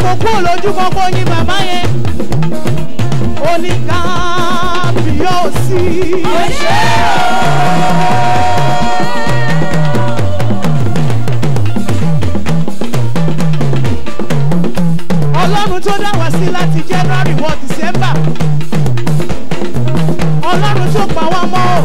kò kúrò lójú kọ́kọ́ yín màmá yẹn ó ní kábíyọ̀sí. ọ̀ṣẹ́ ọlọ́run tó dá wá sí láti january wọ december ọlọ́run tó pa wá mọ́ ò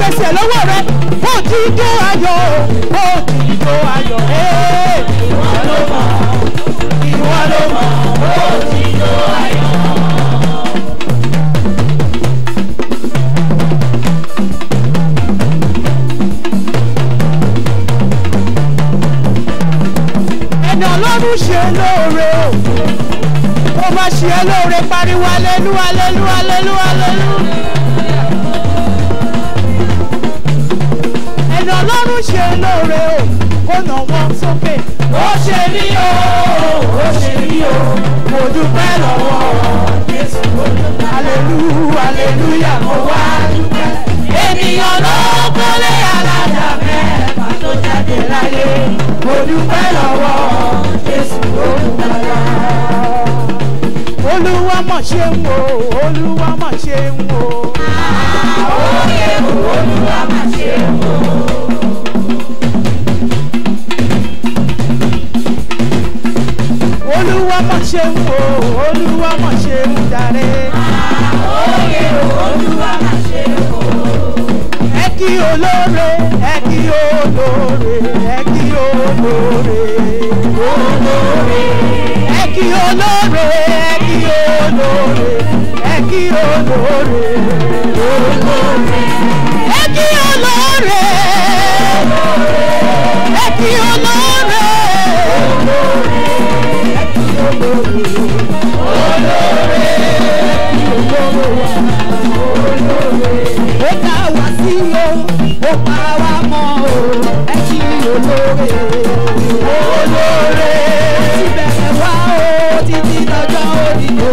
gbẹ̀sẹ̀ lọ́wọ́ rẹ bó ti jó ayọ̀ bó ti jó ayọ̀ ìwọ ló mọ̀ ìwọ ló jó ayọ̀. ọlọ́run ṣe lóore o ó máa ṣe lóore pariwo alelu alelu alelu alelu. ìrìn ọlọ́run ṣe lóore o kó nà wọ́n sókè. ó ṣe rí o ó ṣe rí o mo dúpẹ́ lọ́wọ́ Jésù olùkọ́. hallelujah hallelujah mo wá dúpẹ́. ènìyàn ló kọ́lé alájà mẹ́fà tó jáde láyé mo dúpẹ́ lọ́wọ́ Jésù olùkọ́ olúwa mọ̀ ṣe ń wò olúwa mọ̀ ṣe ń wò. àwọn òye olúwa mọ̀ ṣe ń wò. olúwa mọ̀ ṣe ń wò olúwa mọ̀ ṣe ń jàre. àwòye olúwa mọ̀ ṣe ń wò. ẹ kí olóore ẹ kí olóore ẹ kí olóore. olóore. ẹ kí olóore ẹ kí olóore ẹ kí olóore. olóore. ẹ kí olóore. olóore. sókè olóore ti bẹ̀rẹ̀ wá o títí lọ́jọ́ òní o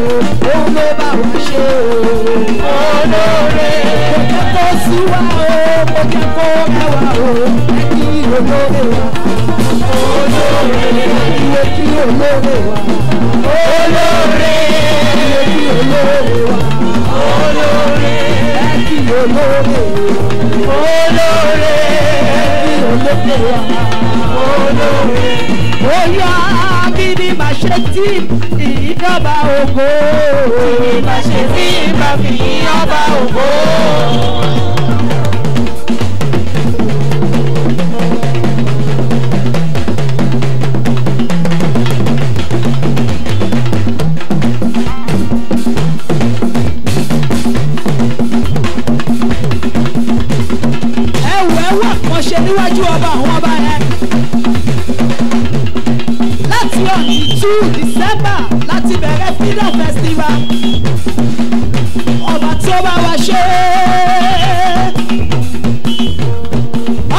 òun ló bá wá ṣe o olóore kò jẹ́ kó sú wa o kò jẹ́ kó mẹ́wàá o ẹni olóore wa olóore iye tí olóore wa olóore iye tí olóore wa olóore ẹni olóore olóore lókè wá. olóore. bóyá kíni màá ṣe tí ìyọ́ba ògo. kíni màá ṣe tí ìbá fi ìyọ́ba ògo.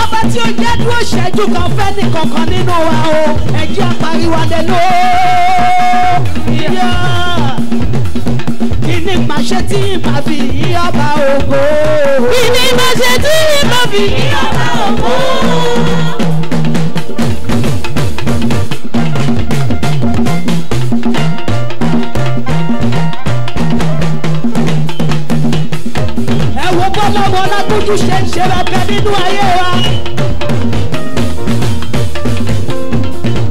ọba tí ó jẹ́ dúró ṣẹ́jú kan fẹ́ ní kankan nínú wa o ẹ̀jẹ̀ àpariwọlé ló yá kíní máa ṣe tí mà fi yí ọba ògo. kíní máa tí mà fi yí ọba ògo. kálukú ṣe ń ṣe bẹ̀bẹ̀ nínú ayé wa.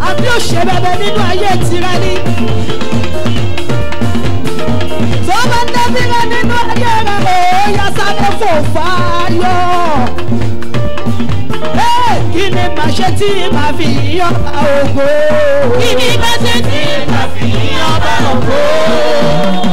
àbí ò ṣe bẹ̀bẹ̀ nínú ayé tìrẹ ni. tó bá ń dábìrẹ nínú ayé rẹ ó yá sáré fò fáyọ̀. kí ni màá ṣe tí fi yọ̀ bá ògo. kí ni màá ṣe tí fi yọ̀ bá ògo.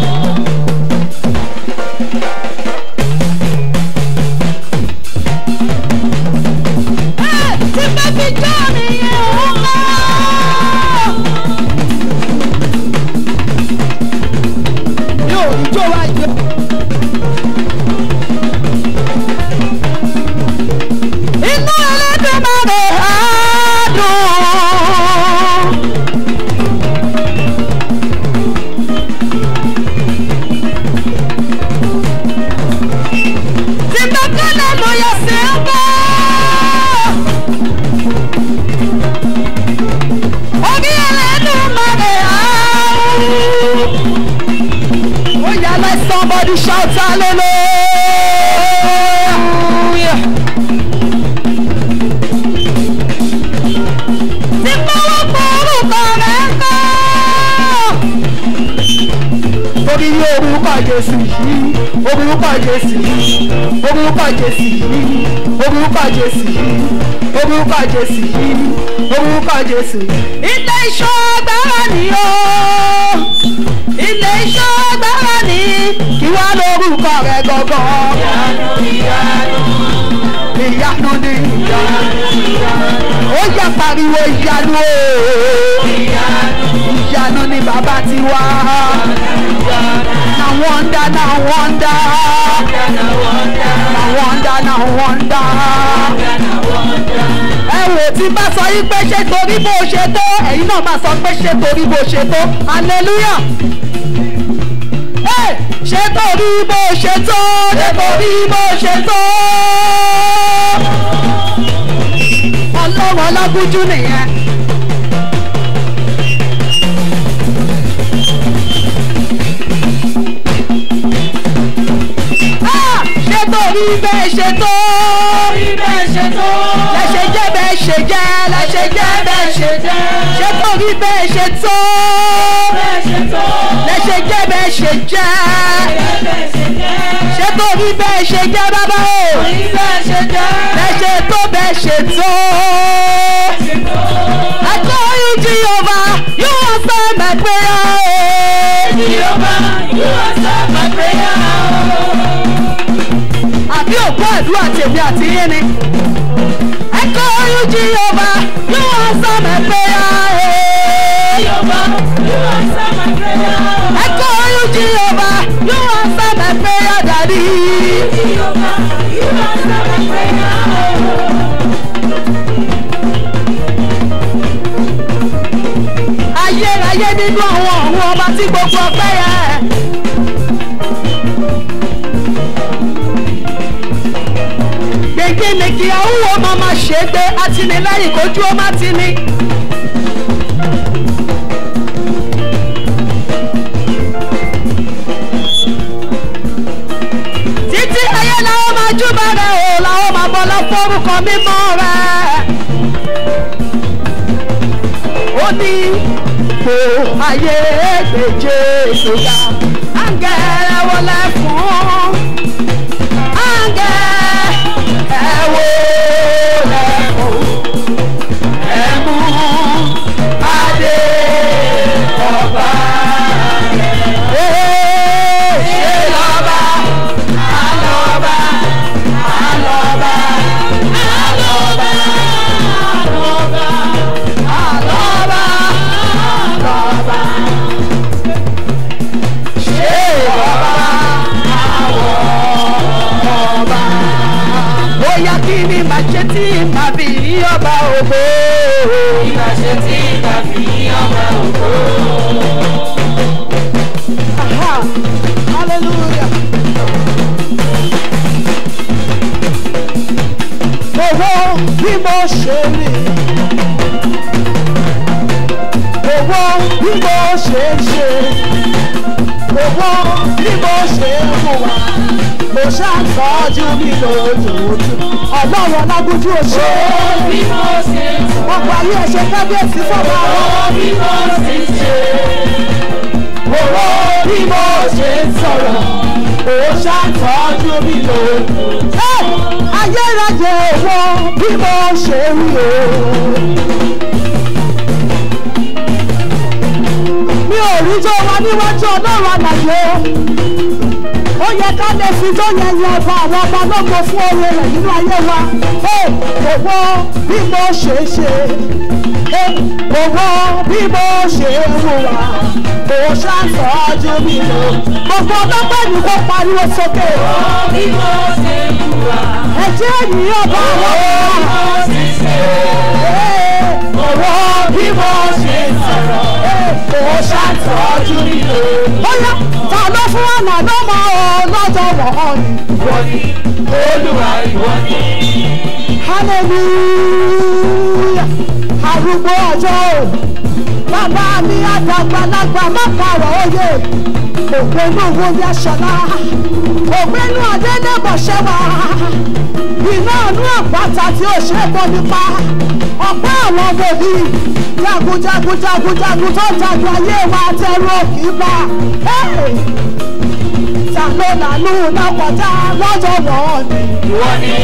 Jésù yìí orúkọ Jésù yìí orúkọ Jésù yìí orúkọ Jésù yìí orúkọ Jésù yìí. ilé iṣẹ́ agbára ni o ilé iṣẹ́ agbára ni kí wá lórúkọ rẹ gọ́gọ́. ìyanu ni ìyanu ó yá pariwo ìyanu o ìyanu ni bàbá tiwa na wonder na wonder no wonder no wonder no wonder no wonder. ẹ wò tí bá sọ yí pé ṣe torí bó ṣe tó ẹ̀yin náà máa sọ pé ṣe torí bó ṣe tó hallelujah ṣe torí bó ṣe tó ṣe torí bó ṣe tó. ọlọ́run ọlágúnjú nìyẹn. torí bẹ́ẹ̀ ṣe tó. torí bẹ́ẹ̀ ṣe tó. lẹ́ṣẹ̀ jẹ́ bẹ́ẹ̀ ṣe jẹ́ lẹ́ṣẹ̀ jẹ́ bẹ́ẹ̀ ṣe jẹ́. ṣé torí bẹ́ẹ̀ ṣe tó. bẹ́ẹ̀ ṣe tó. lẹ́ṣẹ̀ jẹ́ bẹ́ẹ̀ ṣe jẹ́. ṣé torí bẹ́ẹ̀ ṣe jẹ́ bàbá o. torí bẹ́ẹ̀ ṣe jẹ́. lẹ́ṣẹ̀ tó bẹ́ẹ̀ ṣe tó. I call you Jehovah, you answer my prayer. Jehovah, you answer my prayer bí ò gbọ́ àdúrà tèmi àti yín ni. ẹ kọ́ oyún jíyọba yóò wá sọ́mẹ̀ péyà ẹ̀. jíyọba yóò wá sọ́mẹ̀ péyà ẹ̀. ẹ kọ́ oyún jíyọba yóò wá sọ́mẹ̀ péyà dàdí. jíyọba yóò wá sọ́mẹ̀ péyà ẹ̀. ayérayé nínú àwọn ọ̀hún ọba tí gbogbo ọpẹ́ yẹn. ìyàwó wo máa ma ṣègbè atinilẹ́yìn kójú ó má ti ní. títí ayé làwọn máa júbà rẹ̀ o làwọn máa bọ́ lọ fórúkọ mímọ́ rẹ̀. ó ní kò ayé gbèjè sóga áńgẹ̀rẹ̀ wọlé fún áńgẹ̀rẹ̀. ògbó. ìbáṣe tí ìgbà fi ọmọ ògbó. hallelujah. mo wo bí mo ṣe rí. mo wo bí mo ṣe ṣe. mo wo bí mo ṣe ń wà mo ṣàtọ́jú mi lójoojú ọlọ́run ọlágúnjú òṣè. òbí mo ṣe ń sọ. ọkọ̀ ayé ẹ̀ṣẹ̀ kábíyèsí fọ́nà. òbí mo ṣe ń ṣe. owó bí mo ṣe ń sọ̀rọ̀ mo ṣàtọ́jú mi lójoojú. ayérayé owó bí mo ṣe ń lò mi ò rí jọ wa níwájú ọlọ́run àlàyé ó yẹ ká lè fi tó yẹ yẹ ọba àwọn ọba lóko fún oore rẹ̀ nínú ayé wa owó bí mo ṣe ṣe owó bí mo ṣe hùwà kò ṣàtọ́jú mi lò gbogbo ọlọ́pàá ni kò pariwo sókè. owó bí mo ṣe hùwà ẹ̀jẹ̀ ni ọba àwọn ọba owó bí mo ṣe hùwà kò ṣàtọ́jú mi o. bóyá ta ló fún ọ̀nà ló mọ ọlọ́jọ́ wọ̀hán ni. ìwọ ni olúwa ìwọ ni. hallelujah arúgbó ọjọ́ o bàbá mi àdàgbàlagbà má pààrọ̀ òye ògbénú wọlé aṣọlá ògbénú adélébọ̀ṣẹ́wà iná ọdún àpáta tí ó ṣe é bọ́ nípa ọ̀pá àwọn bèbí jagunjagun jagunjagun tó jagun ayé wa tẹ̀rù òkì bá ta ló lànà náà kọjá lọ́jọ́ náà ni. ìwọ ni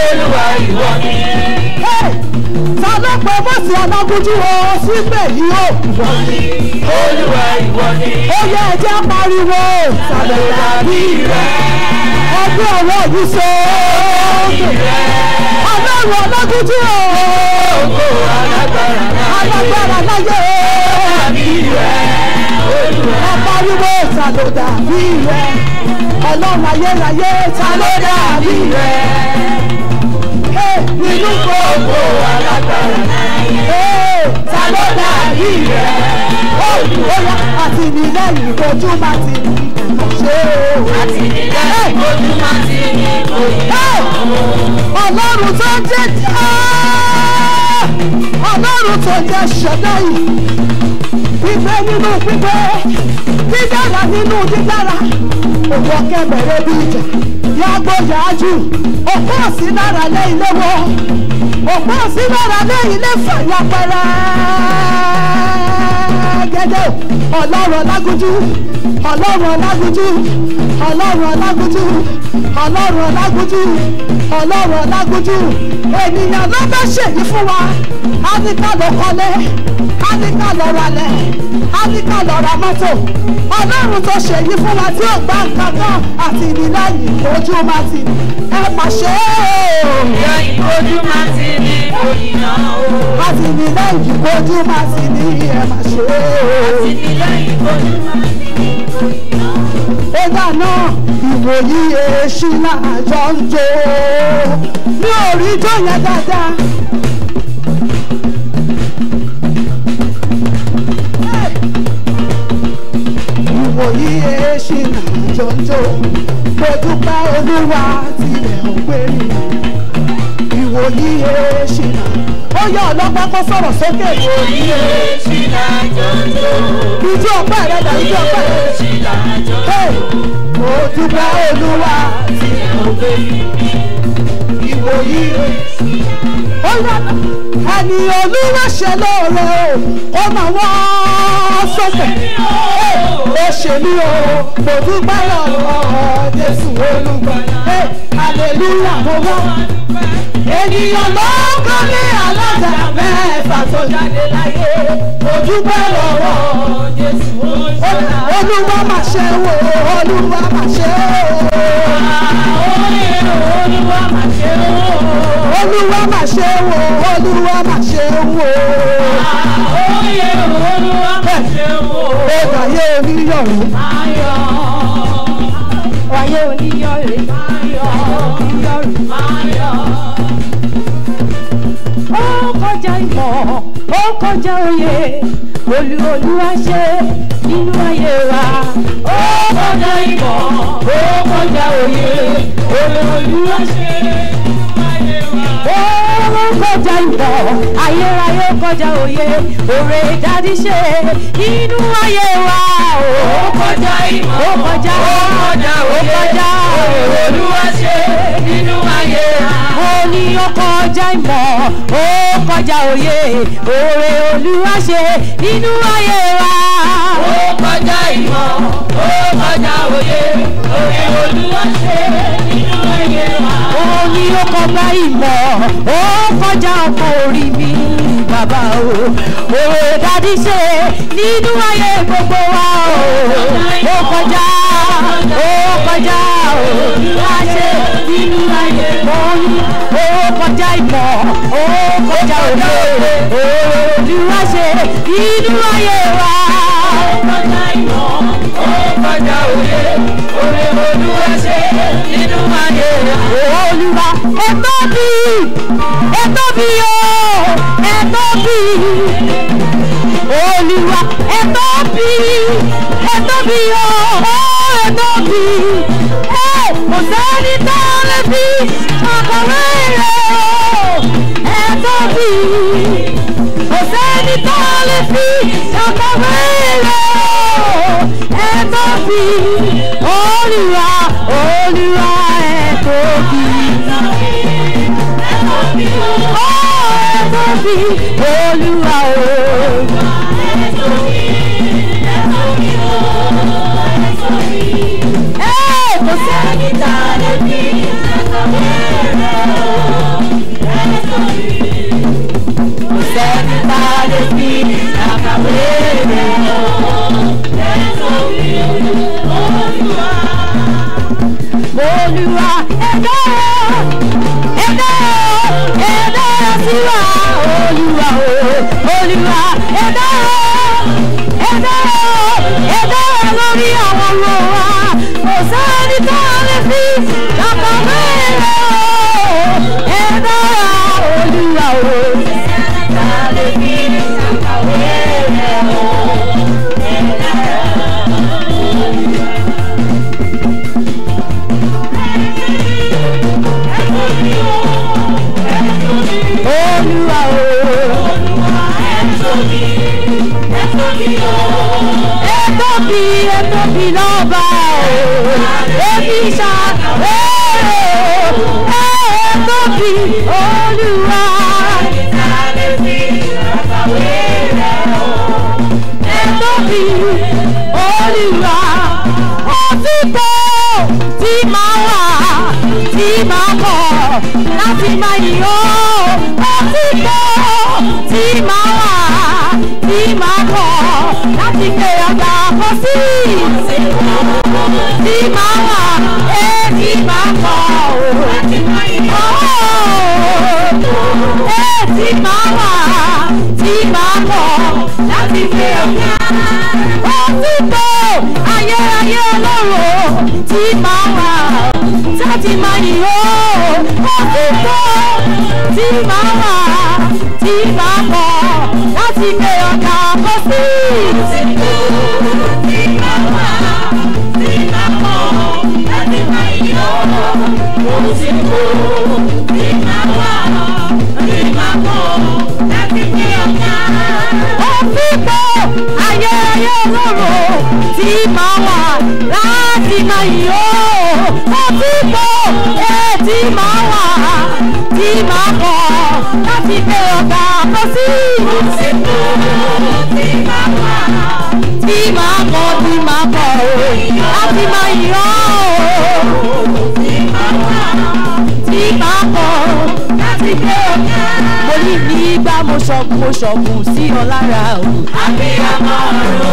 olúwa ìwọ ni. ta ló pe bọ́sì ọlọ́gúnjú o sígbè yìí o. ìwọ ni olúwa ìwọ ni. ó yẹ ẹjẹ́ pariwo. ta ló lànà rẹ ọdún ọ̀rọ̀ yìí ṣe é. ọlọ́run ọlọ́dún tí ó. alágbára láyé. ọba wíwọ́ ta ló dàbí rẹ̀. ọlọ́run ayérayé ta ló dàbí rẹ̀. nínú gbogbo alágbára láyé. ta ló dàbí rẹ̀. ó yá àti ìnílẹ̀ ìbòjú máa ti ọlọ́run tó jẹ́ jẹ́ ọlọ́run tó jẹ́ ṣẹ̀dáì gbígbé nínú gbígbé dídára nínú dídára òwò ọ̀kẹ́bẹ̀rẹ̀ bí ìjà yàgò yàájú òkú òsì lára lé ilé wọ òkú òsì lára lé ilé fàyà pẹrẹ gẹ́gẹ́ ọlọ́run ọlágúnjú ọlọ́run ọlágúnjú ọlọ́run ọlágúnjú ọlọ́run ọlágúnjú ọlọ́run ọlágúnjú ènìyàn ló fẹ́ ṣèyí fún wa á ní ká lọ kọ́lé á ní ká lọ ralẹ̀ á ní ká lọ ra mọ́tò ọlọ́run tó ṣèyí fún wa tí ò gbá nǹkan kan àti ìdílé yìí ojú máa ti ẹ pàṣẹ ìyá ìbòjú máa ti ní àtìlẹ́yìn kojú máa sì ní ẹ má ṣe é. àtìlẹ́yìn kojú máa sì ní ìròyìn náà. ó dáná ìwòyí èéṣí làjọ ń jó mi ò rí jó yẹn dáadáa. ìwòyí èéṣí làjọ ń jó mo dúpẹ́ olúwa tilẹ̀ ògbéni wòlíì Ṣínà ó yá ọlọ́gbọ́n kó sọ̀rọ̀ sókè wòlíì Ṣínà jòjò ìjọ ọ̀pá rẹ̀ dà ìjọ ọ̀pá rẹ̀ Ṣínà jòjò mo dúpẹ́ olúwa tí mo gbé mi ìwòyí ó yá ẹni olúwa ṣe lóore o ó máa wá sọ́sẹ̀ ó ṣe mí o mo dúpẹ́ lọ́wọ́ Jésù olúwa hallelujah mo wá ènìyàn ló kọ́lé alájà mẹ́fà tó jáde láyé ojúbẹ lọ́wọ́ Jésù olúwa mà ṣe wò olúwa mà ṣe wò olúwa mà ṣe wò olúwa mà ṣe wò olúwa mà ṣe wò olúwa mà ṣe wò ó dàyé oníyọ̀rọ̀ ayé oníyọ̀ rè máa yọ̀ oníyọ̀ rè máa yọ̀. ó kọjá ìmọ̀ ó kọjá òye olú olúwa ṣe nínú ayé wa. ó kọjá ìmọ̀ ó kọjá òye olúwa ṣe nínú ayé wa ló kọjá ìlọ ayérayé kọjá òye òrè dádì ṣe inú ayé wa ó kọjá ìmọ̀ ó kọjá ó kọjá òye òrè olúwa ṣe inú ayé wa. mo ní ó kọjá ìmọ̀ ó kọjá òye òrè olúwa ṣe inú ayé wa. ó kọjá ìmọ̀ ó kọjá òye òrè olúwa ṣe Òun ni ó kọjá ìmọ̀, ó kọjá ọkọ̀ orí mi bàbá o. Òwe dádì ṣe nínú ayé gbogbo wa o. Ó kọjá, ó kọjá o. Wá ṣe nínú ayé mọ́yì. Ó kọjá ìmọ̀, ó kọjá òde. Òòdù wá ṣe nínú ayé wa. Ó kọjá ìmọ̀, ó kọjá òde. Oore Olúwa ṣe ẹ tóbi ẹ tóbi o ẹ tóbi. Olúwa ẹ tóbi ẹ tóbi o ẹ tóbi. Kò sẹ́ni tó lè fi àkàrà. tí màá wà tí màá bọ̀ láti gbé ọ̀gá. Ó tún tó ayérayé ọlọ́run tí màá wà láti máa yìí ó. Ó tún tó tí màá wà tí màá bọ̀ láti gbé ọ̀gá bọ́ sí. Ó ìṣòro tí máa wà láti máa yí ó àtúntò ètí máa wà tí máa pọ̀ láti gbé ọ̀gá bọ́ sí. àtúntò tí máa wà tí máa pọ̀ tí máa pọ̀ láti máa yí ó tí máa pọ̀ láti gbé ọ̀gá orí mi gbá mo ṣọ̀kùn mo ṣọ̀kùn sí ọ lára o. àbíyamọ ro.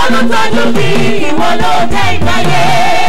Olùtọ́jú mi ìwọ ló jẹ́ ìgbáyé.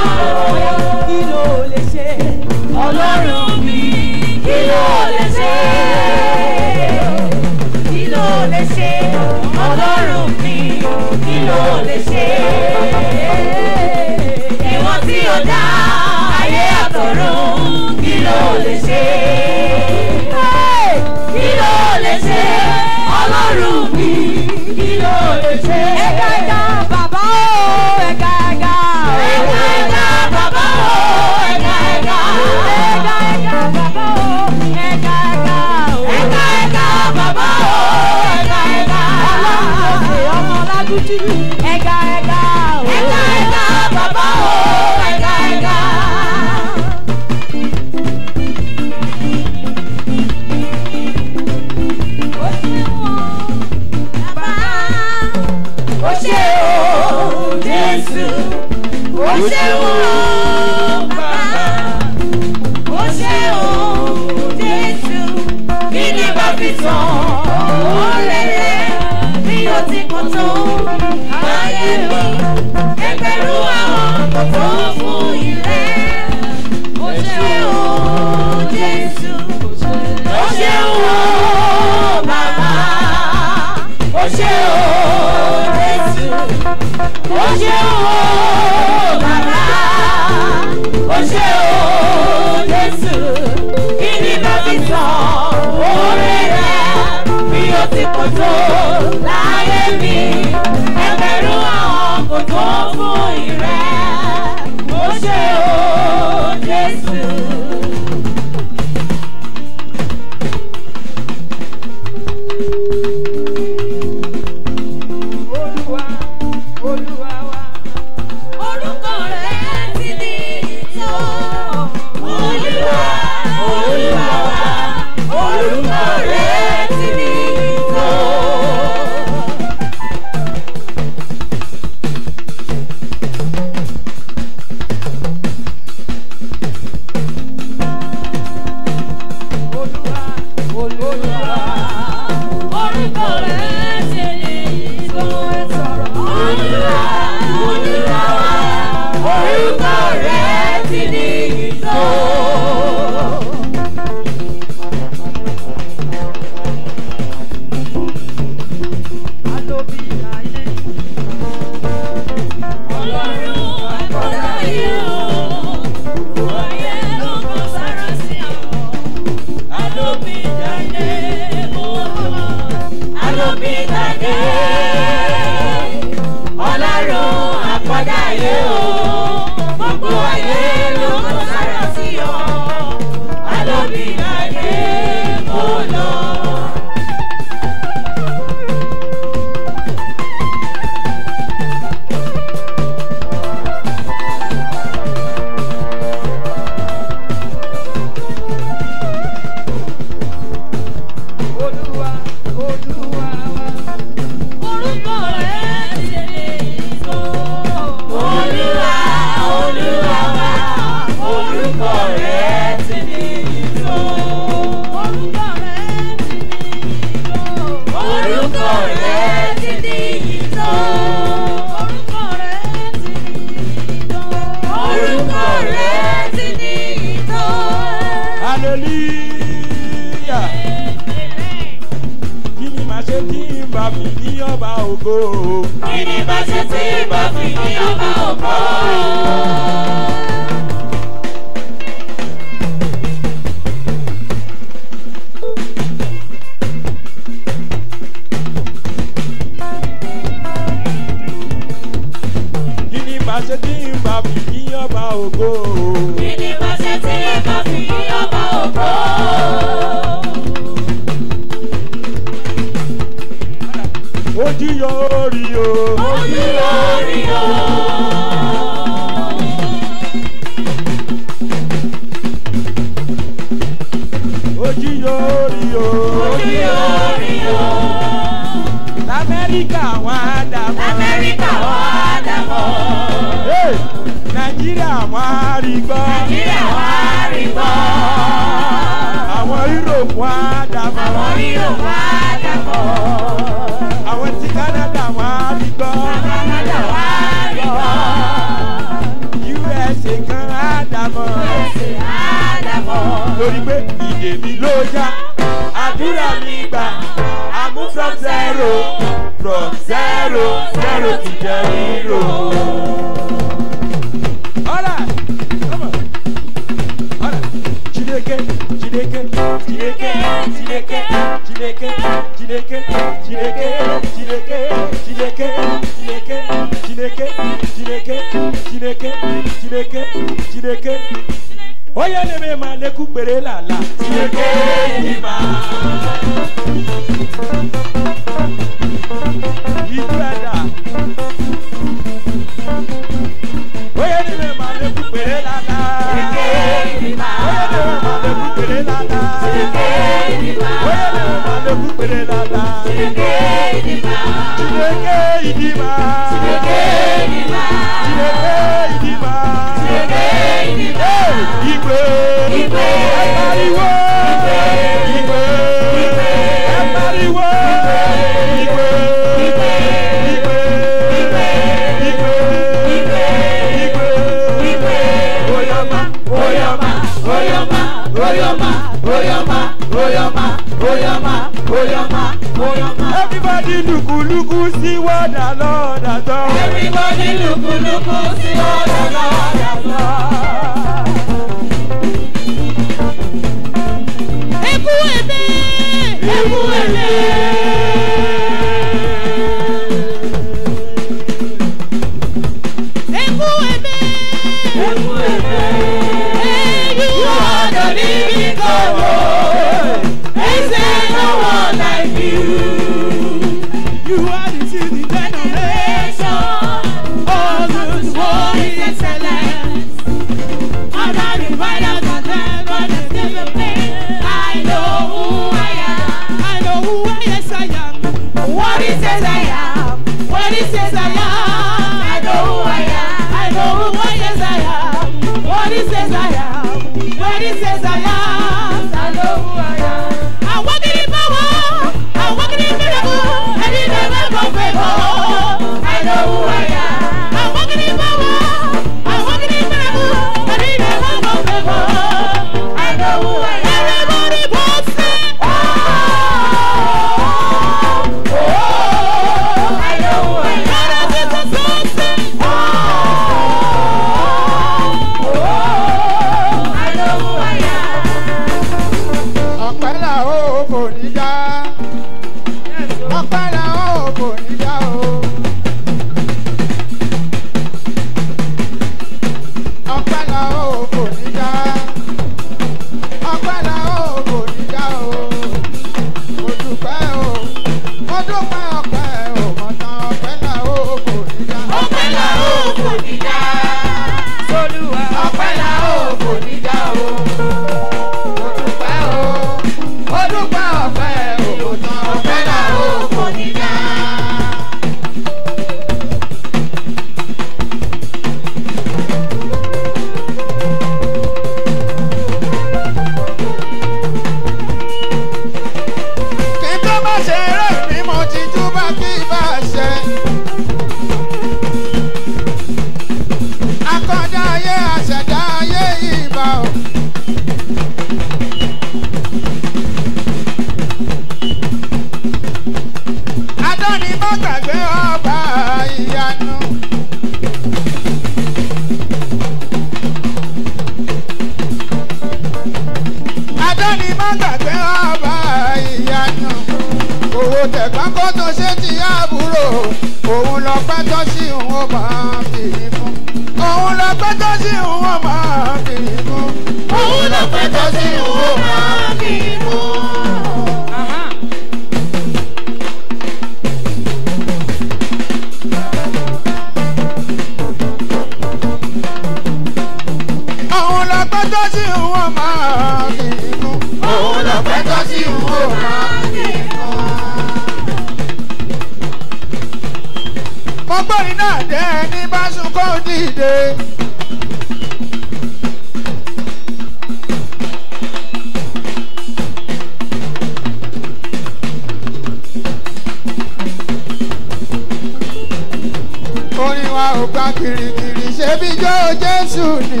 ò gbá kirikiri ṣé bí jó jésù ni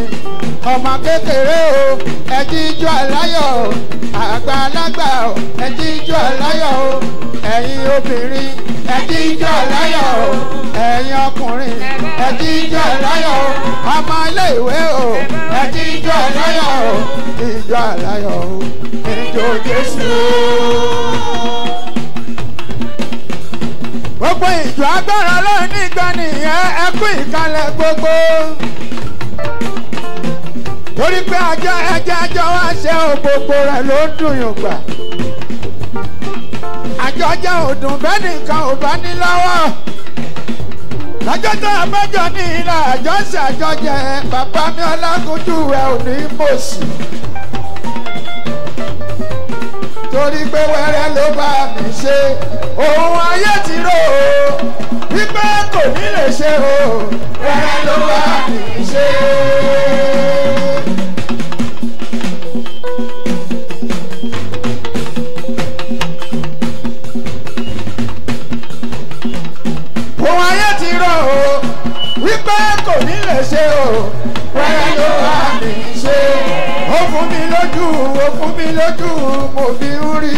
ọmọ kékeré o ẹjí ijó aláyọ̀ o àgbàlagbà o ẹjí ijó aláyọ̀ o ẹ̀yin obìnrin ẹjí ijó aláyọ̀ o ẹ̀yin ọkùnrin ẹjí ijó aláyọ̀ o ọmọ iléèwé o ẹjí ijó aláyọ̀ o ijó aláyọ̀ o ijó jésù. gbogbo ìjọ agbára lóyún nìkan nìyẹn ẹ kú gbogbo torí pé ajá ẹjẹ ajá wá ṣe ògbógbò rẹ ló ń dùn yóò gbà àjọ jẹ òdùn bẹ́ẹ̀ nìkan ò bá ní lọ́wọ́ lọ́jọ́ tó ní torí pé wẹ́rẹ́ ló bá mi ṣe òun ayé ti rò ó wípé kò ní lè ṣe o wẹ́rẹ́ ló bá mi ṣe. òun ayé ti rò ó wípé kò ní lè ṣe o wẹ́rẹ́ ló bá mi ṣe lójú ó fún mi lójú mo fi ń rí.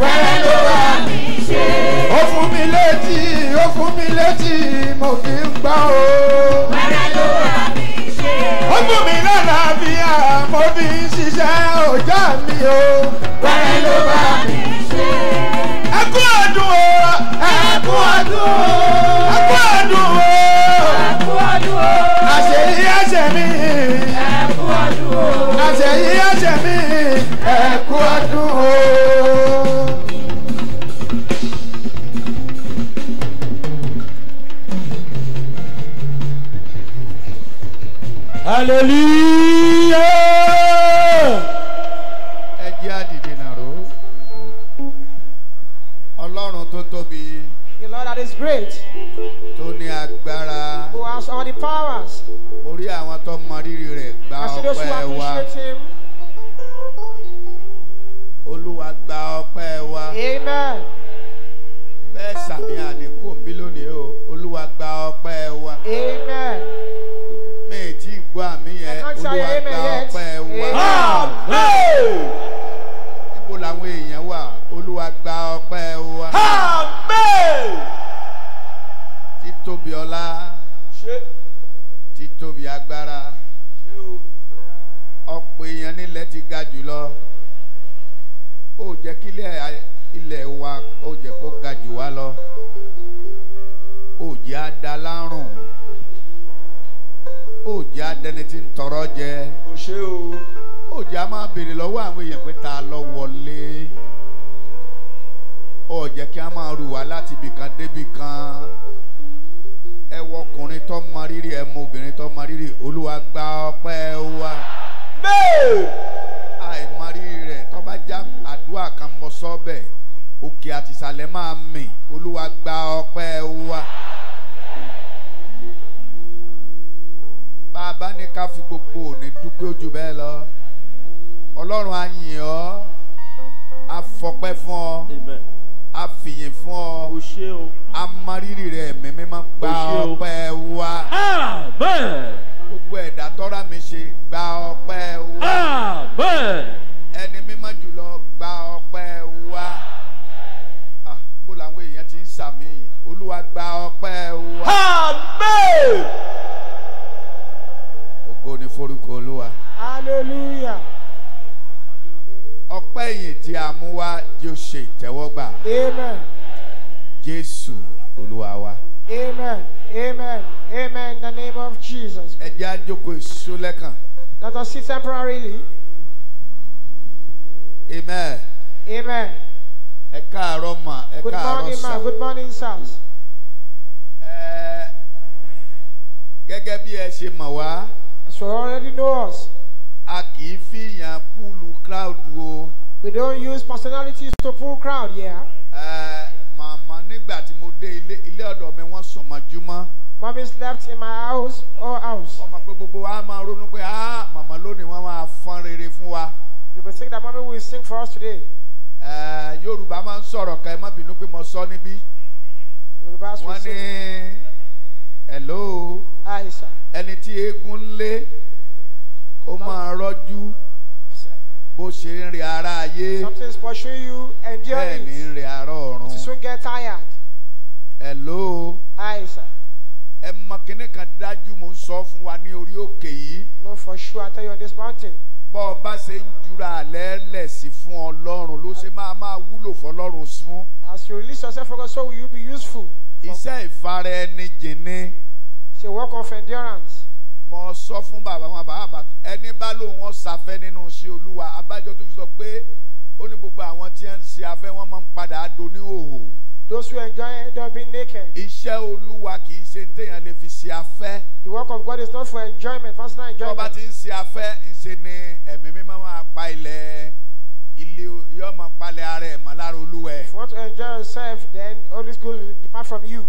wẹ́rẹ́ ló wà mí ṣe. ó fún mi létí ó fún mi létí mo fi ń gbọ́ o. wẹ́rẹ́ ló wà mí ṣe. ó fún mi lálàáfíà mo fi ń ṣiṣẹ́ ọjà mi o. wẹ́rẹ́ ló wà mí ṣe. ẹ kú ọdún o. ẹ kú ọdún o. ẹ kú ọdún o. ẹ kú ọdún o. àṣeyí ẹsẹ̀ mi ẹ̀yin àjẹmí ẹ̀kú ọdún o. hallelujah. ẹ àdìdì nàró ọlọ́run tó tóbi. the lord that is great. tó ní agbára. who has all the powers. orí àwọn tó mọ rírì rẹ̀ gba ọpẹ́ wa. as those who appreciate him. Amen. Bẹ́ẹ̀ sàmì àdínkù mi lónìí o, Olúwa gba ọpẹ́ wa. Amen. Mi ì tí ì gbọ́ àmì yẹn, Olúwa gba ọpẹ́ wa. Amen. Níbo làwọn èèyàn wà? Olúwa gba ọpẹ́ wa. Amen. Títóbi ọlá. Ṣé títóbi agbára ọ̀pọ̀ èèyàn nílẹ̀ ti ga jùlọ ó jẹ́ kílẹ̀ ilẹ̀ wa ó jẹ́ kó ga jù wá lọ ó jẹ́ adalárùn ó jẹ́ adẹni tí ń tọrọ jẹ ó ṣe o ó jẹ́ a máa béèrè lọ́wọ́ àwọn èèyàn pé ta ló wọlé ó jẹ́ kí a máa rù wá láti ibìkan débì kan ẹ wọ ọkùnrin tó mọ rírì ẹ mọ obìnrin tó mọ rírì olúwa gba ọpẹ́ wa. àìmọ rírì rẹ̀ tó bá já àdúrà kan mọ sọ́bẹ̀ òkè àtìsàlẹ̀ máa mì olúwa gba ọpẹ́ wa. bàbá ní ká fi gbogbo òní dúpẹ́ ojú bẹ́ẹ̀ lọ ọlọ́run á yìn ọ́ á fọpẹ́ fún ọ á fìyìn fún ọ á mọrírì rẹ ẹ̀mí mímọ́ gba ọpẹ́ wa. gbogbo ẹ̀dá tọ́ra mi ṣe gba ọpẹ́ wa. olúwa gba wa. amen. ògo ni forúkọ olúwa. hallelujah. ọpẹ́ yìí tí a mú wá yóò ṣe ìtẹ́wọ́gbà. amen. jésù olúwa wa. amen amen amen in the name of jesus. ẹ jẹ́ àjòkó èso let us sit temporarily. amen. amen. Good morning, ma. Good morning, sirs gẹ́gẹ́ bí ẹ ṣe mọ̀ wá. as you already know us. a kì í fìyàn púùlù crowd o. we don't use personalities to pull crowd here. ẹ màmá nígbà tí mo dé ilé ilé ọ̀dọ̀ mi wọ́n sùn mọ́júmọ́. mommy slept in my house all house. ọmọ pé gbogbo wa máa ronú pé ah màmá lónìí wọ́n máa fọ́n rere fún wa. you be think that mommy will sing for us today. ẹ Yorùbá máa ń sọ̀rọ̀ ká ẹ má bínú pé mo sọ níbí. Yorùbá wọ́n ní hello àìsàn ẹni tí eégún lé ó máa rọ́jú bó ṣe ń rí ara ayé something is you endure it bẹ́ẹ̀ ni ń rí ara ọ̀run you soon get tired. hello àìsàn. ẹ mọ kínní kan dájú mo ń sọ fún wa ní orí òkè yìí. no for sure I tell you on this mountain bọ́ ọ bá ṣe ń jura lẹ́lẹ̀ sí fún ọlọ́run ló ṣe máa máa wúlò fọlọ́run fún. as you release yourself for God so will you be useful. iṣẹ́ ìfara ẹni jìn ni. it's a work of endurance. mo sọ fún bàbá wọn bàbá ẹni bá lóun wọn ṣàfẹ́ nínú iṣẹ́ olúwa abájọ tó fi sọ pé ó ní gbogbo àwọn tí ń ṣe afẹ́ wọn máa ń padà doni òhò. Those who enjoy end up being naked. Iṣẹ́ Olúwa kì í ṣe téèyàn lè fi ṣe afẹ́. The work of God is not for enjoyment, personal enjoyment. Tọ́ba ti ń ṣe afẹ́ ńṣe ni ẹ̀mí mímọ́ máa pa ilẹ̀ ilé yóò máa palẹ̀ ara ẹ̀ mọ́ lára olúwẹ̀. If you want to enjoy yourself, then Holy Spirit will depart from you.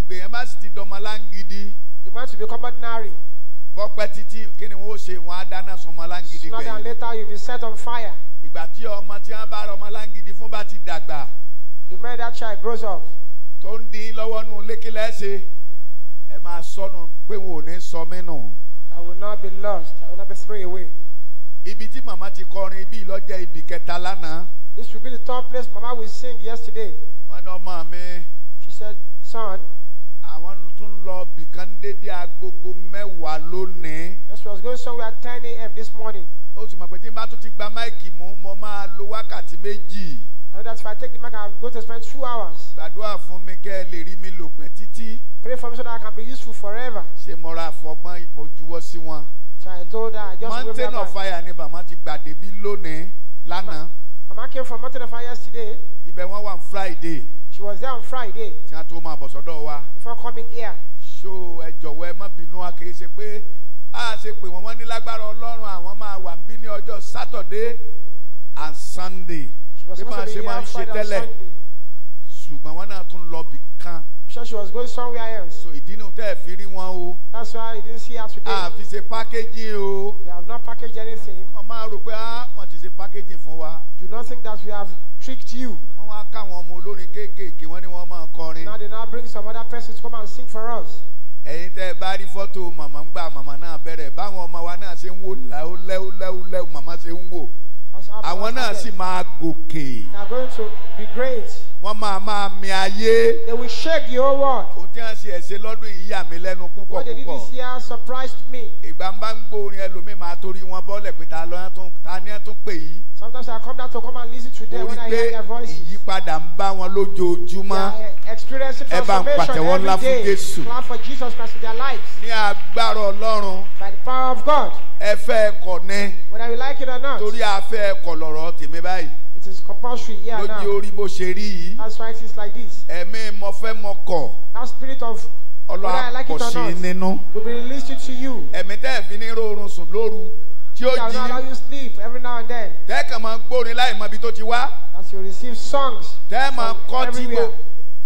Ìgbèyàn bá sì ti dọmọ láǹgídí. The man should become ordinary. Bọ́pẹ́ títí kí ni wọ́n ó ṣe wọ́n á dáná sọmọ láǹgídí gbẹ̀yìn. Sooner than later you will be set on fire. Ìgbà tí ọmọ tí wọ́n bá rọ ọmọ láǹgídí fún bá ti dàgbà. The minute that child grows up. Tó ń dín lọ́wọ́ nù lékelẹ́ ṣe. Ẹ máa sọnù pé wọn ò ní sọ mí nù. I will not be lost. I will not be thrown away. Ibi tí màmá ti kọrin Ibi ìlọ́jẹ́ ibi kẹta lánàá. This will be the third place Mama will sing yesterday. Wọ́n ní ọmọ mi. She said, son. Àwọn tún lọ bìkan dédé agogo mẹ́wàá lónìí. Yes, we was going somewhere at ten a.m. this morning. Ó sì mọ̀ pé tí n bá tún ti gba máìkì mú, mo máa lo wákàtí méjì. I take the mic, I go to spend two hours. Gbàdúrà fún mi That's why you didn't see her today. Àfi ah, ṣe packaging We have not packaged anything. Mama máa rò pé ah, wọ́n packaging for? Do not think that we have tricked you. Now they now bring some other person to come and sing for us. Ẹ̀yin tẹ́ ẹ bá rí fọ́tò màmá They are going to be great wọ́n máa máa mi ayé. they will shake your world. ohun tí wọ́n ṣe ẹ̀ṣẹ̀ lọ́dún yìí yà mí lẹ́nu púpọ̀ púpọ̀. what they did this year surprised me. ìgbà ń bá ń gbórin ẹlòmíì máa torí wọn bọ́lẹ̀ pé ta ni ẹ tún pè yìí. sometimes I come down to come and listen to them when I hear their voices. orí pé ìyípadà ń bá wọn lójoojúmọ́. they are experiencing transformation every day. clap for Jesus Christ in their lives. ní agbára Ọlọ́run. by the power of God. ẹ fẹ́ ẹ̀kọ́ ní. whether you like it or not. torí a fẹ́ ẹ̀kọ́ lọ̀rọ̀ tèmi báyìí it is compulsory here and now. ló bó ṣe rí yìí. that's why it is like this. ẹ̀mí mo fẹ́ mo kọ̀. that spirit of ọlọ́ àkọ́ṣe nínú. will be released to you. ẹ̀mí tẹ́ ẹ̀ fi ní rọrùn sùn lóru tí ó jí. it allow you sleep every now and then. tẹ́ kàn máa gbórin láì mọ ibi tó ti wá. as you receive songs. tẹ́ máa kọ́ tí everywhere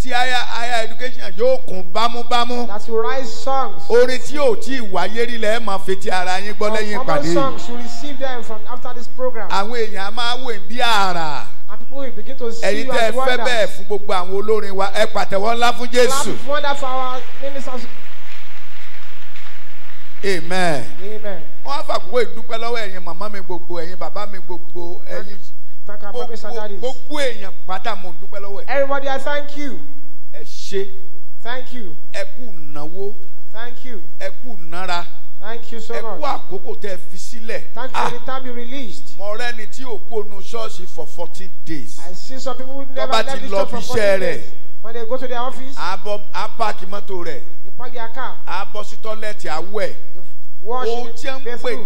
ti higher higher education yóò kún bámúbámú. that you write songs. orin tí ò tí wáyé rí lẹ́ẹ̀ máa fetí ara yín gbọ́ lẹ́yìn ìpàdé yìí. common songs should receive them from after this program. àwọn èèyàn á máa wò bí àrà. and people will begin to see you as wonders. ẹ̀yin tẹ́ ẹ fẹ́ fún gbogbo àwọn olórin wa ẹ pàtẹ́wọ́ ńlá fún jésù. clap for wonder for our ministers. amen. amen. wọ́n á fàkókò ìdúpẹ́ lọ́wọ́ ẹ̀yin màmá mi gbogbo ẹ̀yin bàbá mi gbogbo ẹ̀yin. Gbogbo èèyàn pátá mo dúpẹ́ lọ́wọ́ ẹ̀. Everybody I thank you. Ẹ ṣé. Thank you. Ẹ kú náwó. Thank you. Ẹ kú nára. Thank you so much. Ẹ kú àkókò tẹ fi sílẹ̀. Thank you for the ah! time you released. Mo rẹ́ ni tí òkú onu ṣọ́ọ̀ṣì for forty days. I see some people who never left the church for forty days. When they go to their office. Abọ́ apáàkì mọ́tò rẹ̀. They park their car. Abọ́ sí tọ́lẹ̀tì awẹ́. Worship. Ohun tí ń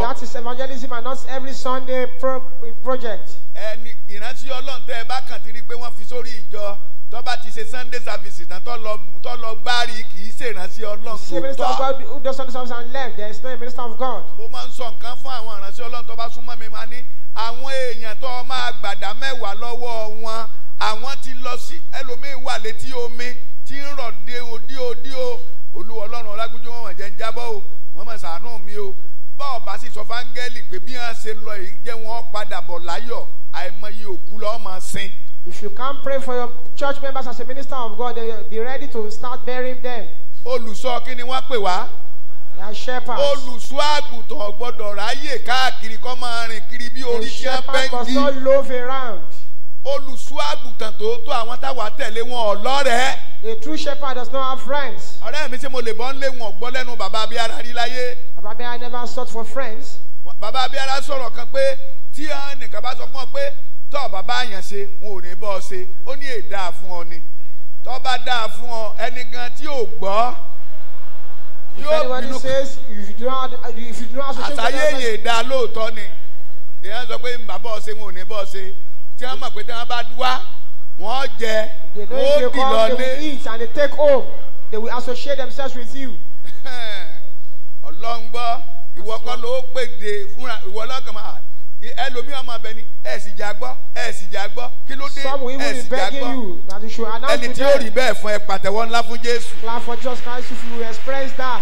That is evangelism and not every Sunday pro project. Ẹni ìrántí Ọlọ́run tẹ́ ẹ bá kàn ti rí pé wọ́n fi sórí ìjọ tó bá ti ṣe Sunday service tán tó lọ tó lọ gbárí kì í ṣe ìrántí Ọlọ́run tó tọ́. minister of God who does Sunday service and left there is no minister of God. Mo máa ń sọ nǹkan fún àwọn ìrántí Ọlọ́run tó bá súnmọ́ mi máa ní àwọn èèyàn tó máa gbàdá mẹ́wàá lọ́wọ́ wọn àwọn ti lọ sí ẹlòmíín wà létí omi tí ń rọ̀ dé o dé o olúwa ọlọ́run ọlágúnjú wọn wọ̀n jẹ́ ń jábọ́ o wọ́n mọ̀ ṣàánú mi o bọ́ọ̀ bá sì sọ fáńgẹ́lì pé bí wọ́n ṣe lọ yìí jẹ́ wọ́n padà bọ̀ láyọ̀ àìmọye òkú lọ́ọ́ máa sin. if you can pray for your church members as a minister of God then be ready to start burying them. olùṣọ́ kí ni wọ́n pè wá. they are shepherds. olùṣọ́ àgùntàn gbọ́dọ̀ ráyè káàkiri kọ́ máa rìn kiri bí orí tí wọ́n bẹ́ńkì. the shepherd must not loaf around olùṣọ́ àgùntàn tòótọ́ àwọn táwa tẹ̀lé wọn ọ̀lọ́rẹ̀ẹ́. a true shepherd does not have friends. ọ̀rẹ́ mi ṣe mo lè bọ́ ń lé wọn gbọ́ lẹ́nu bàbá abiyara rí láyé. bàbá abiyara never sought for friends. bàbá abiyara sọ̀rọ̀ kan pé tí ẹnìkan bá sọ fún ọ pé tọ́ bàbá àyàn ṣe wọn ò ní bọ́ ọ ṣe ó ní èdà fún ọ ni tọ́ bá dáa fún ọ ẹni gan tí ò gbọ́ yóò bínú àtàyè èdà lóòótọ́ ni ìyẹn sọ pé bàbá ọ ṣe wọn ò ní bọ́ ọ ṣe tí wọ́n mọ̀ pé tí wọ́n bá wá wọ́n jẹ ó dì lọlé. they will eat and they take home they will associate themselves with you. ọlọ́run gbọ́ ìwọ kọ́ ló pèdè fúnra ìwọ lọ́kàn máa ẹlòmíì ọmọ abẹ ni ẹ sì já gbọ́ ẹ sì já gbọ́ kí ló dé ẹ sì já gbọ́ ẹni tí ó rí bẹ́ẹ̀ fún ẹ pàtẹ́wọ́ ńlá fún Jésù. clap for just Christ if you experience that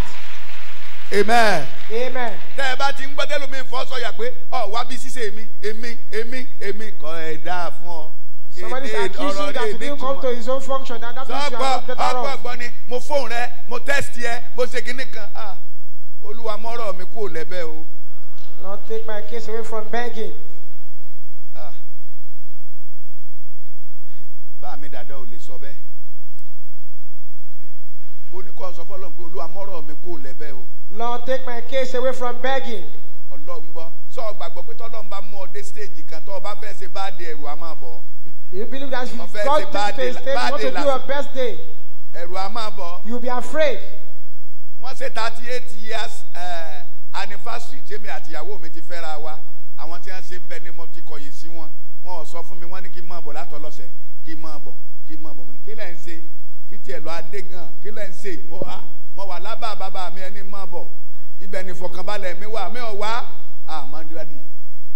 amen. amen. tẹ́ ẹ bá ti ń gbọ́dẹ́ lómi fọ́ sọ̀yà pé ọ̀ wá bí ṣíṣe èmi èmi èmi èmi kọ́ ẹ̀ dáa fún ọ. somebody is accusing you that he didn't come to his own function and that means you are not better off. ọgbọ́n ni mo fóun rẹ test yẹ mo ṣe kinní kan ah olúwa mọ́rọ̀ mi kúrò lẹ́bẹ̀ o. Lord take my case away from begging. bá mi dàda ò lè sọ Lord take my case away from begging. you believe that God go to stage stage to do a best day. You'll be afraid. wọ́n ṣe thirty years eh, anniversary jẹ́mi àtìyàwó mi ti fẹ́ra wa àwọn tí wọ́n ṣe ń bẹ ní mo ti kọ̀yìn sí wọn wọn ò sọ fún mi wọ́n ní kí n máa bọ̀ kí tiẹ̀ lọ adé gan kí lẹ́ ń ṣe ìbò wa wà lábà bàbá mi ẹni mọ̀ bọ̀ ibẹ̀ ni ìfọ̀kànbalẹ̀ mi wà mi ò wá àmọ́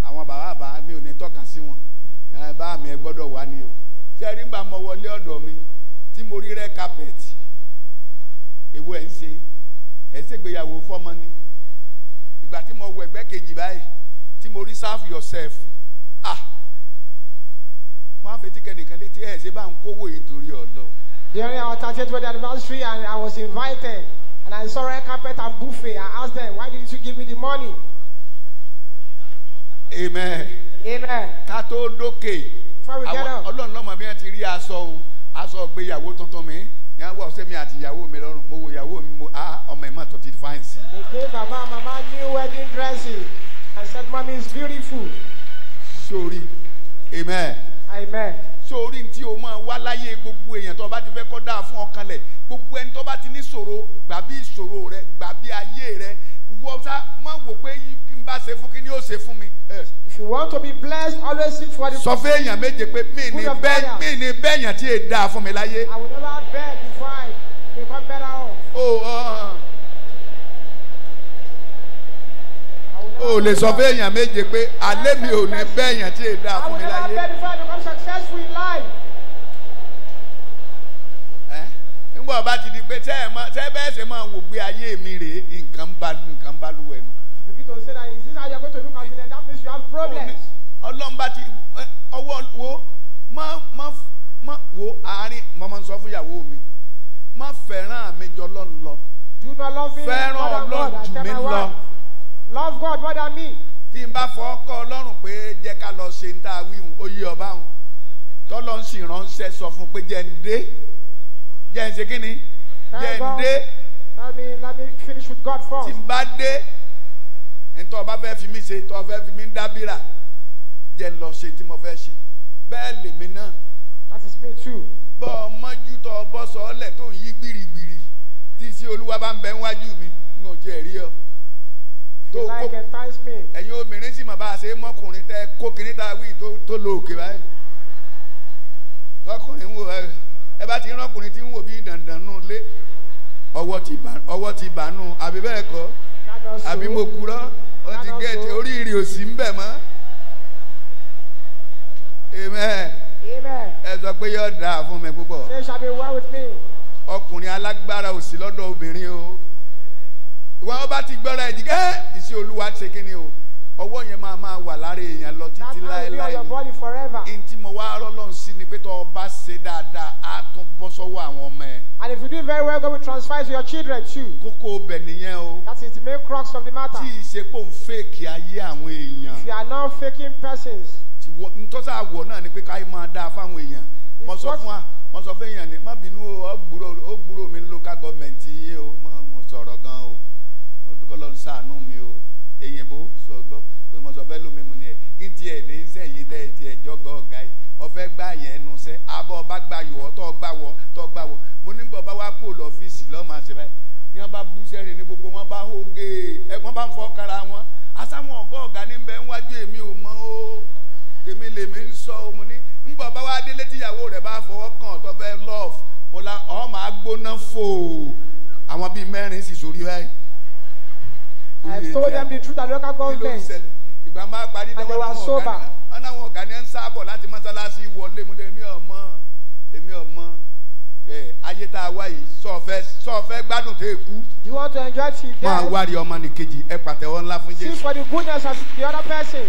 àwọn bàbá bàbá mi ò ní tọ́ka sí wọn bá mi ẹ gbọ́dọ̀ wá ni o ṣé ẹ rí gbà mọ wọlé ọ̀dọ̀ mi tí mo rí rẹ́ kápẹ́ẹ̀tì èwo ẹ̀ ń ṣe ẹ̀ ṣègbéyàwó fọ́mọ ni ìgbà tí mo wọ ẹgbẹ́ kejì báyìí tí mo rí serve yourself ah mo á fetí kẹ́nìkan létí ẹ̀ ṣe bá ń kówó yìí torí ọlọ́ọ̀ during our 30th wedding anniversary, and I was invited. And I saw red carpet and buffet. I asked them, why didn't you give me the money? Amen. Amen. Ká doke. Before we get up. Ọlọ́run lọ́mọ bí wọ́n ti rí aṣọ òun, aṣọ ìgbéyàwó tuntun mi. Yẹn wọ̀ ṣé mi àti ìyàwó mi lọ́rùn. Mo wo ìyàwó mi, mo á ah, ọmọ ìmọ̀ to ti fáìn sí. They gave Baba Mama new wedding dresses. I said, Mommy is beautiful. Sorry. Amen. Amen tí tí o máa wá láyé gbogbo èèyàn tó bá ti fẹ́ kọ́ dáa fún ọkàn lẹ̀ gbogbo ẹni tó bá ti ní ṣòro gbà bí ìṣòro rẹ gbà bí ayé rẹ wọ́n sá máa wò pé kí n bá ṣe fún kí ni yóò ṣe fún mi. if you want to be blessed always seek for the. sọ fún èèyàn méje pé mí ni bẹ́ẹ̀ mí ni bẹ́ẹ̀ yàn tí èè da fún mi láyé. I will never beg before I become better off. o oh, oh, oh, o lè sọ fún èèyàn méje pé alẹ́ mi ò ní bẹ́ẹ̀ yàn tí èè dáa fún mi láyé. I will never beg before I become successful. bọ̀ bá ti di pé tẹ́ ẹ mọ tẹ́ bẹ́ẹ̀ ṣe máa wò pé ayé mi rèé nǹkan bá nǹkan bá lu ẹnu. you begin to say that is this how you are going to look at it then that means you have problems. ọlọ́run bá ti ọwọ́ wo má má má wo àárín mo máa ń sọ fún ìyàwó mi má fẹ́ràn mi jọ lọ́n lọ fẹ́ràn ọlọ́run jù mí lọ. love God more than me. tí n bá fọ ọkọ ọlọ́run pé jẹ́ ká lọ ṣe ń tá a wíhun ó yí ọba hàn tọ́lọ́ ń sì ránṣẹ́ sọ fún pé jẹ́ ń dé jẹ́ n ṣe kí ni jẹ́ n let me let me finish with God first. tí n bá dé ntọ́ ọba fẹ́ fi mí ṣe tọ́ fẹ́ fi mí dábìrà jẹ́ n lọ ṣe tí mo fẹ́ ṣe bẹ́ẹ̀ lèmi náà. that is me too. bọ́ ọmọjú tọ ọbọ sọ́ọ́lẹ̀ tó ń yí gbìrìgbìrì tí sí olúwa bá ń bẹ níwájú mi n ò jẹ́ rí ọ. tó kó ẹ̀yin obìnrin sì mà bá a ṣe mọ́kùnrin tẹ́ kó kiri ta wí tó lo òkè báyìí tọkùnrin wò báyìí ẹ bá ti rán ọkùnrin tí ń wò bí dandan nù lé ọwọ́ ti bà ọwọ́ ti bà nù àbí bẹ́ẹ̀ kọ́ àbí mo kúrọ́ wọ́n ti gé ẹ̀tì oríire òsì ń bẹ̀ mọ́ amen ẹ sọ pé yóò dáa fún mi púpọ̀ ọkùnrin alágbára òsì lọ́dọ̀ obìnrin o wọn bá ti gbọ́ra ẹ̀ jìgẹ́ iṣẹ́ olúwa ṣe kí ni o ọwọ́ yẹn máa máa wà lára èèyàn lọ títí láéláé ní tí mo wá rọ́lọ́run sí ni pé tó o bá ṣe dáadáa á tún bọ́ sọ́wọ́ àwọn ọmọ ẹ. and if you do very well God will transfer to your children too. kókó ọbẹ̀ nìyẹn o. that is the main crux of the matter. tí ìṣepò ń fèkì ayé àwọn èèyàn. if you are not faking persons. ntọ́sà àwọ̀ náà ni pé káyé máa dáa fáwọn èèyàn mo sọ fún wa mo sọ fún èèyàn ni má bínú o ó gbúrò mi ní local government yín o mo sọ̀rọ̀ gan o kọ́lọ́ ń ṣàánú mi o èyìn bó sọ gbọ́ pé mo sọ fẹ́ lómi mu ni ẹ̀ kí n tiẹ̀ ní sẹ́ yìí tẹ́ ẹ tiẹ̀ jọ́gọ́ ọ̀gá yìí ọ̀fẹ́ gbà yẹn nu sẹ́ abọ́ bá gbà yọ̀ tọ́ gbà wọ tọ́ gbà wọ mo ní bọ̀ bá wá kó lọ́fíìsì lọ́mọ àṣẹbáyé ni wọ́n bá bú sẹ́rìn ní gbogbo wọn bá hó gé ẹ wọ́n bá ń fọ́ kára wọn asáwọn ọ̀gá ọ̀gá ní bẹ́ẹ̀ wájú èmi ò mọ́ o tèmi lèmi ń sọ o mo ní ń bọ̀ bá wá délé tíyàwó rẹ̀ bá fọwọ́ kàn tó fẹ́ mo la ọ̀ máa fò àwọn bíi mẹ́rin sì sórí báyìí I have told them the truth at local government. Ìgbà máa parí dẹ́wọ́n láwọn ọ̀gá náà. Wọ́n láwọn ọ̀gá ní ń sábọ̀ láti mọ́sálásí wọlé mu lèmi ọmọ èmi ọmọ ayé tá a wá yìí sọ̀fẹ́ sọ̀fẹ́ gbádùn tó èkú. You want to enjoy till death. Máa wárí ọmọ nìkejì ẹ pàtẹ́wọ́ ńlá fún Jésù. Since for the goodness of the other person,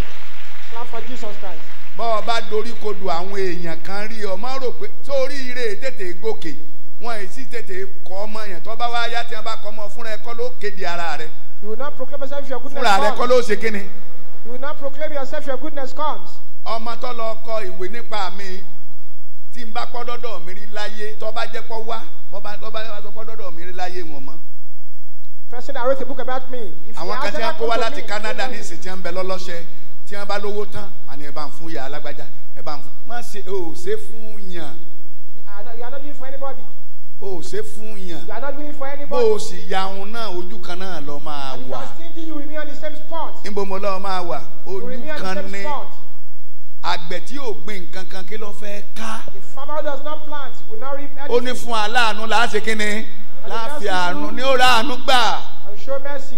clap for Jesus Christ. Bọ́ọ̀ bá dorí kodò àwọn èèyàn kan rí ọmọ rò pé sórí ire tètè gòkè wọn èsì tètè kọ́ ọmọ yẹn tó bá wá yá tí wọn bá kọ́ ọmọ fúnra ẹ kọ́ ló kéde ara rẹ̀. You will not proclaim yourself your goodness comes. Fúnra rẹ̀ kọ́ ló ṣe kíni. You will not proclaim yourself your goodness comes. Ọmọ tó lọ kọ ìwé nípa mi tí n bá pọ́ dọ́dọ̀ mi rí láyé tó bá jẹ́ pọ́ wá tó bá sọ pọ́ dọ́dọ̀ mi rí láyé wọn mọ́. Person that wrote a book about me. Àwọn kan tí wọ́n kó wá láti Canada ní ìsìn tí wọ́n ń bẹ lọ́lọ́ṣẹ́ tí wọ́n bá lówó tán àní ẹ bá ń fún ìyá alágbájá ẹ bá ń fún. Má ṣe o ṣe fún yàn. You are not doing for anybody o ṣe fún yàn. you are not doing for anybody. bó o sì yaun náà ojú kan náà lọ máa wà. you remain on the same spot. níbo mo lọ máa wà ojú kan ní àgbẹ̀ tí ò gbìn nǹkan kan kí ló fẹ́ ká. does not plant will not reap anything. ó ní fún aláàánú láti kíni láàfin àánú ní ó ra àánú gbà. I will show mercy.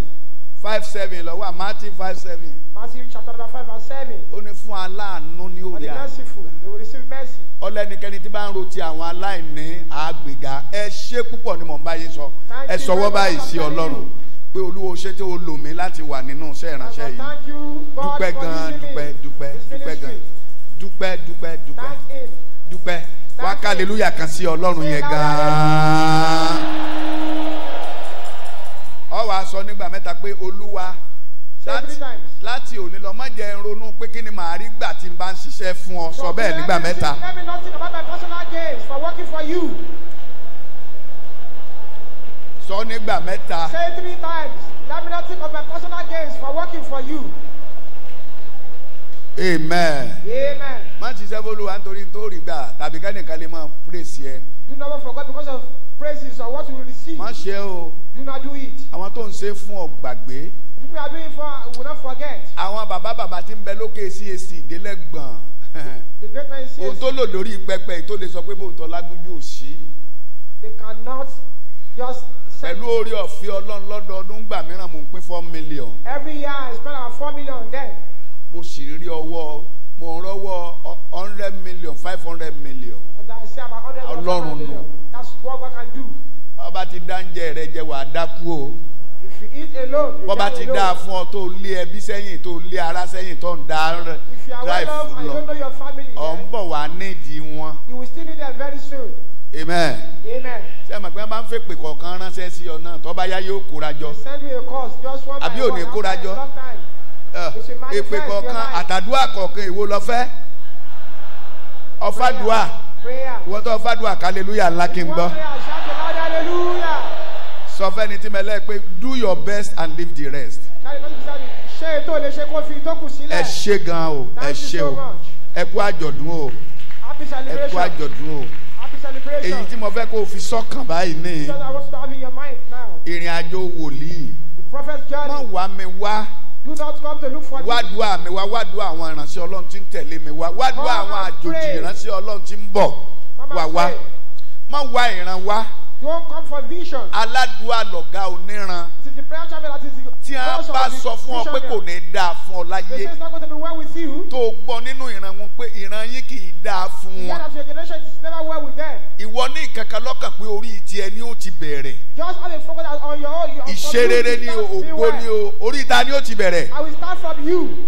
five seven lọ wà Matthew five seven. Matthew chapter number five and seven. ó ní fún aláàánú ní ó rí àánú gbà ọlẹ́nikẹ́ni tí bá ń ro ti àwọn aláìní àgbègà ẹ ṣe púpọ̀ ni mò ń bá yín sọ ẹ sọwọ́ báyìí sí ọlọ́run pé olúwo ṣé tí o lò mí láti wà nínú iṣẹ́ ìránṣẹ́ yìí dúpẹ́ gan dúpẹ́ dúpẹ́ dúpẹ́ gan dúpẹ́ dúpẹ́ dúpẹ́ dúpẹ́ wá kálelúyà kan sí ọlọ́run yẹn gan-an ọ wàá sọ nígbà mẹ́ta pé olúwa three times. láti òní lọ má jẹ́ ronú pé kí ni màá rí gbà tí n bá ń ṣiṣẹ́ fún ọ sọ bẹ́ẹ̀ nígbà mẹ́ta. let me not think about my personal gains for working for you. sọ nígbà mẹ́ta. say three times let me not think of my personal gains for working for you. amen. amen. má ṣiṣẹ́ fÓlúwa nítorí tó rí gbà tàbí kẹ́nìkan lè máa praise yẹ. do not forget because of praises or what you will receive. má ṣe o. do not do it. àwọn tó ń ṣe fún ọ gbàgbé people are doing for will not forget. àwọn bàbá bàbá tí ń bẹ lókè CAC ìdélẹ́gbọ̀n. the great man says. ohun tó lò lórí pẹpẹ tó lè sọ pé bóòtọ́ lágúnjú ò sí. they cannot just pẹ̀lú orí ọ̀fẹ́ ọlọ́run lọ́dọọdún gbà mìíràn mò ń pín four million. every year I spend about four million then. mo sì rí ọwọ́ mo ń rọ́wọ́ hundred million five hundred million. and I say about hundred million. ọlọ́run nù. that's what God can do. ọba ti dáńjẹ rẹ jẹ wàá dákú o bó bá ti dáa fún ọ tó lé ẹbí sẹ́yìn tó lé ara sẹ́yìn tó ń da drive lọ ọ̀ ń bọ̀ wá nídìí wọn. you will still need them very soon. amen. amen. ṣé àmọ̀ pé wọ́n bá ń fẹ́ pè kọ̀ọ̀kan ránṣẹ́ sí ọ náà tó yá yóò kóra send me a course just one by one. àbí ò ní kóra jọ. èpè kọ̀ọ̀kan àtàdúrà kọ̀ọ̀kan èwo lọ fẹ́. ọ̀fàdùà wọ́n tó ọ̀fàdùà hallelujah ńlá kí n gbọ́. prayer shout hallelujah sọ fẹ́ni tí mẹ́lẹ́ pé do your best and leave the rest. ṣé ètò lè ṣe kó fi ìtókù sílẹ̀. ẹ ṣe gan o ẹ ṣe o ẹ kú àjọ̀dún o ẹ kú àjọ̀dún o èyí tí mo fẹ́ kó o fi sọ́kàn báyìí ní ìrìn àjò wòlíì mọ̀ wá mi wá do not wá wádùá àwọn ìránṣẹ́ ọlọ́run tí ń tẹ̀lé mi wá wádùá àwọn àjòjì ìránṣẹ́ ọlọ́run tí ń bọ̀ wá wá má wá ìran wá. You won't come for vision. Aládùúà lọ̀gá oníran. It is the prayer chapel that is tí a bá sọ fún ọ pé kò ní dáa fún ọ láyé. They say it's not going to be well with you. Tó o gbọ́ nínú ìran wọn pé ìran yín kì í dáa fún wọn. Yeah, that your generation is never well with them. Ìwọ ní ìkankan lọ́kàn pé orí ti ẹni ó ti bẹ̀rẹ̀. Just have a focus on your own. Ìṣe rere ni o, ògo ni o, orí ìta ni ó ti bẹ̀rẹ̀. I will start from you.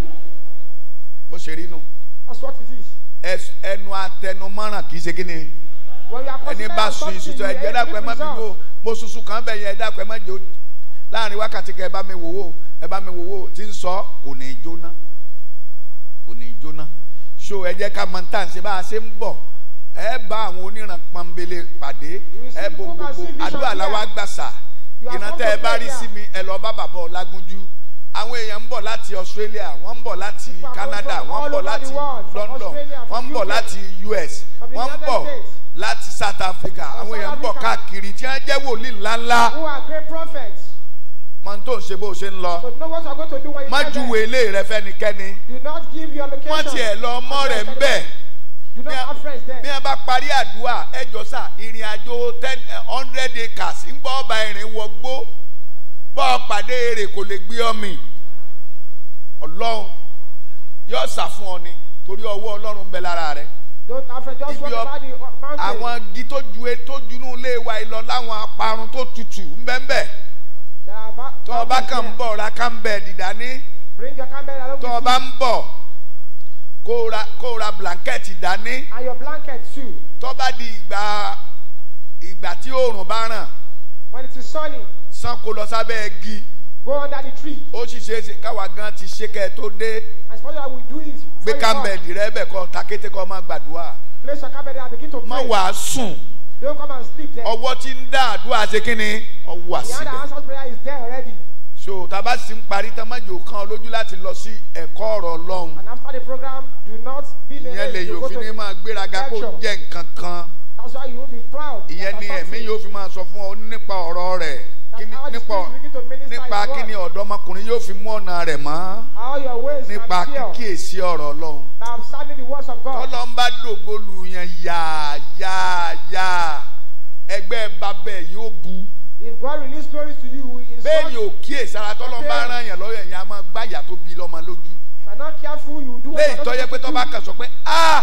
Bó ṣe rí nù. That's what it is. Ẹnu atẹnumọ́ràn kì í ṣe kí ni ẹni bá sun iṣu tó ẹjẹ dàpọ̀ ẹ má mi wò mo sunsun kàn bẹ̀ yẹn dàpọ̀ ẹ má jẹ́ láàrin wákàtí kẹ ẹ bá mi wò wò ẹ bá mi wò wò tí ń sọ kò ní jóná kò ní jóná so ẹ jẹ́ ká mọ tá à ń ṣe bá a ṣe ń bọ̀ ẹ bá àwọn oníran pọnbele pàdé ẹ bo gbogbo àdúrà làwọn agbàsà ìrántẹ ẹ bá rí sí mi ẹ lọ bá bàbá Ọlágúnjú àwọn èèyàn ń bọ̀ láti Australia wọ́n ń bọ̀ láti Canada wọ́n ń bọ̀ láti London wọ́n ń bọ̀ láti US wọ́n ń bọ̀ láti South Africa àwọn èèyàn ń bọ̀ káàkiri tí wọ́n jẹ́ wòlíì ńláńlá. who are great prophets. mọ tó ń ṣe bó ṣe ń lọ. know what you going to do when you get there. má júwe ilé rẹ fẹ́nikẹ́ni. do not give your location. wọ́n tiẹ̀ lọ ọmọ rẹ̀ ń bẹ̀. do not have there. bí wọ́n bá parí àdúrà ẹjọ́ sà ìrìn àjò ten eh, hundred acres ń bọ́ ọba ìrìn wọgbó bọ́ pàdé èrè kò lè gbé ọmì ọlọ́run yóò sà fún ọ ni torí ọwọ́ ọlọ́run ń bẹ lára rẹ̀ ibi àwọn igi tó ju e- tó junú ilé wa ìlọ láwọn aparun tó tutù ńbẹ́ńbẹ́ tó o bá kàn ń bọ̀ ra kámbẹ́ dìdá ní tó o bá ń bọ̀ kó ra kó ra blanketi dání tó bá di ìgbà ìgbà tí oòrùn bá ràn san kó lọ sábẹ́ igi. Go under the tree. Ó sì ṣe ṣe káwa gan ti ṣe kẹ́ tó dé. As far as I will do is. Gbé kámbẹ̀dì rẹ bẹ̀ kọ́ takété kọ́ máa gbàdúrà. Place your kámbẹ̀dì and begin to pray. Má wàá sùn. Don't come and sleep there. Ọwọ́ ti ń dá àdúrà ṣe kí ni? Ọwọ́ àṣìbẹ̀. The other answer prayer is there already. So tá a bá sì ń parí lójú láti lọ sí ẹ̀kọ́ ọ̀rọ̀ Ọlọ́run. And after the program, do not be late. Ìyẹn lè yóò fi ní gbéraga kó jẹ́ nǹkan kan. That's why you will be proud. Ìyẹn ni ẹ̀mí yóò fi máa sọ fún ọ nípa ọ̀rọ̀ rẹ̀ nípa nípa kí ni ọ̀dọ́mọkùnrin yóò fi mú ọ̀nà rẹ̀ mọ́ nípa kíkíyèsí ọ̀rọ̀ ọlọ́run tọ́lọ́ ń bá dògbòlù yẹn yáa yáa yáa ẹgbẹ́ babẹ̀ yóò bu. If God release glory to you, he is bẹ́ẹ̀ ni ò kíyèsára tọ́lọ́ ń bá ràn yàn lọ́yọ̀ yẹn a máa gbáyà tó bi lọ́mọ lójú. you are not careful, you do. lẹ́yìn tọ́jẹ́ pé tọ́ bá kàn sọ pé ah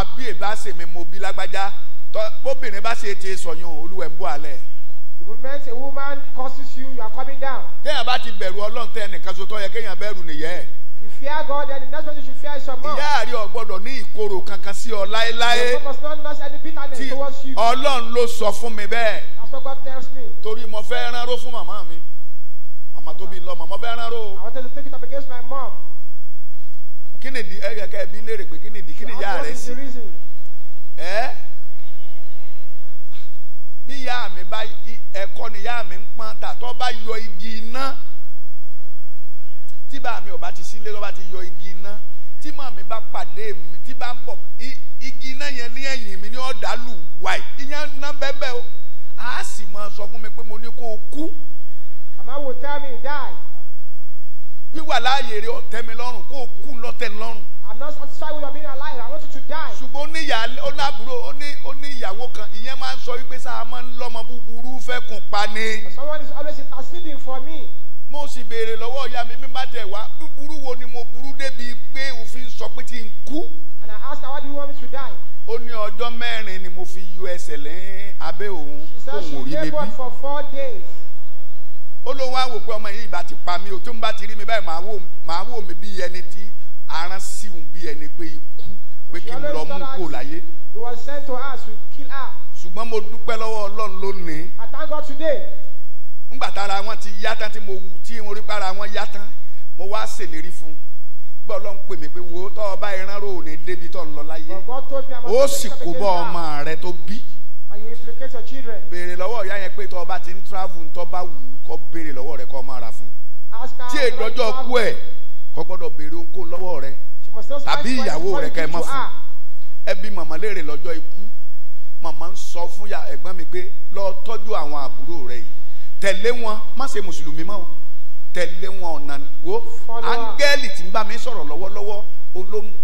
àbí èbá sèmi mo bí lágbájá tọ́ bóbìnrin bá ṣe ti sọ̀yún olúwẹ̀ ń bọ̀ alẹ́ woman, a woman curses you you are coming down. téèyàn bá ti bẹ̀rù ọlọ́run tẹ́ ẹnìkan so tọ́ yẹ kéèyàn bẹ̀rù nìyẹn. if you fear God then the next person you should fear is your mom. ìyá àárẹ̀ ọ̀gbọ́dọ̀ ní ìkorò kankan sí ọ láéláé. your mom must not nurse any bitterness Ti, towards you. ọlọ́run ló sọ fún mi bẹ́ẹ̀. that's what God tells me. torí mo fẹ́ ránró fún màmá mi màmá tó bí lọ́mọ mo fẹ́ ránró. I wanted to take it up against my mom. kí ni ìdí ẹ yẹ ká ẹbí léèrè pé kí ni ìdí kí ni ìyá rẹ sí. ẹ bí ìyá mi bá ẹ̀kọ́ ni ìyá mi ń pọ́n tà tó bá yọ igi iná tí bá mi ò bá ti sílé tó bá ti yọ igi iná tí mọ̀ mi bá pàdé mi tí bá ń bọ̀ igi iná yẹn ní ẹ̀yìn mi ní ọ̀dà lù wáì ìyẹn ná bẹ́ẹ̀ o a sì máa sọ fún mi pé mo ní kó o kú. àmọ́ wò tẹ́ mi dáì. wíwà láàyè rẹ ọ̀tẹ́ mi lọ́rùn kó o kú lọ́tẹ̀ lọ́rùn. Ṣùgbọ́n ó ní ìyàwó kan ìyẹn máa ń sọ wípé sáà máa ń lọ́mọ búburú fẹ́ kùn pa ni. Someone is always interceding for me. Mo sì béèrè lọ́wọ́ ìyá mi mi má tẹ̀ wá búburú wo ni mo burú débi pé òfin sọ pé tí n kú. Ó ní ọjọ́ mẹ́rin ni mo fi yọ ẹsẹ̀ lẹ́yìn abẹ́ òun òun rí mi bí. She said she labored for four days ó ló wá wò pé ọmọ yìí ìbá ti pa mí o bá ti rí mi báyìí màá wò mí bí ẹni tí arán sí òun bí ẹni pé ikú pé kí n lọ mú kó láyé. he was sent to us to kill her. ṣùgbọ́n mo dúpẹ́ lọ́wọ́ ọlọ́run lónìí. I thank God today. ńgbà tára wọn ti yá tán tí mo tí mo rí para wọn yá tán mo wá ṣèlérí fún un gbọ́ ọlọ́run pè mí pé wo tọ́ ọba ìran rò ní débi tọ́ ń lọ láyé ó sì kó bọ́ ọmọ rẹ tó bí béèrè lọ́wọ́ ìyá yẹn pé tọ́ ọba ti ń travel ń tọ́ bá wù ú kọ́ béèrè lọ́wọ́ rẹ kọ́ máa rà fún tí èdọ́jọ́ kú ẹ̀. kò gbọ́dọ̀ béèrè ohunkóhun lọ́wọ́ rẹ tàbí ìyàwó rẹ kẹ́ ẹ fún ẹbí màmá léèrè lọ́jọ́ ikú màmá ń sọ fún ya ẹ̀gbọ́n mi pé lọ tọ́jú àwọn àbúrò rẹ yìí tẹ̀lé wọn má ṣe mùsùlùmí ma o wọn ọ̀nà wo áńgẹ́lì tí ń bá mi sọ̀rọ̀ lọ́wọ́lọ́wọ́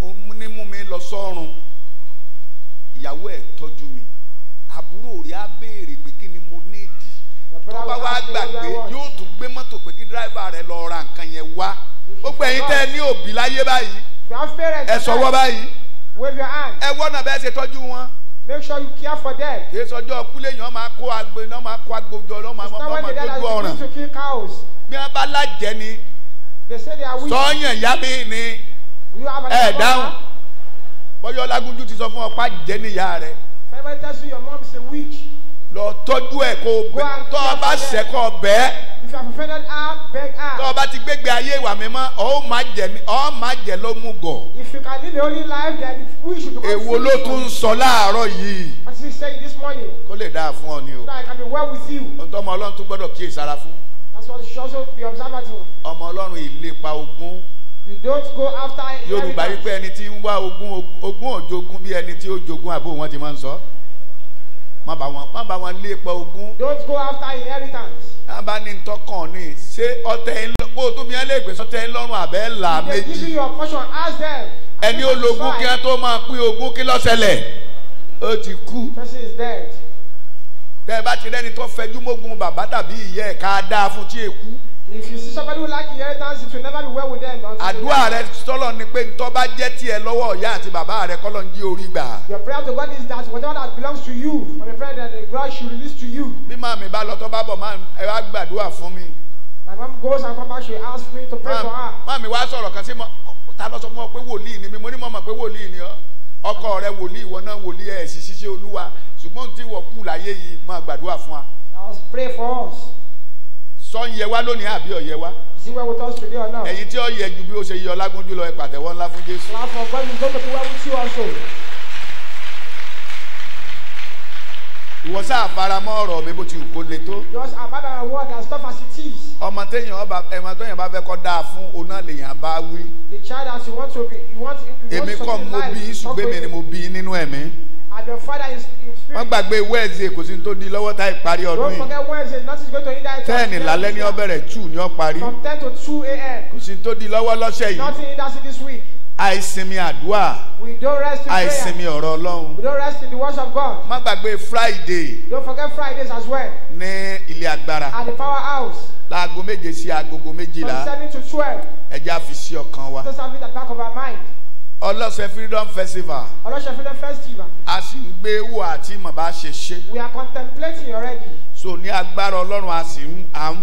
onímú mi lọ sọ́run ìyàwó mi àbúrò á ni mo ní ìdí tó bá wá gbàgbé yóò tún gbé mọ́tò pé gbogbo ẹ̀yin tẹ́ ẹ ní òbí láyé báyìí ẹ sọwọ́ báyìí ẹ wọ́nà bẹ́ẹ̀ ṣe tọ́jú wọn. Make sure you care for them. Kìí sọjọ́ kúlẹ̀ yẹn máa kó agbo náà máa kó agbo jọ náà máa máa dojú ọ̀ràn. Bí wọ́n bá lájẹ ni sọ́yàn ìyá mi ni ẹ̀ dáhùn bọ́yọ̀ Lágúnjú ti sọ fún ọ pa níyà rẹ̀. your mom say weak lọ tọ́jú ẹ̀ kó bẹ tọ́ bá sẹ́ kọ́ bẹ́ bá ti gbégbé ayé ìwà mímọ́ ọ má jẹ ọ má jẹ ló mú gọ̀. èwo ló tún ń sọ láàárọ̀ yìí. kó lè dáa fún ọ ni o. ohun ọmọ ọlọ́run tún gbọ́dọ̀ kíyè sára fún. ọmọ ọlọ́run ìlépa ogún. You don't go after. Yorùbá yìí pé ẹni tí ń wá ogún ogún òjogún bí ẹni tí ó jogún àbó wọn ti máa ń sọ má bá wọn má bá wọn lé pa ogún. don't go after inheritance. a bá ní ntọ́kàn ní ṣé ọtẹ ń lọ kó o tún bí ẹ lè ọtẹ ń lọ́rùn àbẹ́ là méjì. they give you your portion ask them. ẹni ológun kí wọn tó máa pín ogún kí ló ṣẹlẹ̀ ó ti kú. person is dead. tẹ́ ẹ bá ti rẹ́ni tó fẹjú mógun bàbá tàbí ìyá ẹ̀ ká dáa fún tí èkú. If you see somebody who lack inheritance, it will never be well with them. Àdúrà rẹ sọ́lọ̀ ni pé ntọ́ bá jẹ́ tiẹ̀ lọ́wọ́ ìyá àti bàbá rẹ kọ́lọ̀ ń jí orí gbà. Your prayer to God is that whatever that belongs to you from the prayer that God should release to you. Bí màá mi bá lọ tọ́ bá bọ̀ máa ẹ wá gbàdúrà fún mi. My mom goes and Papa she ask me to pray for her. Màá mi wá sọ̀rọ̀ kan sí mọ́ ta lọ sọ fún ọ pé wòlíì ni mi mo ní mọ̀ mọ̀ pé wòlíì ni ọ́ ọkọ rẹ wòlíì ìwọ náà wòlíì ẹ̀ ṣiṣẹ́ olúwa ṣùgbọ́n tí wọ́n kù láyé yìí máa gbàdúrà fún wa. I was pray for us sọ ń yẹ wá lónìí àbí ọ̀yẹ wá. See where we us today or now? Ẹ̀yin tí ó yẹ ju bí ó ṣe yọ lágúnjú lọ ẹ pàtẹ́wọ́ ńlá fún Jésù. Clap for God, God will be with you also. Ìwọ sáà faramọ́ ọ̀rọ̀ mi bó ti wù kó le tó. Just about our word and stuff as it is. Ọmọ téèyàn ọba ẹ̀mọ téèyàn bá fẹ́ kọ́ dáa fún òun náà lèèyàn bá wí. The child as you want to be, you want, you want something like. Èmi kọ́ mo bí ṣùgbẹ́ ni mo bí nínú ẹ̀mí wọ́n gbàgbé wednesday kò sí tó di lọ́wọ́ tá ìparí ọdún yìí. don't forget wednesday nothing going to hinder you. ten lálẹ́ ní ọbẹ̀rẹ̀ two ní ọparí. from ten to two a.m. kò sí tó di lọ́wọ́ lọ́sẹ̀ yìí. nothing hinders this week. àìsinmi àdúrà. we don't rest in prayer. àìsinmi ọ̀rọ̀ ọlọ́run. we don't rest in the words of God. má gbàgbé friday. don't forget fridays as well. ní ilé agbára. at the power house. láago méje sí agogo méjìlá. from seven to twelve. ẹ jẹ́ àfi sí ọkàn wa. it at the back of our mind ọlọ́sẹ̀ freedom festival. ọlọ́sẹ̀ freedom festival. a sì ń gbé wò àti mọ̀ ṣe ṣe. we are contemplating already. so ní agbára ọlọ́run a sì ń à ń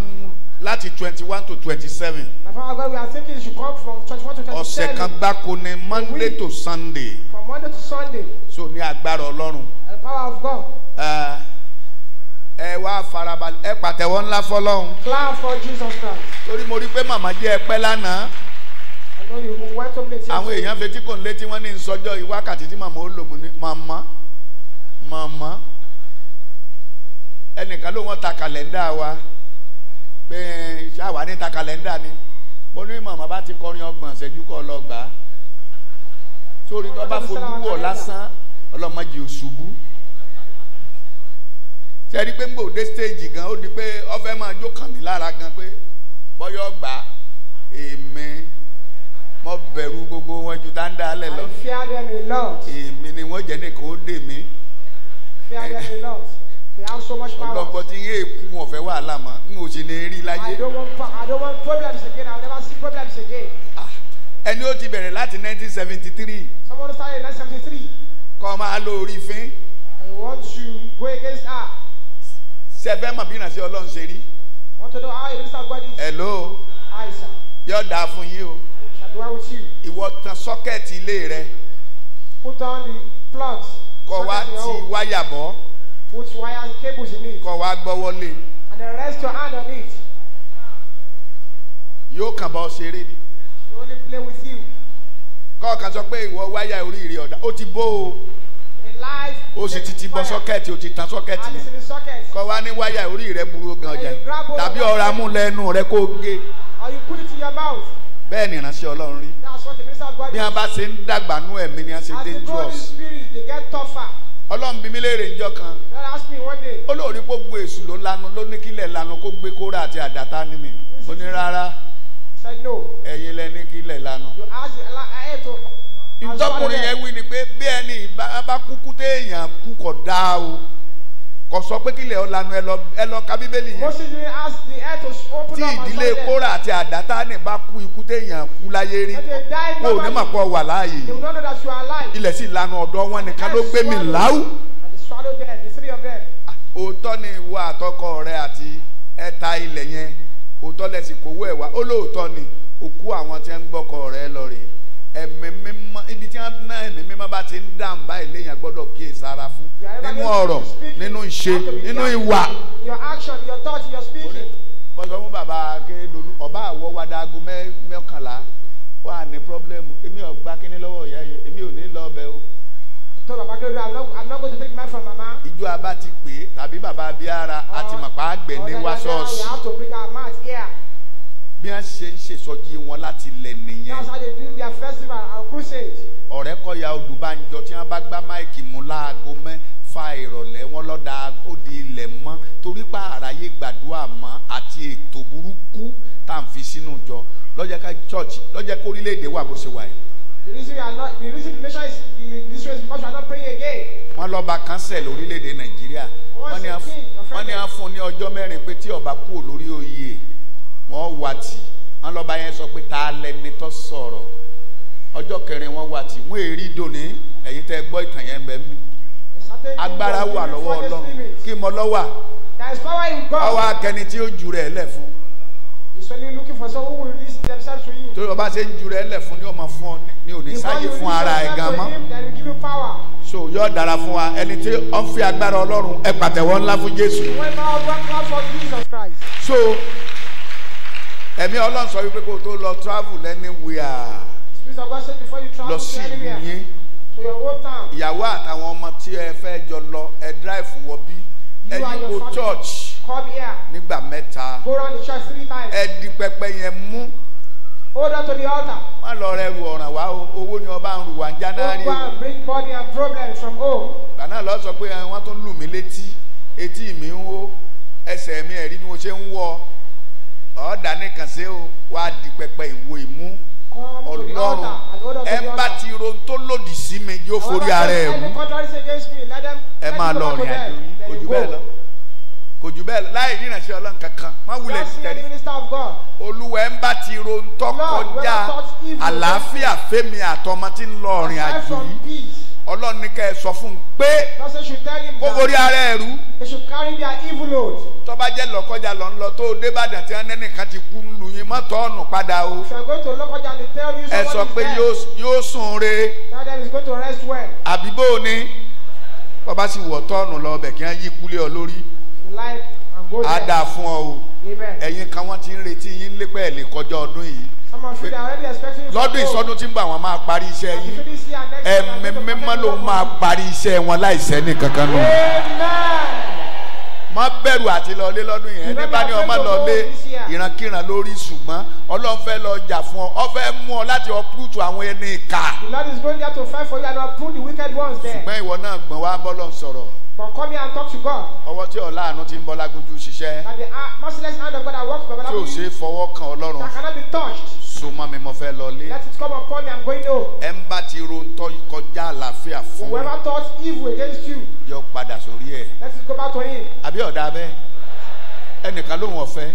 láti twenty one to twenty seven. bàbá àgbà we are thinking you should come from twenty one to twenty seven. ọ̀sẹ̀ kan gbáko ni monday to sunday. from monday to sunday. so ní agbára ọlọ́run. the power of God. Uh, ẹ wá farabalẹ̀ ẹ pàtẹ́wọ́ ńlá fọlọ́run. clap for Jesus Christ. torí mo rí pé màmá jẹ́ ẹ pẹ́ lánàá àwọn èèyàn fetí kò ń létí wọn ní nsọjọ wákàtí tí màmá ó ní màmá màmá ẹnìkan ló wọn ta kàlẹ́ndà wa pé ṣáwa ní ta kàlẹ́ndà ni mo ní màmá bá ti kọrin ọgbọ̀n ṣẹ́jú kọ́ ọlọ́gbà sórí tó bá fojú wọ̀ lásán ọlọ́mọdé òṣùbù sẹ́ni pé ń bò dé stage gan ó di pé ọ máa jó mí lára gan pé bọ́yọ̀ gbà èmi mo bẹ̀rù gbogbo wọn ju tá ń lọ. I fear them a lot. èmi ni wọ́n jẹ́ nìkan ó dè mí. fear them a lot. They have so much power. ọlọ́gbọ́n ti yé eku wọn fẹ́ wàhálà mọ́ n ò sì ní rí láyé. I don't want I don't want problems again I will never see problems again. Ah, ẹni ó ti bẹ̀rẹ̀ láti nineteen seventy someone started in nineteen seventy three. kọ́ máa lo orí I want to go against her. sẹ́fẹ́ mọ̀ bí ìrànṣẹ́ Ọlọ́run ṣe rí. I want to know how a minister of God is. hello. hi sir. yóò dáa fún yín o ìwọ tan sọ́kẹ́ẹ̀tì ilé rẹ. put on the plug. kọ wá ti wáyà bọ́. wire and cables in it. kọ wá gbọ́wọ́ lé. and then rest your hand on it. yóò kàn bá ọ ṣeré ni. she only play with you. kọ́ọ̀kan sọ pé ìwọ wáyà oríire ọ̀dà ó ti bó o ó sì ti ti bọ sọ́kẹ̀tì ó ti ta sọ́kẹ̀tì yẹn kọ́ wa ní wáyà orí rẹ̀ burú gan ọjà tàbí ọ̀rá lẹ́nu rẹ̀ kó gé. you put it in your mouth. bẹ́ẹ̀ ni ìránṣẹ́ ọlọ́run rí bí wọ́n bá ṣe ń dàgbà nú ẹ̀mí ni wọ́n ṣe dangerous ọlọ́run bí mi léèrè ńjọ́ kan olórí lóòrí gbogbo èṣù ló lanu ló ní kílẹ̀ lanu kó gbé kóra àti àdàtà ní mi ó ní rárá ẹ̀yin lẹ ní kílẹ̀ lanu ìtọ́kùnrin yẹn wí ni pé bí ẹni bá kúkú téèyàn kú kọ̀ dáa o. kò sọ pé kílẹ̀ ọ̀lànà ẹ lọ ẹ lọ ka bíbélì yẹn. Moses didn't ask the earth to open up and find them. tí ìdílé Kórà àti àdátánì bá kú ikú téèyàn kú láyé rí wọn ò ní mà pọ̀ wà láàyè. they will not know that you are alive. ilẹ̀ sì lanu ọ̀dọ̀ wọn nìkan ló gbé mi láwù. and they swallow them the three of them. Ah, òótọ́ ni ìwọ àtọkọ rẹ àti ẹ̀ta ilẹ̀ yẹn òótọ́ lẹ sì kówó ẹ̀ wá ó lóòótọ́ ni òkú àwọn tí ń gbọ́kọ rẹ lọ rèé ẹ̀mí mímọ́ ibi tí wọ́n ná ẹ̀mí mímọ́ bá ti ń dàn báyìí léèyàn gbọ́dọ̀ kíyè sára fún nínú ọ̀rọ̀ nínú ìṣe nínú ìwà. your action your thought your speaking. bọ́sọ̀ fún bàbá akédolú ọba àwọ̀ wa da aago wà ní pọ́blẹ́mù èmi ò gba kíní lọ́wọ́ ìyá yìí èmi ò ní lọ ọbẹ̀ o. ìjọ abá ti pè é tàbí bàbá abíára àti màpá àgbẹ̀ ní wá ṣọ́ọ̀ṣì bí wọ́n ṣe ń ṣèsọjí wọn láti lẹ̀ nìyẹn. that's how they do their festival and crusade. ọ̀rẹ́ kọ́ya olùbánjọ tí wọ́n bá gbá máìkì mú láago mẹ́fà ìrọ̀lẹ́ wọn lọ́dà ó di ilẹ̀ mọ́ torí pa àráyé gbàdúrà mọ́ àti ètò burúkú tá à ń fi sínú ìjọ lọ́jẹ́ ká church lọ́jẹ́ kó orílẹ̀-èdè wà bó ṣe wà yìí. the reason we are not the reason the nation is the reason is because we are not praying again. wọ́n lọ́ba kánsẹ̀ lórílẹ̀-èdè nàìjíríà wọ́n ní a fún ní ọjọ́ mẹ́rin pé tí ọba kúrò lórí oyè wọ́n wà tì wọ́n lọ́ba yẹn sọ pé ta lẹni tó sọ̀rọ̀ ọjọ́ kẹrin wọ́n wà tì wọ́n èrí dòní ẹ̀yin tẹ́ gbọ́ ìtàn yẹn bẹ́ẹ̀ mi agbára wà lọ́wọ́ ọlọ́run kí mo lọ́ wà ọwọ́ akẹni tí ó jù rẹ̀ lẹ̀ fún. torí ọba ṣe ń jù rẹ̀ lẹ̀ fún ni ó máa fún ọ ní sáyé fún ara ẹ̀ gan mọ́ so yóò dára fún wa ẹni tí ó ń fi agbára ọlọ́run ẹ pàtẹ́wọ́ ńlá fún Jésù. so ẹ̀mí ọlọ́run sọ wípé kó o tó lọ travel anywhere. Spirit of God said before to lọ sí yín your hometown. ìyàwó àtàwọn ọmọ tí ẹ fẹ́ jọ lọ ẹ drive wọ bí ẹ yípo church nígbà mẹ́ta ẹ di pẹpẹ yẹn mú. Hold to the altar. Má lọ rẹ ru ọ̀ràn wá o, owó ni ọba ń ru wá ń jánáárì. Go and bring body and problems from home. Bàná lọ sọ pé wọ́n tún lù mí létí, etí mi ń wó, ẹsẹ̀ mi ẹ̀rí bí mo ṣe ń wọ́ ọ ọ̀ọ́dà nìkan ṣe ó wá di pẹpẹ ìwo ìmú ọlọ́run ẹ bá ti ro tó lòdì sí mi yóò forí ara ẹ̀ wú ẹ máa lọ ọ̀rìn àjò yín kò jù bẹ́ẹ̀ lọ kò jù bẹ́ẹ̀ lọ láì ríránṣẹ́ ọlọ́run kankan má wulẹ̀ tẹ̀lé olúwa ẹ bá ti ro ń tọkọjá àlàáfíà fẹ́mi àtọmọ tí ń lọ ọ̀rìn àjò yìí ọlọ́run ní kẹ́ ẹ sọ fún un pé kó borí ara ẹ̀ rú. tọ́ba jẹ́ lọ́kọjá lọ́n lọ tó débàdàn tí wọ́n nẹ́nìkan ti kú lù yín mọ́ tọ́ọ̀nù padà o. ẹ sọ pé yóò sùn re. àbí bó o ní bàbá sì wọ̀ tọ́ọ̀nù lọ bẹ̀ kí wọ́n yí kúlé ọ lórí. a fún ọ o ẹ̀yin kan wọ́n ti ń retí yín lépẹ́ lè kọjá ọdún yìí lọ́dún ìsọdún tí ń bọ̀ àwọn máa parí iṣẹ́ yín ẹ̀mí mímọ́ ló máa parí iṣẹ́ wọn láìsẹ́ nìkankan nù. má bẹ̀rù àti lọlé lọ́dún yẹn ẹni bá ní ọmọ lọlé ìrankíran lórí ṣùgbọ́n ọlọ́run fẹ́ lọ jà fún ọ ọ fẹ́ mú ọ láti uproot àwọn ẹni ìka. the Lord is going there to fight for you and uproot the wicked ones there. ṣùgbọ́n ìwọ náà gbọ́n wá bọ́lọ̀ sọ̀rọ̀. But come here and talk to God. Ọwọ́ tí ọ̀la àánú ti ń bọ́ lágúnjú ṣiṣẹ́. That the merciless hand of God that works for Bọ́lá. Tí ò ṣe é fọwọ́ kan Ọlọ́run. That cannot be touched. Suma mi mo fẹ́ lọ lé. Let it come upon me, I'm going home. Ẹ ń bá ti ro kọjá àlàáfíà fún mi. Whoever thought evil against you. Yọ padà sórí ẹ̀. Let it go back to him. Àbí ọ̀dà abẹ́. Ẹnìkan lóhùn ọ̀fẹ́.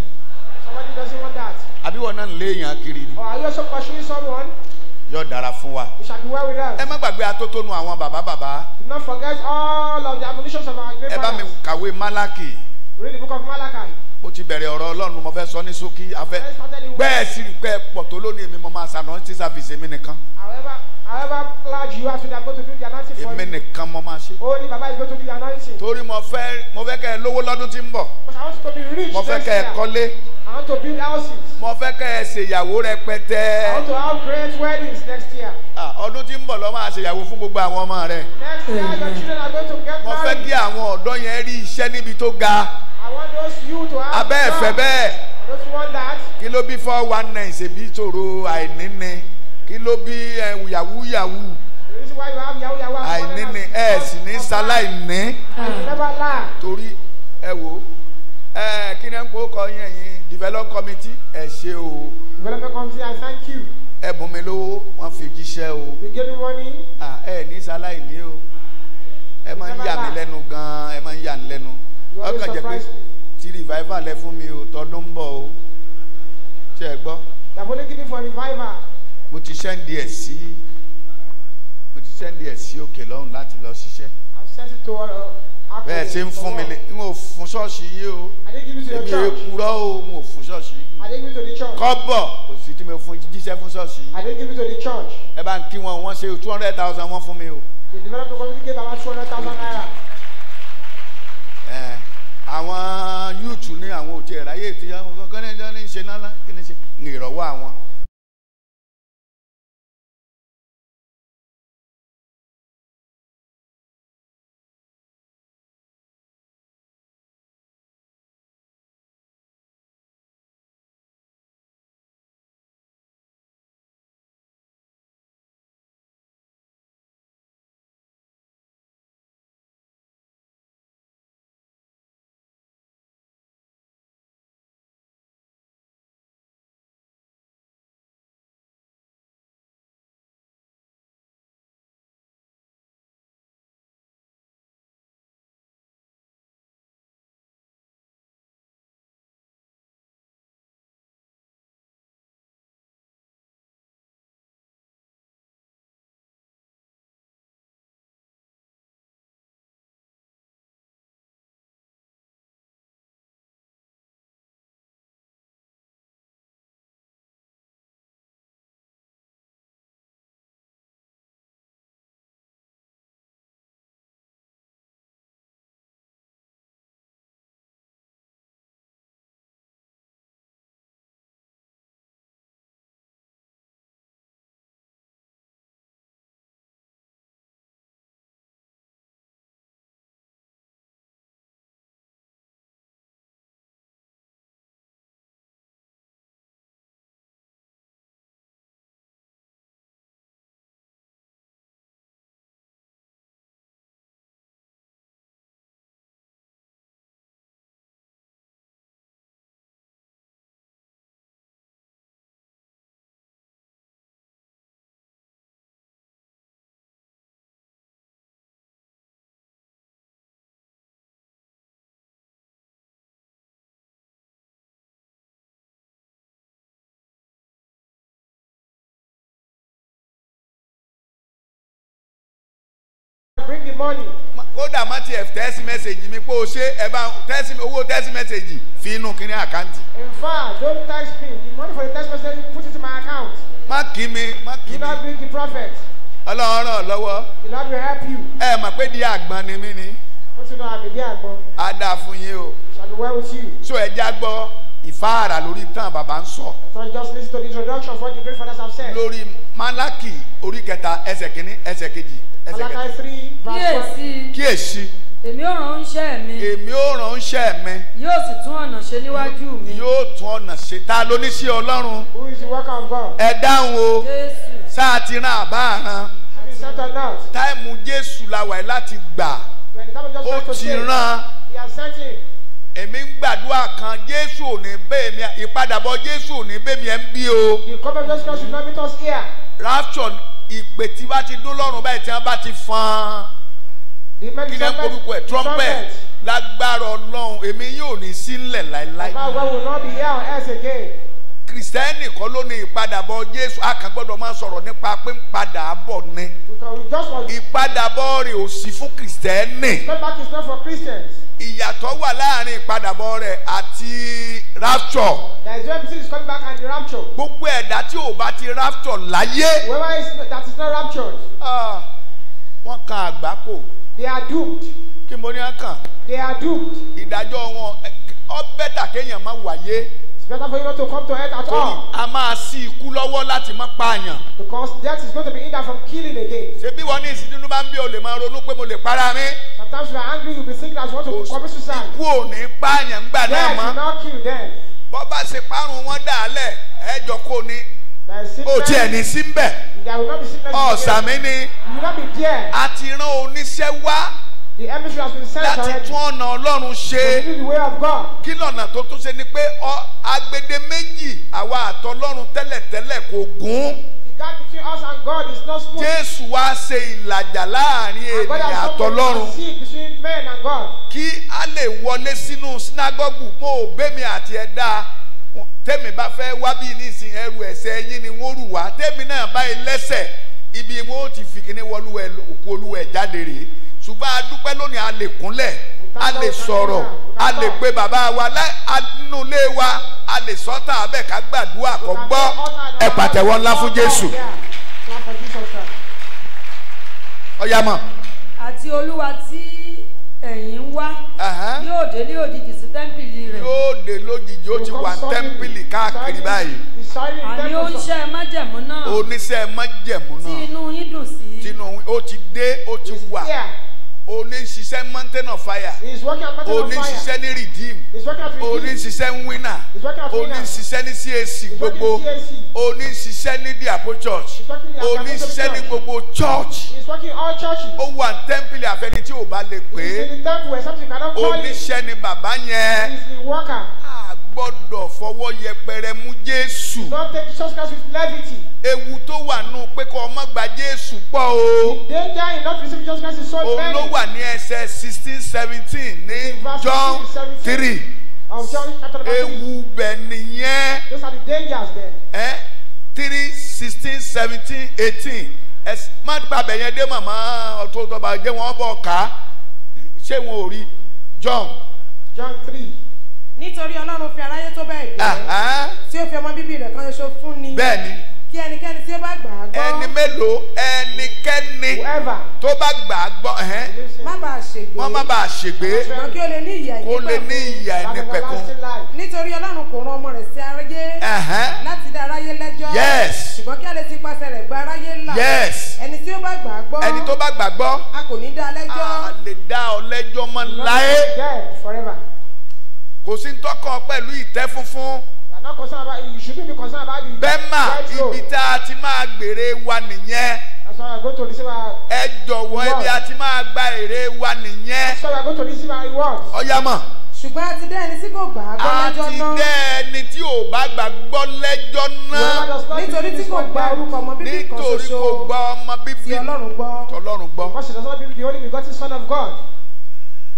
Somebody doesn't want that. Àbí wọn náà ń lé èèyàn kiri ni. Or are you also pursuing someone? yóò dára fún wa. it shall be well with us. ẹ má gbàgbé atótónu àwọn bàbá bàbá. do not forget all of the abominations of our great parents. ẹ bá mi kàwé Málákì. read the book of Malachi. mo ti bẹ̀rẹ̀ ọ̀rọ̀ Ọlọ́run mo fẹ́ sọ ní ṣókí afẹ́ bẹ́ẹ̀ sì pẹ́ pọ̀ tó lónìí mi mo máa ṣàná sí sàfìsì mi nìkan. however however large you are today i'm going to do the anointing for you. èmi nìkan mo máa ṣe. ó ní bàbá yìí go to do the anointing. torí mo fẹ́ mo fẹ́ kẹ́ ẹ lówó lọ́dún tí ń bọ̀. because i want you to be rich next year. mo fẹ́ kẹ́ ẹ kọ́lé. I want to build houses. Mo fẹ́ kẹ́ ẹ ṣèyàwó rẹpẹtẹ. I want to have great weddings next year. Ọdún tí ń bọ̀ lọ máa ṣèyàwó fún gbogbo àwọn ọmọ rẹ̀. Next year your children are going to get married. Mo fẹ́ kí àwọn ọ̀dọ́ yẹn rí iṣẹ́ níbi tó ga. I want those youth to have. Abẹ́ ẹ̀fẹ́ bẹ́ẹ̀. I don't want that. Kí ló bí four one nine ṣèbí ìṣòro àìní ni? Kí ló bí yahoo yahoo? àìní ni ẹ sì ní ṣaláìní torí ẹ wò ẹ kí ni ẹ ń pò kọ yín ẹ̀yin develop committee ẹ ṣe o. development committee I thank you. ẹ bùn mi lówó wọn fi jíṣẹ́ o. you give me money. ah ẹ ní sáláì ní o ẹ máa ń yà mí lẹ́nu gan-an ẹ máa ń yà mí lẹ́nu. ọkàn jẹ́ pé ti revival lẹ fún mi o tọdún ń bọ̀ o ṣe é gbọ́. tàbólé gidi for revival. mo ti sẹ́ndì ẹ̀ sí mo ti sẹ́ndì ẹ̀ sí òkè lọ́hùn láti lọ ṣiṣẹ́. I sent it to all bẹ́ẹ̀ ṣe ń fún mi lé n ò fún ṣọ́ọ̀ṣì yé o èmi ò kúrọ́ o n ò fún ṣọ́ọ̀ṣì kọ́bọ̀ kò sí tí mo fún jíṣẹ́ fún ṣọ́ọ̀ṣì ẹ bá ń kí wọn wọ́n ṣe two hundred thousand wọ́n fún mi o. the development àwọn yúùtù ní àwọn òtí ẹ̀ráyè tí wọ́n kọ́ ní ṣe náà kí ni ṣe ìrọ̀wọ́ àwọn. money. kódà má tiẹ̀ tẹ́sí mẹ́sẹ̀gì mi pé o ṣe ẹ bá owó tẹ́sí mẹ́sẹ̀gì fi inú kíní àkáǹtì. in fact don't text me the money for the text message put it in my account. má kí mi má kí mi. do not bring the prophet. ọlọ́run ràn lọ́wọ́. the lord will help you. ẹ mọ̀ pé di àgbọn ni mí ni. ó ti lọ àmì di àgbọn. á dáa fún yín o. shall we well with you. so ẹ já gbọ́ ìfáàrà lórí tán bàbá ń sọ. so just listen to the introduction of what the great fathers have said. lórí Málákì orí kẹta ẹsẹ̀ kìíní ẹsẹ̀ kejì. Malachi three verse one. Kíyèsí. Èmi ó rán oníṣẹ́ mi. Èmi ó rán oníṣẹ́ mi. Yóò sì tún ọ̀nà ṣe níwájú mi. Yóò tún ọ̀nà ṣe. Ta ló Ọlọ́run? Who is the worker of God? Ẹ dáhùn o. Jésù. Sáà ti rán àbá àrán. Táìmù Jésù la wà láti gbà. Ó ti rán. Èmi ń gbàdúrà kan Jésù ò ní bẹ́ mi ìpadàbọ̀ Jésù ò ní bẹ́ mi ẹ̀ ń bí o. The government just come to meet us here. Rapture ìpè tí bá ti dún lọ́rùn báyìí tí wọ́n bá ti fan kí ni orúkọ ẹ̀ trumpet lágbára ọlọ́run èmi yóò ní sílẹ̀ láéláé. bàbá wa will not be here on earth again. kìrìsìtẹ́nì kọ́ ló ní ìpadàbọ̀ jésù a kàn gbọ́dọ̀ máa sọ̀rọ̀ nípa pé ń padà bọ̀ ni. ìpadàbọ̀ rẹ̀ ò sí fún kìrìsìtẹ́nì. come back is not for Christians ìyàtọ̀ wà láàrin ìpadàbọ̀ rẹ̀ àti rapture. there is where he is coming back and the rapture. gbogbo ẹ̀dá tí ò bá ti rapture láyé. whoever is that is not raptured. Uh, wọ́n kan àgbákò. they are doomed. kí mo ní wọn they are doomed. ìdájọ́ wọn ọ bẹ́tà kéèyàn má wáyé. It's better for you not to come to earth at all. A máa sí ikú lọ́wọ́ láti má pààyàn. Because death is going to be hindered from killing again. Ṣé bí ní ìsìndínú bá ń bí o lè máa ronú pé mo lè para mi? Sometimes you are angry you be thinking as you want to commit suicide. Ikú ò ní pààyàn ńgbà náà mọ́. Death will not kill them. Bọ́ bá ṣe parun wọn dà ẹjọ́ kò ní. O tiẹ̀ ní sí mbẹ̀. Ọ̀sàmí ni. A ti rán oníṣẹ́ wá. The embassy has been sent ahead. Láti tún ọ̀nà Ọlọ́run ṣe. the way of God. Kí lọ́nà tó tún ṣe ni pé agbede méjì àwa àtọlọ́run tẹ́lẹ̀tẹ́lẹ̀ kò gún. The gap between us and God is not smooth. Jésù wá ṣe ìlàjà láàrin ènìyàn àtọlọ́run. between men and God. Kí a lè wọlé sínú sínágọ́gù mo ò bẹ́mi àti ẹ̀dá tẹ́mi bá fẹ́ wá bí nísìn ẹrù ẹ̀ṣẹ̀ yín ni wọ́n rù wá tẹ́mi náà báyìí lẹ́sẹ̀ ibi wọn ti fi kíní wọlú òkú olúwẹ̀ jáde rèé ṣùgbọ́n a dúpẹ́ lónìí a lè kúnlẹ̀ a lè sọ̀rọ̀ a lè pe bàbá wa nínú ilé wa a lè sọ́tà abẹ́ ká gbàdúrà kọ́ gbọ́ ẹ pàtẹ́wọ́ ńlá fún Jésù. ọ̀yà mọ̀. àti olúwa tí ẹ̀yin ń wá yóò dé ní òjijì sí tẹ́ḿpìlì rẹ̀. yóò dé lójijì ó ti wà tẹ́ḿpìlì káàkiri báyìí. àní oníṣẹ́ májẹ̀mú náà. oníṣẹ́ májẹ̀mú náà. tí inú yín dùn sí. tí inú ó ti dé ó ti wà o ní ṣiṣẹ́ mountain of fire. he is working at mountain of fire. o ní ṣiṣẹ́ ní redeem. he is working at redeem. o ní ṣiṣẹ́ ní winner. he is working at winner. o ní ṣiṣẹ́ ní CAC gbogbo. he is working at CAC. o ní ṣiṣẹ́ ní the Apple church. he is working at the Apple church. o ní ṣiṣẹ́ ní gbogbo church. he is working all churches. ó wà ní tẹ́ḿpìlì àfẹni tí ò bá lè pé. he is in the temple except you cannot call him. oníṣẹ́ ni bàbá yẹn. he is the worker gbọ́dọ̀ fọwọ́ yẹpẹrẹ mú Jésù. do not take Jesus Christ with levity. ewu tó wà nù pé kó ọmọ gba Jésù pọ̀ o. the danger in not receiving Jesus Christ is so very. òun ló wà ní ẹsẹ̀ sixteen seventeen ní John three. ewu bẹ̀ nìyẹn. those are the dangers there. Eh? three sixteen seventeen eighteen má gba abẹ yẹn dé màmá ọtọ ọtọ bá jẹ wọn bọ ká ṣé wọn ò rí John. John three nítorí ọlọ́run fi aráyé tó bẹ́ẹ̀ bẹ́ẹ̀ tí ó fi ọmọ bíbí rẹ̀ kan ṣoṣo fún ni bẹ́ẹ̀ni kí ẹnikẹ́ni tí ó bá gbà á gbọ́ ẹni mélòó ẹnikẹ́ni tó bá gbà á gbọ́ má bàa ṣègbé wọ́n má bàa ṣègbé ṣùgbọ́n kí o lè ní ìyà ẹni pẹ̀kún o lè ní ìyà ẹni pẹ̀kún nítorí ọlọ́run kò rán ọmọ rẹ̀ sí aráyé láti dá aráyé lẹ́jọ́ ṣùgbọ́n kí a lè ti pasẹ̀ rẹ̀ gba aráyé là ẹni tí ó bá gbà á gbọ́ ẹni tó bá gbà á gbọ́ a kò ní dá lẹ́jọ́ a lè dá ọ lẹ́jọ́ mọ́ láé kò sí tọkàn pẹ̀lú ìtẹ́ funfun. bẹ́ẹ̀ma ibi tá a ti máa gbèrè wa nìyẹn. ẹ jọ̀wọ́ ibi a ti máa gba èrè wa nìyẹn. ọ̀yà mọ̀. ṣùgbọ́n a ti dẹ́ ẹni tí kò gbà á gbọ́ lẹ́jọ́ náà. a ti dẹ́ ẹni tí ò bá gbà gbọ́ lẹ́jọ́ náà. nítorí tí kò gba orúkọ ọmọ bíbí kan ṣoṣo. nítorí kò gba ọmọ bíbí. ti ọlọ́run gbọ́. ọlọ́run gbọ́. the only begotten son of God.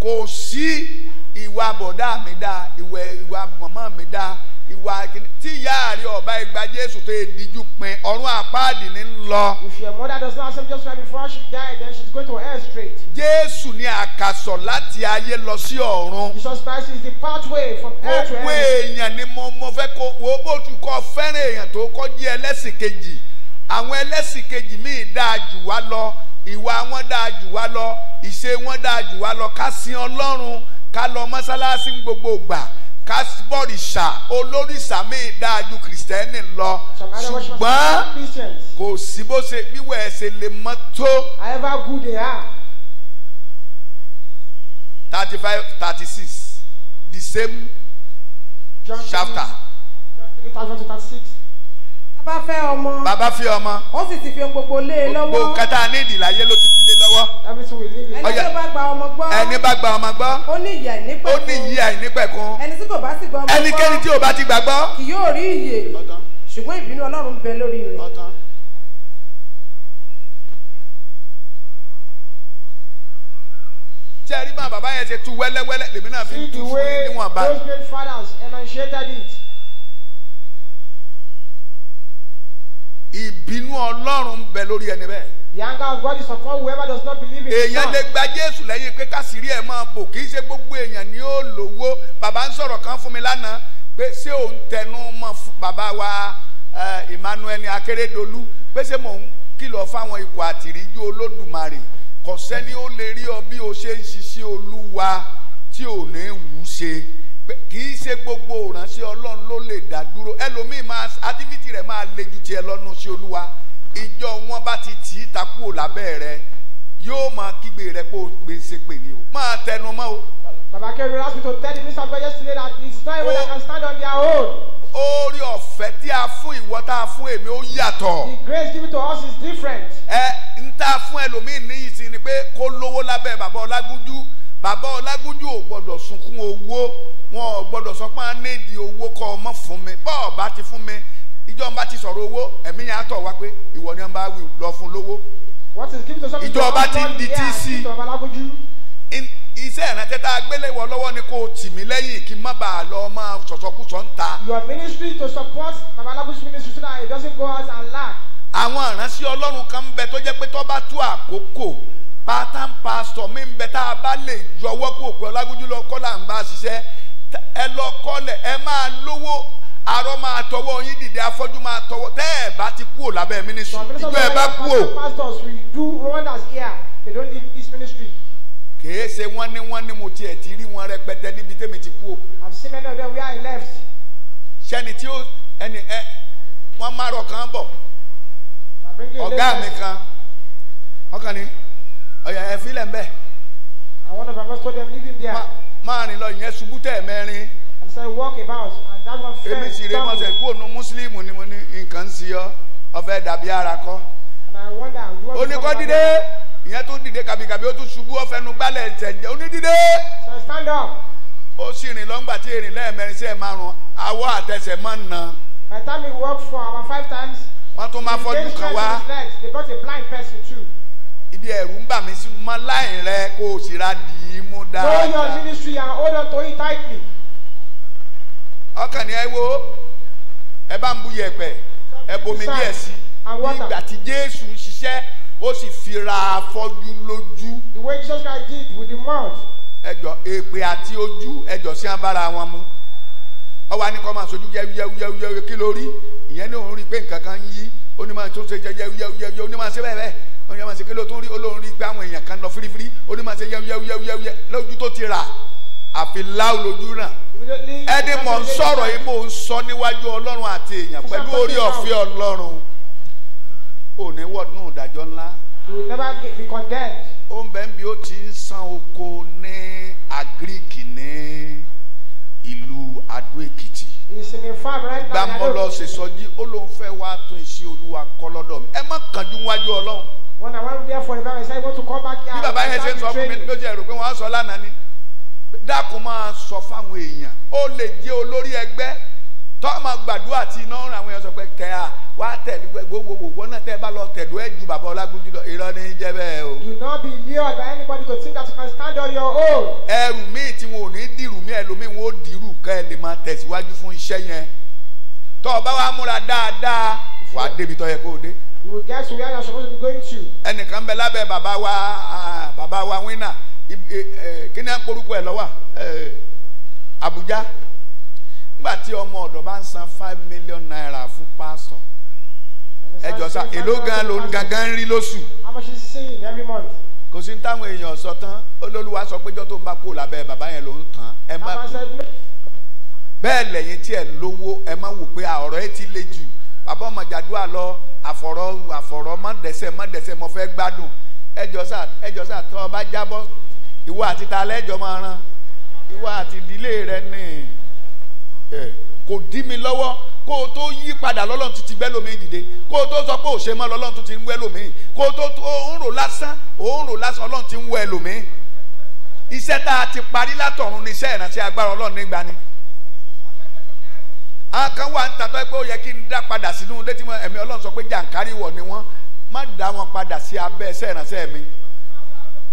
kò sí ìwà bọ̀dá mi dá ìwà ìwà mọ̀mọ́ mi dá ìwà tí ìyá rẹ ọba ìgbà jésù tó ìdíjú pin ọ̀run àpáàdì ní lọ. if your mother does not accept Jesus right before she die then she is going to hell straight. jésù ni àkàsọ̀ láti ayé lọ sí ọ̀run. Jesus Christ is the pathway from hell to heaven. gbogbo èèyàn ni mo mo fẹ́ kó wo bó tu kọ́ fẹ́ràn èèyàn tó kọ́ jí ẹlẹ́sìn kejì àwọn ẹlẹ́sìn kejì míì dáa jù wá lọ ìwà wọn dáa jù wá lọ ìṣe wọn dáa jù wá lọ ká sin ọlọ́run ká lọ mọ́sálásí gbogbo gbà ká bọ̀rìṣà olórìṣà míì dáa ju kìrìsìtẹ́nì lọ ṣùgbọ́n kò sí bó ṣe wíwẹ̀ ẹsẹ̀ lè mọ́ tó. however good they are. thirty five thirty six the same chapter. John three thousand thirty six bá fẹ́ ọmọ. bàbá fi ọmọ. ó sì ti fi gbogbo lé e lọ́wọ́. gbogbo nǹkan ní ìdìláyé ló ti fi lé e lọ́wọ́. ẹni tó bá gba ọmọ gbọ́. ẹni bá gba ọmọ gbọ́. ó ní ìyè àìnípẹ̀kun. ó ní ìyè àìnípẹ̀kun. ẹni tí kò bá sì gba ọmọ gbọ́. ẹnikẹ́ni tí ò bá ti gbàgbọ́. kì yóò rí ìyè ṣùgbọ́n ìbínú Ọlọ́run ń bẹ lórí rẹ̀. ṣé ẹ rí bá bàbá yẹn ṣe tú wẹ́lẹ́wẹ́lẹ́ lèmi náà fi ń tú fún níwọ̀nba. the way those great fathers enunciated it. ìbínú ọlọ́run bẹ lórí ẹni bẹ́ẹ̀. The anger of God is upon whoever does not believe in him. Èèyàn lè gba Jésù lẹ́yìn pé kásìrí ẹ̀ máa bò kì ṣe gbogbo èèyàn ni ó lówó. Bàbá ń sọ̀rọ̀ kan fún mi lánàá pé ṣé òun tẹnu mọ́ bàbá wa Emmanuel Akérèdọ́lù pé ṣé mò ń kìlọ̀ fáwọn ikọ̀ àtìríjú Olódùmarè kò sẹ́ni ó lè rí ọ bí o ṣe ń ṣiṣẹ́ Olúwa tí ò ní wù ú ṣe kì ṣe gbogbo òrànṣẹ́ ọlọ́run ló lè dá dúró ẹlòmíì máa activity rẹ̀ máa le ju tiẹ̀ lọ́nu sí olúwa ìjọ wọn bá ti tì í ta kúrò lábẹ́ rẹ yóò máa kígbe rẹ pé o gbé ṣe pè ní o máa tẹnu mọ́ o. baba kebiri asked me to tell the minister of yesterday that it's not even I can stand on their own. oore ọ̀fẹ́ tí a fún ìwọ tá a fún èmi ó yàtọ̀. the grace given to us is different. ẹ n ta fún ẹlòmíì níyì sí ni pé kó lówó lábẹ́ bàbá ọlágúnjú bàbá ọlágúnjú ò gbọ́dọ̀ sunkún owó wọn ò gbọ́dọ̀ sọ pé a nídi owó kọ́ ọmọ fún mi bọ́ọ̀ bá ti fún mi ìjọba ti sọ̀rọ̀ owó ẹ̀mí yẹn á wá pé ìwọ ni wọ́n bá wí lọ fún lówó ìjọba ti ń di tí sí iṣẹ́ ìrántí tá a gbélé lọ́wọ́ ni kò tì mí lẹ́yìn kí n má bàa lọ máa sọ̀sọ̀kúsọ̀ ń ta. your ministry to support babalagunju ministry so that it doesn't go out and lack. àwọn ìránṣẹ́ ọlọ́run kan ń bẹ tó jẹ́ pé tó bá tú àkókò pátán pásítọ̀ mi ń bẹ tá a bá lè yọwọ́ kó pẹ́ ọlágójú lọ kọ́ là ń bá ṣiṣẹ́ ẹ lọ kọ́lẹ̀ ẹ máa lówó arọ máa tọwọ́ yín dìde afọ́jú máa tọwọ́ tẹ́ ẹ bá ti kú ò lábẹ́ mínísírì ìjọ ẹ bá kú ò. pastors we do wonders here they don't leave this ministry. ṣe wọ́n ní wọ́n ní mo tiẹ̀ ti rí wọn rẹpẹtẹ níbi tẹ́mi ti kú ò. I've seen many of them where left. sẹ́ni tí ó ẹni ẹ wọ́n márọ̀ kan bọ̀ ọ̀gá mi kan ọkàn ni ọ̀yà ẹ̀ fi lẹ̀ ń bẹ̀. and one of our pastor dem leave him there. máa rìn lọ ìyẹn ṣubú tẹ̀ mẹ́rin. and so he walk about and that one fell. èmi sì rè mọ́sẹ̀ kúrò nu mùsùlùmù ni mo ní nǹkan ń sí ọ ọ̀fẹ́ dàbí ara kọ́. and I wonder do you want to come back. oníkọ́ dídé ìyẹn tó dìde kàbíkàbí ó tún ṣubú ọ̀fẹ́ nu gbálẹ̀ ìtẹ̀jẹ̀ onídìde. so stand up ó sì rìn lọ́ngbà tí èrìn lẹ́ẹ̀mẹrin sí ẹ̀ márùn-ún awọ́ àtẹsẹ̀ máa ń na. by the time he walk for about five times. wọ́n tún máa fọ́jú kan wá. he dey change his legs they brought a blind person too ibi ẹ̀rù ń bà mí sí mo láì rẹ kó o sì dì í mú dáadáa. know your ministry and hold on to it tightly. ọkàn ni ẹ wo ẹ bá ń bu yẹ̀pẹ̀ ẹ bomi díẹ̀ sí i nígbà tí Jésù ń ṣiṣẹ́ ó sì fi afọ́jú lójú. the way Jesus Christ did with the mouth. ẹjọ èpè àti ojú ẹjọ sí abára wọn mu ọwọ anìkọ máa sojú yẹwuyẹwuyẹwuyẹ kí ló ìyẹn ní òun rí pé nǹkan kan ń yí onímọ̀ tó ṣe jẹjẹwuyẹwuyẹ onímọ̀ ṣe bẹ́ẹ̀ bẹ́ẹ̀ wọ́n yà máa ṣe kí ló tún rí olóhùn rí pé àwọn èèyàn kan lọ fírífírí ó ní máa ṣe yẹ́wúyẹ́wúyẹ́wúyẹ́ lójú tó ti rà àfi láwù lójú náà ẹni mọ̀ ń sọ̀rọ̀ yìí mò ń sọ níwájú ọlọ́run àti èèyàn pẹ̀lú orí ọ̀fẹ́ ọlọ́run òní wọ̀dún ìdájọ́ ńlá. you will never be condemned. ń bẹ́ẹ̀ ó ti ń san oko ní agric ní ìlú Adó Èkìtì. ìsinmi farm right now. gbàmọ́ fẹ́ wá tún iṣẹ́ olúwa kọ́ lọ́dọ̀ mi ẹ má kánjú wájú ọlọ́run when I went there for a very I want to come back here. bàbá yẹn ṣe ń sọ fún mi ló jẹ́ rò pé wọ́n á sọ lánàá ni dákun máa sọ fáwọn èèyàn ó lè jẹ́ olórí ẹgbẹ́ tọ́ ma gbàdúrà tí iná ń ra àwọn èèyàn sọ pé tẹ à wá tẹ̀lé gbogbogbò náà tẹ́ bá lọ tẹ̀dú ẹ̀ ju bàbá ọlágúnjú lọ irọ́ ní jẹ́ bẹ́ẹ̀ o. do not be lured by anybody to think that you can stand on your own. ẹrù míì tí wọn ò ní dìrù míì ẹlòmíì wọn ò dìrù You will get where you are supposed to be going to. Ẹnìkan bẹ lábẹ́ bàbá wa bàbá wa wínà kí ni àpòrúkọ ẹ̀ lọ́wọ́ Abuja. Nígbà tí ọmọ ọ̀dọ̀ bá ń san five million naira fún pásítọ̀. Ẹ jọ sá èló gan ló gangan ń rí lóṣù. every month? Kò sí táwọn èèyàn sọ tán olólùwà sọ pé jọ́ tó ń bá kú lábẹ́ bàbá yẹn ló ń tàn ẹ má kú. Bẹ́ẹ̀ lẹ́yìn tí ẹ lówó ẹ má wò pé ọ̀rọ̀ ẹ ti le jù bàbá ọmọ jàdúrà lọ àfọ̀rọ̀ àfọ̀rọ̀ mọ́ dẹ́sẹ̀ mọ́ dẹ́sẹ̀ mo fẹ́ gbádùn ẹjọ́ sà ẹjọ́ sà tọ́ ọ bá jábọ́ ìwọ àti ta lẹ́jọ́ máa ran ìwọ àti ìdílé rẹ ni kò dí mi lọ́wọ́ kó o tó yí padà lọ́lọ́run tún ti gbẹ́ lómi dìde kó o tó sọ pé ò ṣe mọ́ lọ́lọ́run tún ti ń wẹ́ lómi kó o tó ń rò lásán ò rò lásán ọlọ́run ti ń wẹ́ lómi iṣẹ́ tá a ti parí látọ̀run ni iṣẹ́ ìránṣẹ́ agbára ọlọ́run nígbà ni àwọn kan wà ń tatọ́ pé ó yẹ kí n dá padà sínú létí mọ́ ẹ̀mí ọlọ́run sọ pé jàǹkárí wọ̀ ni wọ́n má dá wọn padà sí abẹ́ ẹsẹ̀ ìránṣẹ́ mi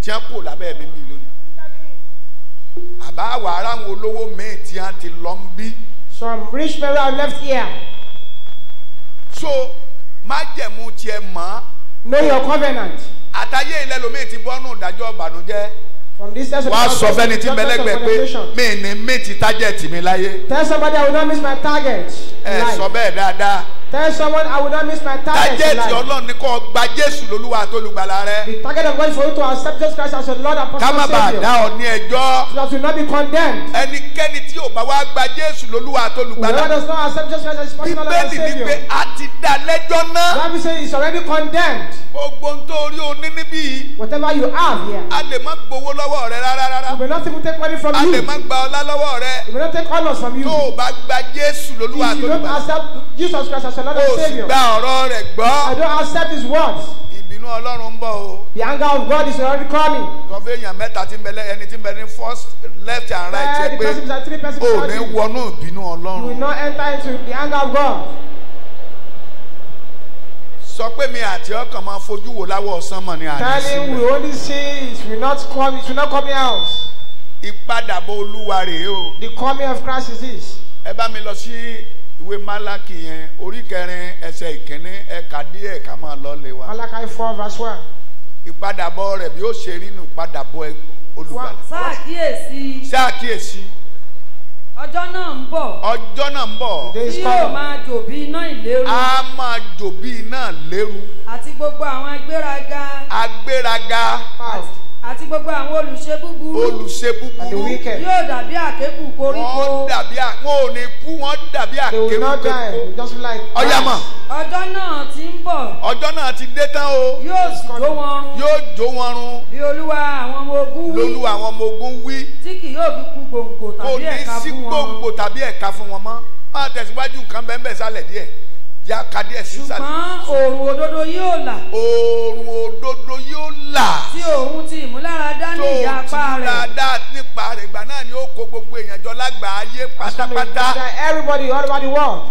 tí wọ́n kò lábẹ́ mi bí lónìí. àbá wàá ráwọn olówó míì tí wọ́n ti lọ ń bí. some rich people are left here. so májẹ̀mú tiẹ̀ mọ́. know your covenant. àtàyè ilẹ̀ ti bọ́nù ìdájọ́ ìbànújẹ́ wá sọ fẹ́ni tí mẹlẹ́gbẹ̀ẹ́ pé mi ní mí ti target mi láyé. tell somebody I will not miss my target. ẹ sọ bẹ́ẹ̀ dáadáa. Tell someone I will not miss my target. Tájẹ́tì Ọlọ́run The target of God is for you to accept Jesus Christ as your Lord and personal Savior. Ká má bàa dá ọ ní ẹjọ́. So that you will not be condemned. Ẹnikẹ́ni tí ò bá wá gba Jésù lólúwa àtolùgbàlà. Whoever does not accept Jesus Christ as his personal Lord and Savior. Bíbélì ni pé a ti dá lẹ́jọ́ náà. The Bible says he is already condemned. Gbogbo ń tó Whatever you have here. A lè You may not even take money from you. A lè You may not take honors from you. Tó o bá gba Jésù lólúwa àtolùgbàlà. If you don't accept Jesus Christ as your and oh, a savior. I don't accept his words. ìbínú ọlọ́run ń bọ̀ o. the anger of God is already coming. tọ́fẹ́ èèyàn mẹ́ta ti ń bẹ̀lẹ̀ ẹni ti ń bẹ̀lẹ̀ first left and right ṣe pé o ní wọnú ìbínú ọlọ́run. you will not enter into the anger of God. sọ pé mi àti ọkàn máa fojú wò láwọ̀ ọ̀sán mọ̀ ní àdìsí. tell him we only see it will not come it will not come out. ìpadàbọ̀ olúwa rèé o. the coming of Christ is this. ẹ bá mi lọ sí ìwé Málákì yẹn orí kẹrin ẹsẹ̀ ìkíní ẹ̀ka díẹ̀ ká máa lọ lé wa. Malachi four verse one. ìpadàbọ̀ rẹ̀ bí ó ṣe rí nù ìpadàbọ̀ olùgbàlà. ṣàkíyèsí. ṣàkíyèsí. ọjọ́ náà ń bọ̀. ọjọ́ náà ń bọ̀. tí yóò máa jò bí iná ìléru. a máa jò bí iná ìléru. àti gbogbo àwọn agbéraga. agbéraga. pàṣẹ àti gbogbo àwọn olùṣe búburú olùṣe búburú yóò dàbí àkékù koríko wọ́n dàbí wọn ò ní kú wọ́n dàbí àkékù koríko ọ̀yà mọ̀. ọjọ́ náà ti ń bọ̀ ọjọ́ náà ti dé tán o yóò sì jó wọn run yóò jó wọn run bí olúwa àwọn ọmọ ogun wí lolúwa àwọn ọmọ ogun wí tí kì yóò fi kú gbòǹgbò tàbí ẹ̀ka fún wọn kò ní sí gbòǹgbò tàbí ẹ̀ka fún wọn mọ́ máa tẹ̀síwájú nǹkan bẹ́ẹ̀ bẹ́ẹ̀ sálẹ̀ díẹ̀ yà á kadí ẹ̀ sí sàlẹ̀. ṣùgbọ́n oòrùn òdodo yóò là. oòrùn òdodo yóò là. tí òun ti ìmúláradá ní ìyapa rẹ̀. tó ìmúláradá nípa rẹ̀ ìgbà náà ni ó kó gbogbo èèyàn jọ lágbàáyé pátápátá. everybody all over the world.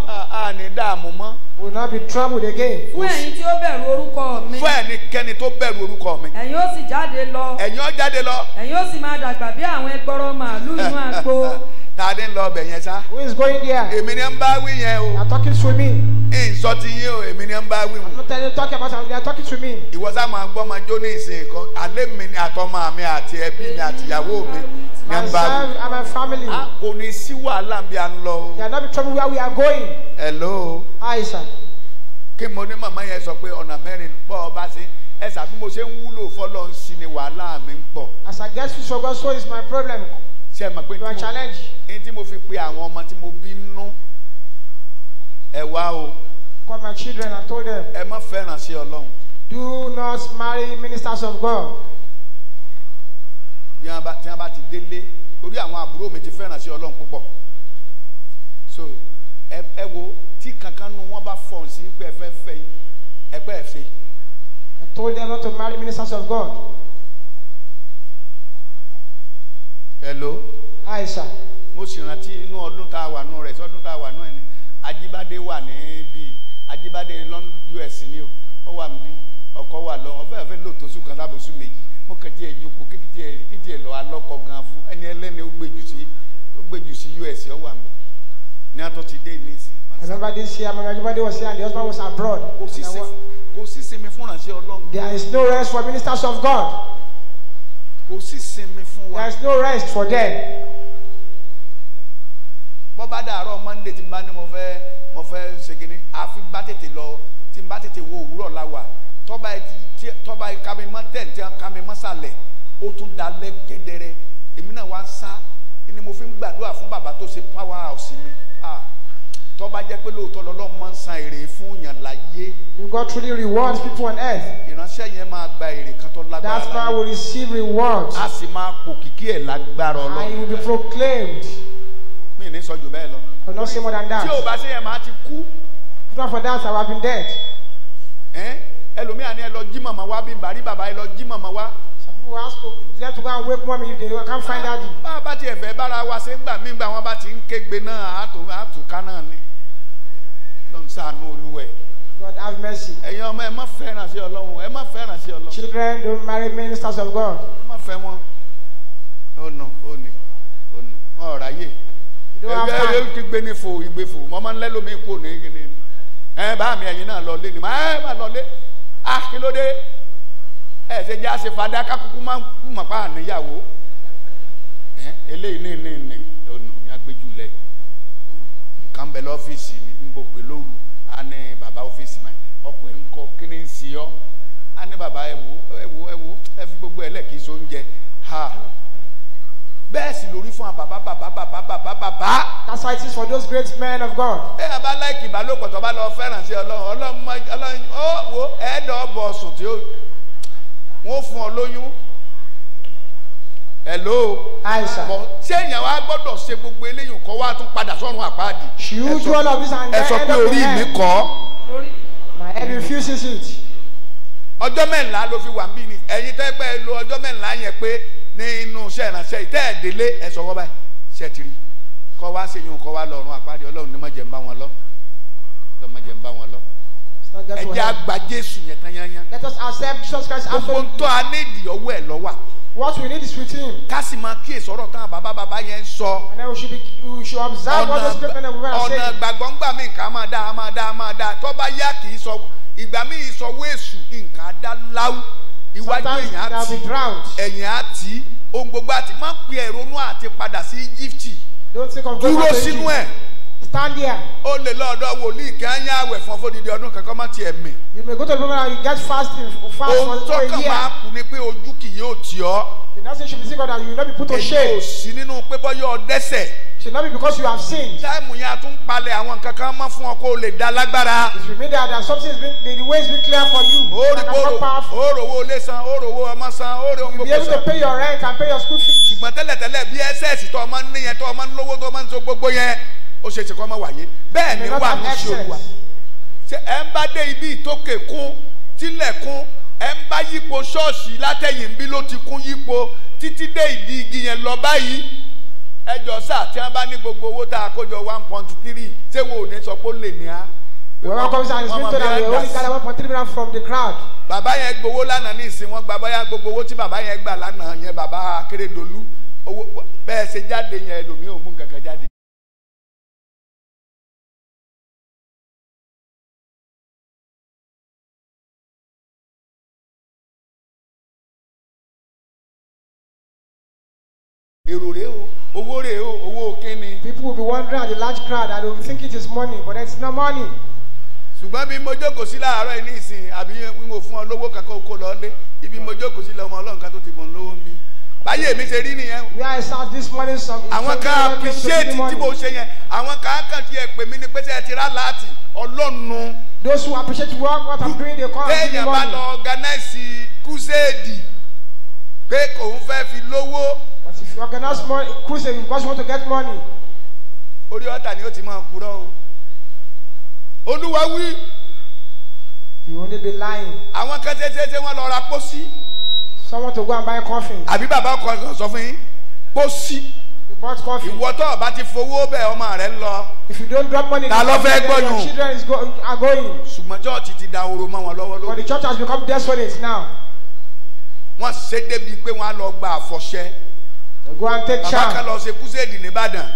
a ní dààmú mọ́. will not be troubled again. fún ẹ̀yin tí ó bẹ̀rù orúkọ mi. fún ẹnikẹ́ni tó bẹ̀rù orúkọ mi. ẹ̀yin ó sì jáde lọ. ẹ̀yin ó jáde lọ. ẹ̀yin ó sì máa dàgbà bí àwọn ẹgbọrọ màálù inú àgbo. ta ń lọ ọbẹ̀ yẹn sá. who is going there. èmi ni ń bá wí yẹn o. you talking to me. ǹ sọ ti yín o èmi ni ń bá wí o. I'm not telling you talking about something you are talking to me. ìwọ sá máa gbọ́ ọmọ jó ní ìsìn kan alẹ́ mi ni àtọmọ mi àti ẹbí mi àti ìyàwó mi ni ń bá wí. myself and my family. a kò ní sí wàhálà bí a ń lọ o. there no be trouble where we are going. hello. hi sir. kí mo ní màmá yẹn sọ pé ọ̀nà mẹ́rin pọ̀ ọba sí ẹ sàbí mo ṣe ń wúlò fọlọ́ ń sin wàhálà mi ń pọ̀. as I get to so so is my problem. ṣe é mọ̀ pé. you are challenged n tí mo fi pe àwọn ọmọ tí mo bí nú ẹ wá o. call my children and told them. ẹ má fẹ́ràn sí ọlọ́run. do not marry ministers of God. bí wọn bá tí wọn bá ti délé torí àwọn àbúrò mi ti fẹ́ràn sí ọlọ́run púpọ̀ so ẹ ẹ wo tí kankan nu wọn bá fọ̀n sí pé ẹ fẹ́ fẹ́ yìí ẹ pẹ́ ẹ fẹ́. I told them not to marry ministers of God. hello. hi sir mo sì rántí inú ọdún tá a wà nù rẹ̀ sọ́dún tá a wà nù ẹ̀ ni Ajíbádé wà níbí Ajíbádé London US ni o ó wà níbí ọkọ wà lọ ọfẹ ọfẹ lóòótọ́ sùn kan sábò sùn méjì mo kàn tiẹ̀ jókòó kí tiẹ̀ kí tiẹ̀ lọ alọkọ gan fún ẹni ẹlẹni ó gbèjù sí ó gbèjù sí US ó wà mí ní atọ́ ti dé ní ìsìn. Ajíbádé ṣe àmọ́ Ajíbádé was here and the husband was abroad. kò sí ṣe kò sí sinmi fún ránṣẹ́ Ọlọ́run. there is no rest for ministers of God. kò sí sinmi fún wa. there is no rest for them bọ́ bá dàárọ̀ monday tí n bá ní mo fẹ́ mo fẹ́ ṣe kínní àfi bá tètè lọ tí n bá tètè wo òwúrọ̀ la wà tọ́ba tí tọ́ba kàmi mọ́ tẹ̀ tí kàmi mọ́ sàlẹ̀ ó tún dalẹ̀ gẹ́dẹ́rẹ́ èmi náà wá ń sá ni mo fi ń gbàdúrà fún bàbá tó ṣe power house mi tọ́ba jẹ́ pé lóòótọ́ lọ́lọ́run máa ń san èrè fún yàn láyé. God truly rewards people on earth. ìránṣẹ́ yẹn máa gba èrè kan tó lágbára. that's why we receive rewards. a sì máa pòkìkí ẹ̀ lágbára ọlọ́run. and he will be proclaimed mi ní sọ jù bẹ́ẹ̀ lọ. I will not say more than that. tí o bá ṣe yẹn máa ti kú. if not for that I would have been dead. ẹlòmíà ni ẹ lọ jí màmá wá bí bàrí bàbá ẹ lọ jí màmá wá. some people ask to let to go and wake mommy if they can't find daddy. bá a bá tiẹ̀ fẹ́ bára wa ṣe ń gbà mí gbà wọ́n bá ti ń kégbe náà àtúká náà ni lọ́n sànú olúwẹ̀. God have mercy. Ẹ̀yin ọmọ ẹ má fẹ́ràn sí Ọlọ́run ẹ má fẹ́ràn sí Ọlọ́run. Children don't marry ministers of God. Ẹ má fẹ́ wọn. Ó nà ó nì ó nà ọ̀ráyè ẹgbẹ́ yóò ti gbé ní fò ìgbé fò mọ́mọ́ ńlẹ́ lómi kò ní kí ni ẹ bá mi ẹ̀yin náà lọ lé ni mà ẹ má lọ lé a kí ló dé ẹ ṣe jẹ́ àṣẹ fada kákúkú má kú mà pa àníyàwó ẹ eléyìí ní ní ní ọ̀nà mi àgbéjú lẹ̀ nǹkan bẹ lọ́fíìsì mi ń bò pé lóru a ní bàbá ọ́fíìsì mi ọkùnrin ń kọ kí ni ń si ọ́ a ní bàbá ẹ wo ẹ wo ẹ wo ẹ fi gbogbo ẹ lẹ̀ so ń jẹ ha bẹ́ẹ̀ sì lórí fún àbàbà bàbà bàbà bàbà bàbà. that's why it is for those great men of God. ẹ ẹ bá láìkì ìbálòpọ̀ tó bá lọ fẹ́ràn sí ọlọ́run ọlọ́run ọlọ́run ó wo ẹ̀ẹ́dọ̀ bọ̀ sùn tí ó wọ́n fún ọ lóyún hello. aisha bọ ṣé èèyàn wa gbọ́dọ̀ ṣe gbogbo eléyìí kọ wa tún padà sọ́run àpáàdì. ṣùjú ọlọ́bí sàn jẹ́ ẹ sọ pé orí mi kọ́. my head refuses it. ọjọ́ mẹ́ńlá ló fi wà ń bí ni ẹ̀yin tẹ́gbẹ́ lo ọjọ́ mẹ́ńlá yẹn pé nínú iṣẹ́ ìránṣẹ́ ìtẹ́ ẹ̀dẹ́lé ẹ̀ sọ̀wọ́ báyìí ṣẹ́ ti kọ́ wá sí yun kọ́ wá lọ́rùn àpárí ọlọ́run ní mọ̀jẹ̀ ń bá wọn lọ mọ̀jẹ̀ ń bá wọn lọ. ẹ jẹ́ Jésù yẹn tán yányán. let us accept Jesus Christ as our. ohun tó a ní ìdíyọ̀wọ́ ẹ̀ lọ́wọ́ what we need is with him. ká sì máa kíyè sọ̀rọ̀ táwọn bàbá bàbá yẹn ń sọ. and then we should be we should observe what the statement of God iwájú ẹ̀yìn á ti ẹ̀yìn á ohun gbogbo àti máa ń pe ẹ̀rọnú àti padà sí Egypt dúró sínú ẹ̀ stand here. o lè lọ ọ̀dọ̀ wòlíì kí á yá àwẹ̀ fún fódìdí ọdún kankan má tiẹ̀ mì. you may go to the moment and get fast in fast for a year. ohun tó kàn máa kù ni pé ojú kì yóò tì ọ́. you will not èyí ò sí nínú pé bọ́yọ̀ ọdẹ́sẹ̀ should not be because you have sinned. táìmù yẹn a tún palẹ̀ àwọn nǹkan mọ́ fún ọ kó o lè da lágbára. it will mean that that something is being the way is being clear for you. ó rò ó san ó ọmọ san ó gbogbo san. you be able to pay your rent and pay your school fees. ṣùgbọ́n tẹ́lẹ̀tẹ́lẹ̀ bí ẹ́sẹ̀sì tó ọmọ níyẹn tó ọmọ lówó tó ọmọ ń so gbogbo yẹn ó ṣe ṣe kọ́ ọmọ wáyé bẹ́ẹ̀ ni wà ní ṣòwò ṣe ẹ ń bá dé ibi ìtókè kún tílẹ̀ ẹ ń bá yípo ṣọ́ọ̀ṣì látẹ̀yìn bí ló ti kún yípo títí dé ìdí igi yẹn lọ báyìí ẹ jọ sá tí wọn bá ní gbogbo owó tá a kójọ one point three ṣé wo ò ní sọ pé ó lè ní a. ìwọ́n kọ́mísà wọ́n ní kára one point three million from the crowd. bàbá yẹn gbowó lánàá ní ìsìn wọn gba gbogbo owó tí bàbá yẹn gbà lánàá yẹn bàbá owó bẹ́ẹ̀ ṣe jáde yẹn owó rèé o owó kíni. people will be wondering at the large crowd and they will think it is money but it's not money. ṣùgbọ́n bí mo jókòó sí láàárọ̀ yìí nísìnyí àbí mo fún ọ lówó kankan kó lọ lé ibi mo jókòó sí lọ́mọ ọlọ́run kan tó ti bọ̀ lówó mi báyé mi ṣe rí nìyẹn. where i start this morning some. àwọn kan appreciate tí mo ṣe yẹn àwọn kan kàn ti ẹ pè mí ní pé ṣe ẹ ti rá láti ọlọ́nu. those who appreciate work what i'm doing they come me money. téèyàn bá lọ organize kúséèdì pé kò ń fẹ́ fi lówó But if you organize more crusade because you want to get money. Orí ọ̀tà ni ó ti máa kúrọ́ o. Olúwa wí. You only be lying. Àwọn kan tẹ́tẹ́tẹ́ wọ́n lọ ra pósí. Someone to go and buy coffin. Àbí bàbá ọkọ sọ fún yín, pósí. You bought coffin. Ìwọ tó ọba ti fowó bẹ̀ ọmọ rẹ̀ ń lọ. If you don't drop money. Ta ló fẹ́ gbọ́yùn? Your children go, are going. Ṣùgbọ́n church ti da oró mọ́ wọn lọ́wọ́ lórí. But the church has become desolate now. Wọ́n ṣe débi pé wọ́n á lọ gba àfọ̀ṣẹ go and take charm. bàbá nìbàdàn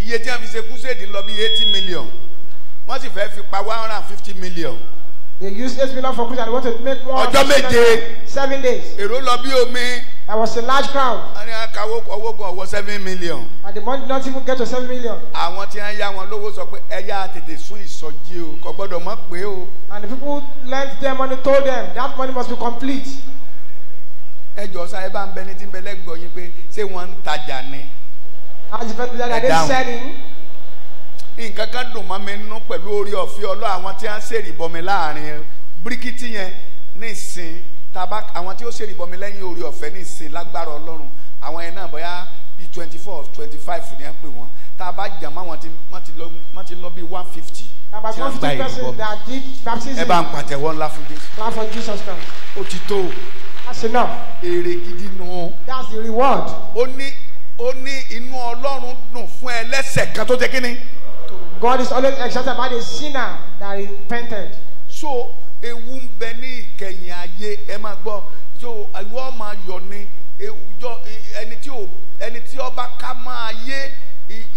iye tí wọ́n fi ṣe kúṣèdì lọ bí eighty million wọ́n sì fẹ́ fi pa one hundred and fifty million. they used eight million for Christian they want to make one. ọjọ́ méje seven days. èrò lọ bí omi. that was a large crowd. wọ́n ní akawó owó gan ọwọ́ seven million. and the money did not even get to seven million. àwọn tí wọ́n yá wọn lówó sọ pé ẹ tètè sún ìsọjí o kò gbọ́dọ̀ mọ̀ pé o. and the people lent them money told them that money must be complete ẹ jọ sa ẹ bá ń bẹ ní tí ń bẹ lẹ́gbọ̀ọ́ yín pé ṣé wọ́n ń tajà ni. ẹ dáhùn nǹkan kan dùn mọ́ mi nínú pẹ̀lú orí ọ̀fẹ́ ọlọ́ àwọn tí wọ́n ń ṣèrì bọmi láàrin bíríkìtì yẹn nísìn tabak àwọn tí ó ṣèrì bọmi lẹ́yìn orí ọ̀fẹ́ nísìn lágbára ọlọ́run àwọn yẹn náà bóyá bí twenty four twenty five ni wọ́n pè wọ́n tá a bá jà mọ́ àwọn tí wọ́n ti lọ bí one fifty tí wọ́n gba ìrìbọ ẹ bá ń pàtẹ́wọ́ ńlá fún Jésù ó ti tó o that's enough. èrè gidi nù. that's the reward. ó ní ó ní inú ọlọ́run dùn fún ẹlẹ́sẹ̀ kan tó jẹ́ kí God is always excited about the sinner that repented. so ewu ń bẹ ní ìkẹyìn ayé ẹ máa gbọ́ so ìwọ máa yọ̀ ni ẹni tí ò ẹni tí ọba ká máa yé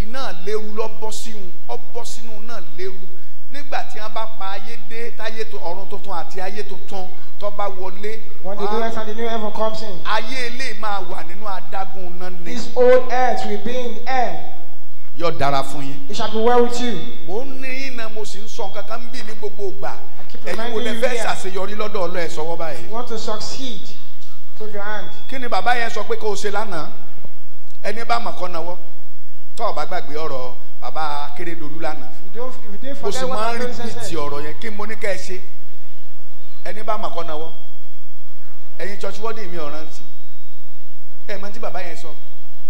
iná léwu lọ bọ́ sínú ọ bọ́ sínú náà léwu nígbà tí wọ́n bá pa ayé dé táyé tó tuntun àti ayé tuntun tó bá wọlé. when the new earth and the new heaven comes in. ayé ilé máa wà nínú adágún náà ni. this old earth will be in air yóò dára fún yín. it shall be well with you. mo ń ní iná mo sì ń sọ nǹkan ń bì ní gbogbo ìgbà. ẹ̀yin wo lè fẹ́ ṣàṣeyọrí lọ́dọ̀ ọlọ́ ẹ̀ sọ́wọ́ báyìí. you want to succeed to your hand. kí ni bàbá yẹn sọ pé kó o ṣe lánàá ẹni bá mọ̀ kọ́ náwó tó o bá gbàgbé ọ̀rọ̀ bàbá akérèdọ́lù lánàá ó sì máa ń rìpìtì ọ̀rọ̀ yẹn kí mo ní ká ẹ ṣe ẹni bá màkọ́ náwọ́ ẹ̀yin church wọ́dì mi ọ̀ràn ti ẹ̀ mọ́ tí bàbá yẹn sọ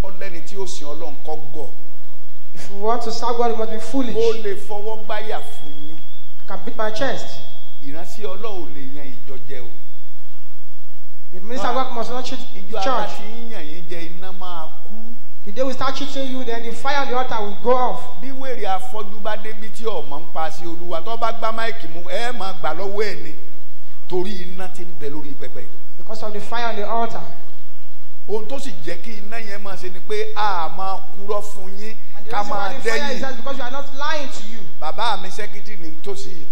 ọlẹ́ni tí ó sin ọlọ́run kọ́ gọ̀. if you want to serve God you must be foolish. ó lè fọwọ́ gbáyà fún yín. I can beat my chest. ìrántí ọlọ́run lè yan ìjọ jẹ o. the minister of God must not cheat the church. ìjọ àti yíyan yín jẹ iná máa kú the day we start cheating you then the fire on the altar will go off. bí wèrè afọ́jú débi tí ọmọ ń pa sí olúwa tó bá gbá máìkì mú ẹ máa gbà lọ́wọ́ ẹ̀ ni torí iná ti ń bẹ lórí pẹpẹ. because of the fire on the altar. ohun tó sì jẹ́ kí iná yẹn máa ṣe ni pé a máa kúrọ́ fún yín ká máa dẹ́yìn. because you are not lying to you. bàbá mi sẹ́kítì ní tòsí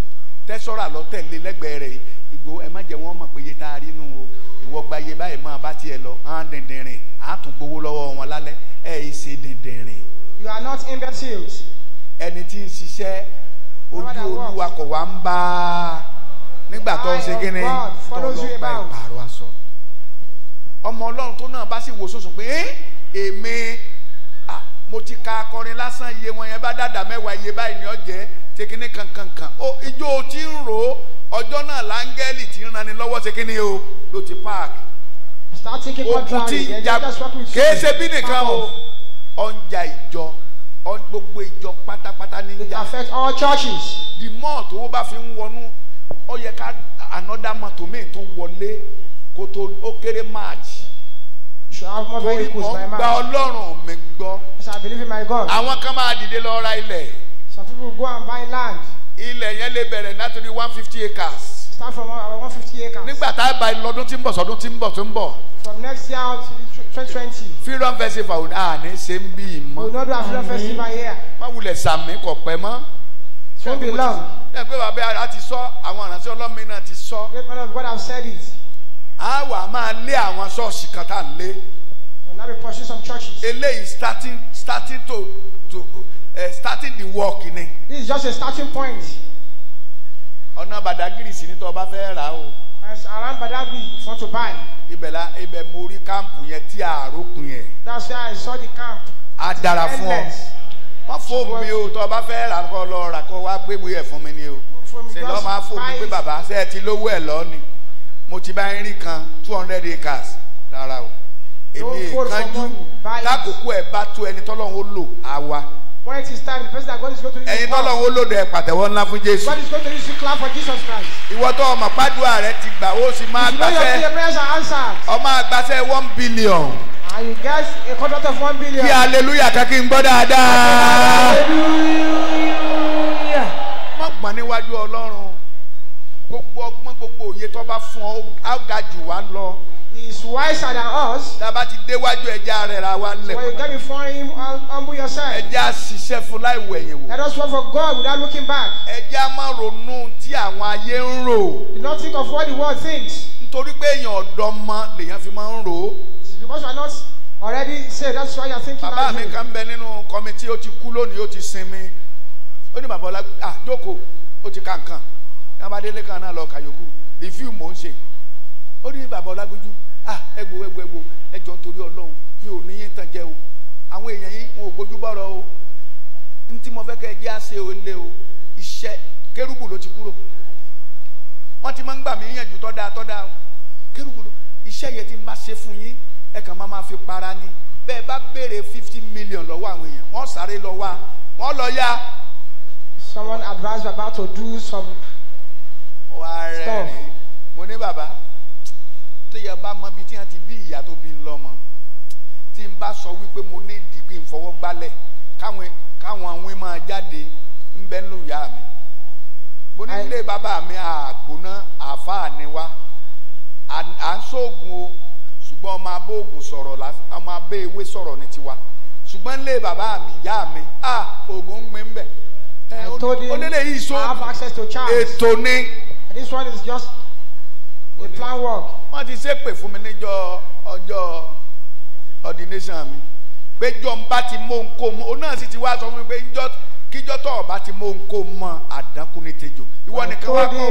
tẹ́sọ́rà lọ tẹ̀lé lẹ́gbẹ̀ẹ́ rẹ̀ ìgbò ẹ má jẹ́ wọ́n mọ̀ pé iye tá a rí nù ìwọ gba báyìí máa bá tiẹ̀ lọ á dìndìnrìn á tún gbowó lọ́wọ́ wọn lálẹ́ ẹ̀ ṣe dìndìnrín. you are not imbeciles. ẹni tí ń ṣiṣẹ́ ojú olúwa kò wá ń bá a nígbà tó ń ṣe kíni tó lọ bá a aṣọ. ọmọ ọlọ́run tó náà bá sì wò sọ̀sọ̀ pé èmi mo ti ka akọrin lásán iye wọn yẹn bá dàda mẹ́wàá iye báyìí ni ọ jẹ́ tekini kankankan o ijó ti ń ro ọjọ́ náà láńgẹ́lì o ti okun ti kìí ṣe bí nìkan o ọ̀njà ìjọ gbogbo ìjọ pátápátá ní ìjà. all churches. the more tó bá fi ń wọnú ó yẹ ká another matter mi tó wọlé kó tó ó kéré march. torí mo ń gba ọlọ́run mi gbọ́. I believe in my God. àwọn kan máa dìde lọ ra ilẹ̀. some people go and buy land. ilẹ̀ yẹn lè bẹ̀rẹ̀ láti rí one fifty acres start from our one acres. nígbà tá a bá lọ́dún tí ń bọ̀ sọ́dún tí ń bọ̀ tó ń bọ̀. from next year out twenty twenty. freedom festival a ní ṣe ń bí mọ́. we no do our freedom festival here. má wulẹ̀ sàmì kọ̀ pẹ́ mọ́. it won't be long. ẹ pé bàbá a ti sọ àwọn àránṣẹ́ ọlọ́mìn náà ti sọ. great man of God have said it. a wà máa lé àwọn ṣọ́ọ̀ṣì kan tá à ń lé. now be pursue some churches. eléyìí starting starting to to uh, starting the work ni. this is just a starting point ọ̀nà badagiri sí ni tó o fẹ́ rà o. as around badagiri, if to buy. ibẹ̀ la ibẹ̀ mo rí káàmpù yẹn tí àròkùn yẹn. that's why I saw the camp. a dára fún ọ wọ́n fóònù mi o tó o bá fẹ́ rà kọ́ lọ rà kọ́ wá gbé mu yẹ̀ fún mi ni o ṣe lọ́ máa fóònù pé bàbá ṣe é ti lówó ẹ̀ lọ́ni mo ti bá ń kan two hundred acres rárá o èmi ìkanjú lákòókò ẹ̀ bá tó ẹni tọ́lọ́hún ó lò àwa. Where it is time, the person that God is going to use. Ẹyin tọ́lọ̀ wo lòdò ẹ̀ pàtẹ́wọ́ ńlá fún Jésù. God is going to use you clap for Jesus Christ. Ìwọ tó ọmọ pàdúrà rẹ ti gbà ó sì máa gbàṣẹ. You know your prayers are answered. Ọmọ àgbàṣẹ one billion. And you get a contract of one billion. Kí hallelujah kan kí n gbọ́ dáadáa. Hallelujah. Má gbọ́n níwájú Ọlọ́run. Gbogbo ọgbọ́n gbogbo òye tó bá fún ọ á ga jù wá lọ. He is wiser than us. Tá ti déwájú ẹja rẹ̀ ra wa lẹ̀. When you get before him, humble yourself. Ẹja ṣiṣẹ́ fún láì wẹ̀yìn wò. Let us work for God without looking back. Ẹja máa ronú tí àwọn ayé ń rò. Do not think of what the world thinks. Nítorí pé èèyàn ọ̀dọ́ mọ lèèyàn fi máa ń rò ó. Because you are not already said that's why you are thinking about him. Bàbá mi kan bẹ nínú kọ́mítì ó ti kú lónìí ó ti sinmi. Ó ní bàbá Ọlá ah jókòó ó ti ka nǹkan. Ní abadélé kan náà lọ kà Rìfíù mò ń ṣe ó ní bàbá ọlágbójú ah ẹgbò ẹgbò ẹgbò ẹjọ torí Ọlọ́run mi ò ní yín tàn jẹ o àwọn èèyàn yín wọn ò gbójú bọ̀rọ̀ o n tí mo fẹ́ kẹ́ ẹ àṣẹ ò lé o iṣẹ́ kérúbù ló ti kúrò wọ́n ti máa ń gbà mí yànjú tọ́da tọ́da kérúbù ló iṣẹ́ yẹn ti ń ṣe fún yín ẹ kàn máa fi para ni bẹ́ẹ̀ bá béèrè fifty million lọ́wọ́ àwọn èèyàn wọ́n sáré lọ́wọ́ wọ́n lọ yá. someone advised about to do some. wàá rẹ̀ rìn mo ní bàbá téèyàn bá mọ ibi tí wọ́n ti bí ìyá tó bí ń lọ́mọ tí n bá sọ wípé mo ní ìdí pé káwọn àwọn máa jáde ń bẹ́ nínú mi mo ní ilé bàbá mi àgbóná àáfàá ni wá à ń sóògùn o ṣùgbọ́n ọmọ abóògùn sọ̀rọ̀ ọmọ abẹ́ ewé sọ̀rọ̀ ní tiwa ṣùgbọ́n ilé bàbá mi ìyá mi à oògùn ń gbin bẹ̀. I told you I have access to charms. ètò ni. This one is just o plan work. wọ́n ti ṣépè fún mi níjọ́ ọjọ́ ordination mi pé ń bá ti mú nǹkó mọ́ òun náà sì ti wá sọ fún mi pé njọ́ tó ọ̀bá ti mú nǹkó mọ́ àdánkù ní tejò ìwọ nìkan wá kó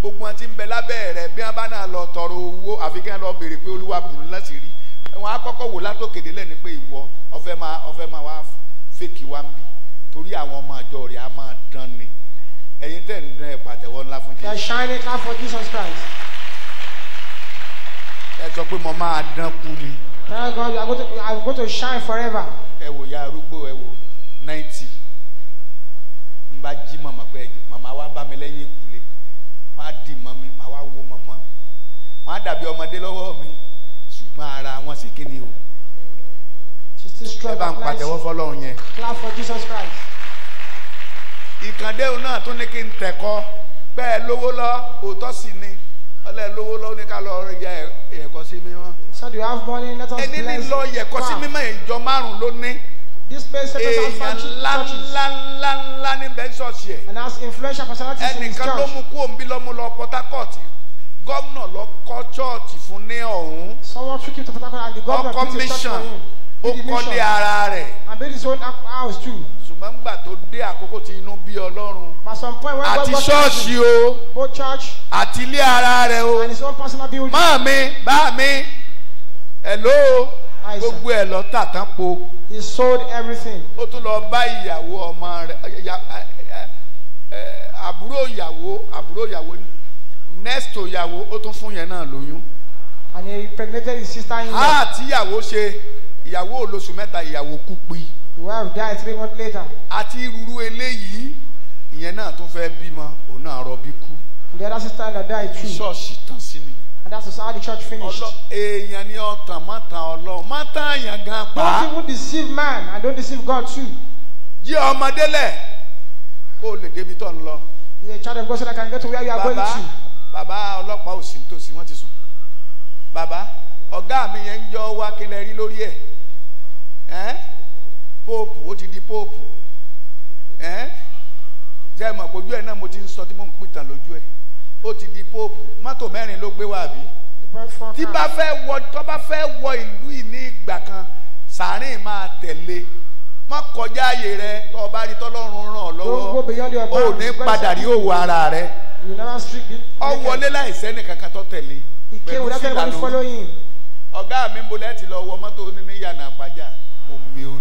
gbogbo wọn ń bẹ lábẹ́ rẹ̀ bí wọ́n bá náà lọ tọrọ owó àfi kí wọ́n lọ béèrè pé olúwa bùrù láti rí wọn á kọ́kọ́ wò látòkèdè lẹ́ni pé ìwọ ọ̀fẹ́ máa ọ̀fẹ́ máa wá fèkì wá ń bí torí àwọn ọmọ àjọ rẹ̀ á máa dán ni ẹ̀yin tẹ̀ ń dán ẹ̀ pàtẹ́wọ́ ńlá fún Jésù. the shining clap for Jesus Christ ẹ sọ pé mo máa dán kú ni. tell God I'm going to I'm going to shine forever. ẹ wò ya arúgbó ẹ wò ninety n bá jí Mama, pé Mama, wa bá mi lẹ́yìn ìkúlé má dì mọ́ mi má wá wo Mama, má dàbí ọmọdé lọ́wọ́ mi ṣùgbọ́n ara wọn sì kí ni o. ẹ bá ń pàtẹ́wọ́ fọlọ́run yẹn. clap for Jesus Christ. ìkàndé òun náà tún ní kí n tẹ̀kọ́ bẹ́ẹ̀ lówó lọ òótọ́ sì ni ọlẹ́ lówó lọ ní ká lọ ya ẹ̀kọ́ sí mímọ́. so do you have money let us bless you. ẹni ní lọ yẹ̀kọ́ sí mímọ́ ìjọ márùn-ún ló ní. this place set us as five churches. èèyàn ńlá ńlá ńlá ní bẹ́ẹ̀ ṣọ́ọ̀ṣì and as influential personalities in his church. ẹnìkan ló mú kú òǹbí lọ́mú lọ Port Harcourt gómìnà lọ kọ́ chọ́ọ̀chì fún ní ọ̀hún. someone took him to Port Harcourt and the governor built a church for him. ó kọ́lé ara rẹ̀. and built his own house too ṣùgbọ́n gbà tó dé àkókò tí inú bí ọlọ́run. àti ṣọ́ọ̀ṣì o oh, àti ilé ara rẹ o máa mi bá mi hello gbogbo ẹ̀ lọ tà tán po. he sold everything. ó tún lọ bá ìyàwó ọmọ rẹ̀ àbúrò ìyàwó àbúrò ìyàwó next ìyàwó ó tún fún yẹn náà lóyún. and he impregnated his sister in law. a àti ìyàwó ṣe ìyàwó olóṣù mẹ́ta ìyàwó kú pin. The wife died three months later. Àti irú eléyìí, ìyẹn náà tún fẹ́ bímọ, òun náà rọbí kú. The other sister that died too. Ṣọ́ọ̀ṣì tán sí ni. And that's how the church finished. Ọlọ èèyàn ni ọ̀tàn má tan Ọlọ́run má tan àyàn gan pa. Don't even deceive man and don't deceive God too. Yí ọmọdé lẹ̀ kó o lè débi tó ń lọ. You're child of God said, I can get to where you are baba, going to. Bàbá ọlọ́pàá ò sí nítòsí wọ́n ti sùn. Bàbá ọ̀gá mi yẹn ń yọ wá kílẹ̀ rí lórí ẹ̀ póòpù ó ti di póòpù ẹ́n ṣe é mọ̀ pé ojú ẹ̀ náà mo ti ń sọ tí mò ń pìtàn lójú ẹ̀ ó ti di póòpù mọ́tò mẹ́rin ló gbé wá bí tí bá fẹ́ wọ tó bá fẹ́ wọ ìlú yìí ní ìgbà kan sàárín máa tẹ̀lé má kọjá àyè rẹ tó o bá rí tọ́lọ́run ràn ọ́ lọ́wọ́ ò ní padà rí òwò ara rẹ ọ wọlé láìsẹ́ nìkan kan tó tẹ̀lé pẹ̀lú sílànà ọ̀gá mi ń bolẹ́ ti lọ wọ mọ́tò oníníyànà àpájà omi o.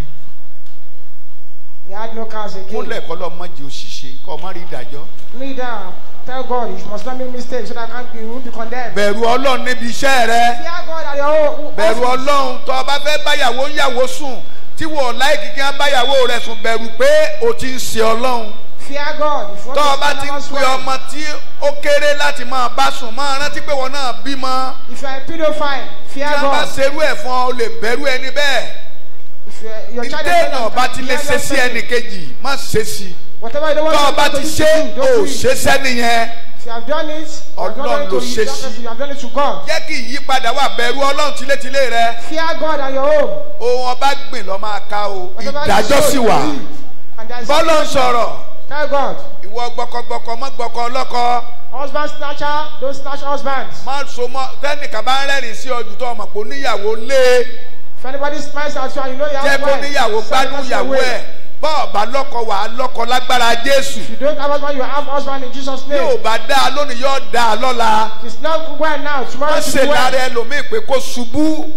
He had no cars again. Kúnlẹ̀ kọ́ lọ mọ́jì òṣìṣẹ́ kọ́ ọ má rí ìdájọ́. Kneel down. Tell God you must not make mistakes so that I can't be won't be condemned. Bẹ̀rù Ọlọ́run níbi iṣẹ́ rẹ. Fear God at your own. Bẹ̀rù Ọlọ́run tó o bá fẹ́ báyàwó ń yàwó sùn tí wọ́n láì kíkí báyàwó rẹ̀ sùn bẹ̀rù pé o ti ń ṣe Ọlọ́run fear God. tó o bá ti pe ọmọ tí ó kéré láti máa bá sùn máa rántí pé wọn náà bímọ. if I are pedophile fear God. tí a bá ṣerú ẹ̀ fún ọ o lè bẹ̀rù ẹni bẹ́ẹ̀ ìdè náà bá ti lè ṣe sí ẹnì má ṣe sí tọ́ ti ṣe ò ṣe sẹ́ni yẹn ọlọ́run ló ṣe kí ìyípadà wà bẹ̀rù ọlọ́run tilétilé rẹ ohun ọba gbìn lọ́ máa ká o ìdájọ́ sì wà bọ́lọ̀ ń sọ̀rọ̀ ìwọ gbọkọgbọkọ mọ gbọkọ ọlọ́kọ. husband snatcher don snatch husband. má so mọ́ tẹ́nìkan bá ń rẹ́rìn sí ọdún tó ọmọ kò níyàwó lé if anybody smiles at you and you know you have wife. jẹ́ kó gbádùn ìyàwó ẹ̀ bọ́ọ̀ bá lọ́kọ wà á lọ́kọ lágbára Jésù. if you don't have husband you have husband in Jesus name. yóò bá dá a lónìí yóò dá a lọ́la. it is not well now tomorrow is be well. wọ́n ṣe lára ẹlòmíì pé kó ṣubú.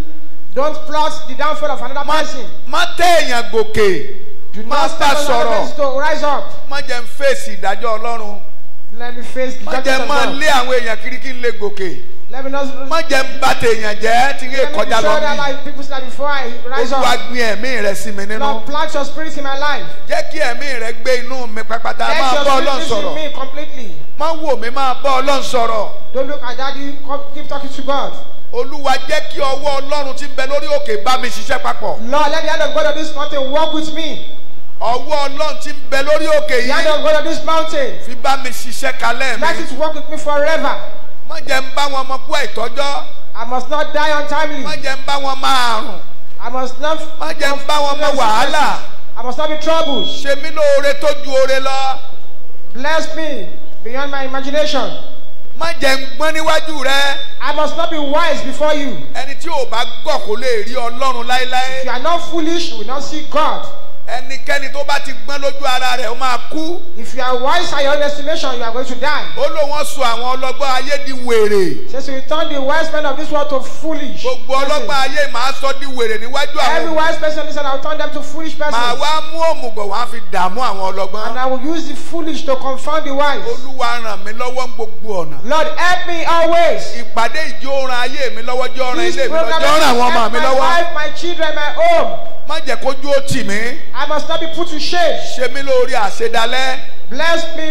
don't plot the downfall of another person. má tẹ́ èèyàn gòkè. do not stop another person to rise up. má jẹ́ ń fèsì ìdájọ́ Ọlọ́run. let me face the judgment of God. má jẹ́ máa lé àwọn èèyàn kiri kí n lè gòkè má jẹ́ n bá tèèyàn jẹ́ tí yé kọjá lọ mí. Olúwa gbin ẹ̀mí rẹ̀ sí mi nínú. Jẹ́ kí ẹ̀mí rẹ̀ gbé inú mi pápátá. Máa bọ́ Ọlọ́run sọ̀rọ̀. Má wò mí máa bọ́ Ọlọ́run sọ̀rọ̀. Don't look at daddy, keep talking to God. Olúwa jẹ́ kí ọwọ́ Ọlọ́run tí bẹ lórí òkè bá mi ṣiṣẹ́ papọ̀. Lord, let the hand of God of this mountain work with me. Ọwọ́ Ọlọ́run ti ń bẹ lórí òkè yìí. The hand of God of this mountain. Fi bá mi ṣiṣẹ́ kalẹ̀ mi. Let it work with me forever má jẹ́ ń bá wọn ọmọ àìtọ́jọ́. I must not die untimely. má jẹ́ ń bá wọn máa rùn. I must not. má jẹ́ ń bá wọn mọ wàhálà. I must not be troubled. ṣe mí lóore tó ju oore lọ. Bless me beyond my imagination. má jẹ́ ń gbọ́n níwájú rẹ. I must not be wise before you. ẹni tí ò bá gọ̀ kó lè rí Ọlọ́run láéláé. If you are not foolish you will not see God ẹnikẹ́ni tó bá ti gbọ́n lójú ara rẹ̀ ó máa kú. if you are wise at your estimation you are going to die. ó ló wọ́n sọ àwọn ọlọ́gbọ́n ayé di wèrè. says we turn the wise men of this world to foolish. gbogbo ọlọ́gbọ́n ayé màá sọ di wèrè níwájú àwọn. every wise person listen I will turn them to foolish persons. màá wá mú òmùgọ̀ wá fi dààmú àwọn ọlọ́gbọ́n. and I will use the foolish to confound the wise. olúwa ràn mí lọ́wọ́ ń gbogbo ọ̀nà. Lord help me always. ìpàdé ìjóoran ayé mi lọ́wọ́ jọ́ọ̀ràn ilé mi lọ́jọ́ọ̀ràn àwọn ọmọ mi lọ́wọ́. my life my children my home. I must not be put to shame. Ṣe mí lórí àṣedalẹ́. Bless me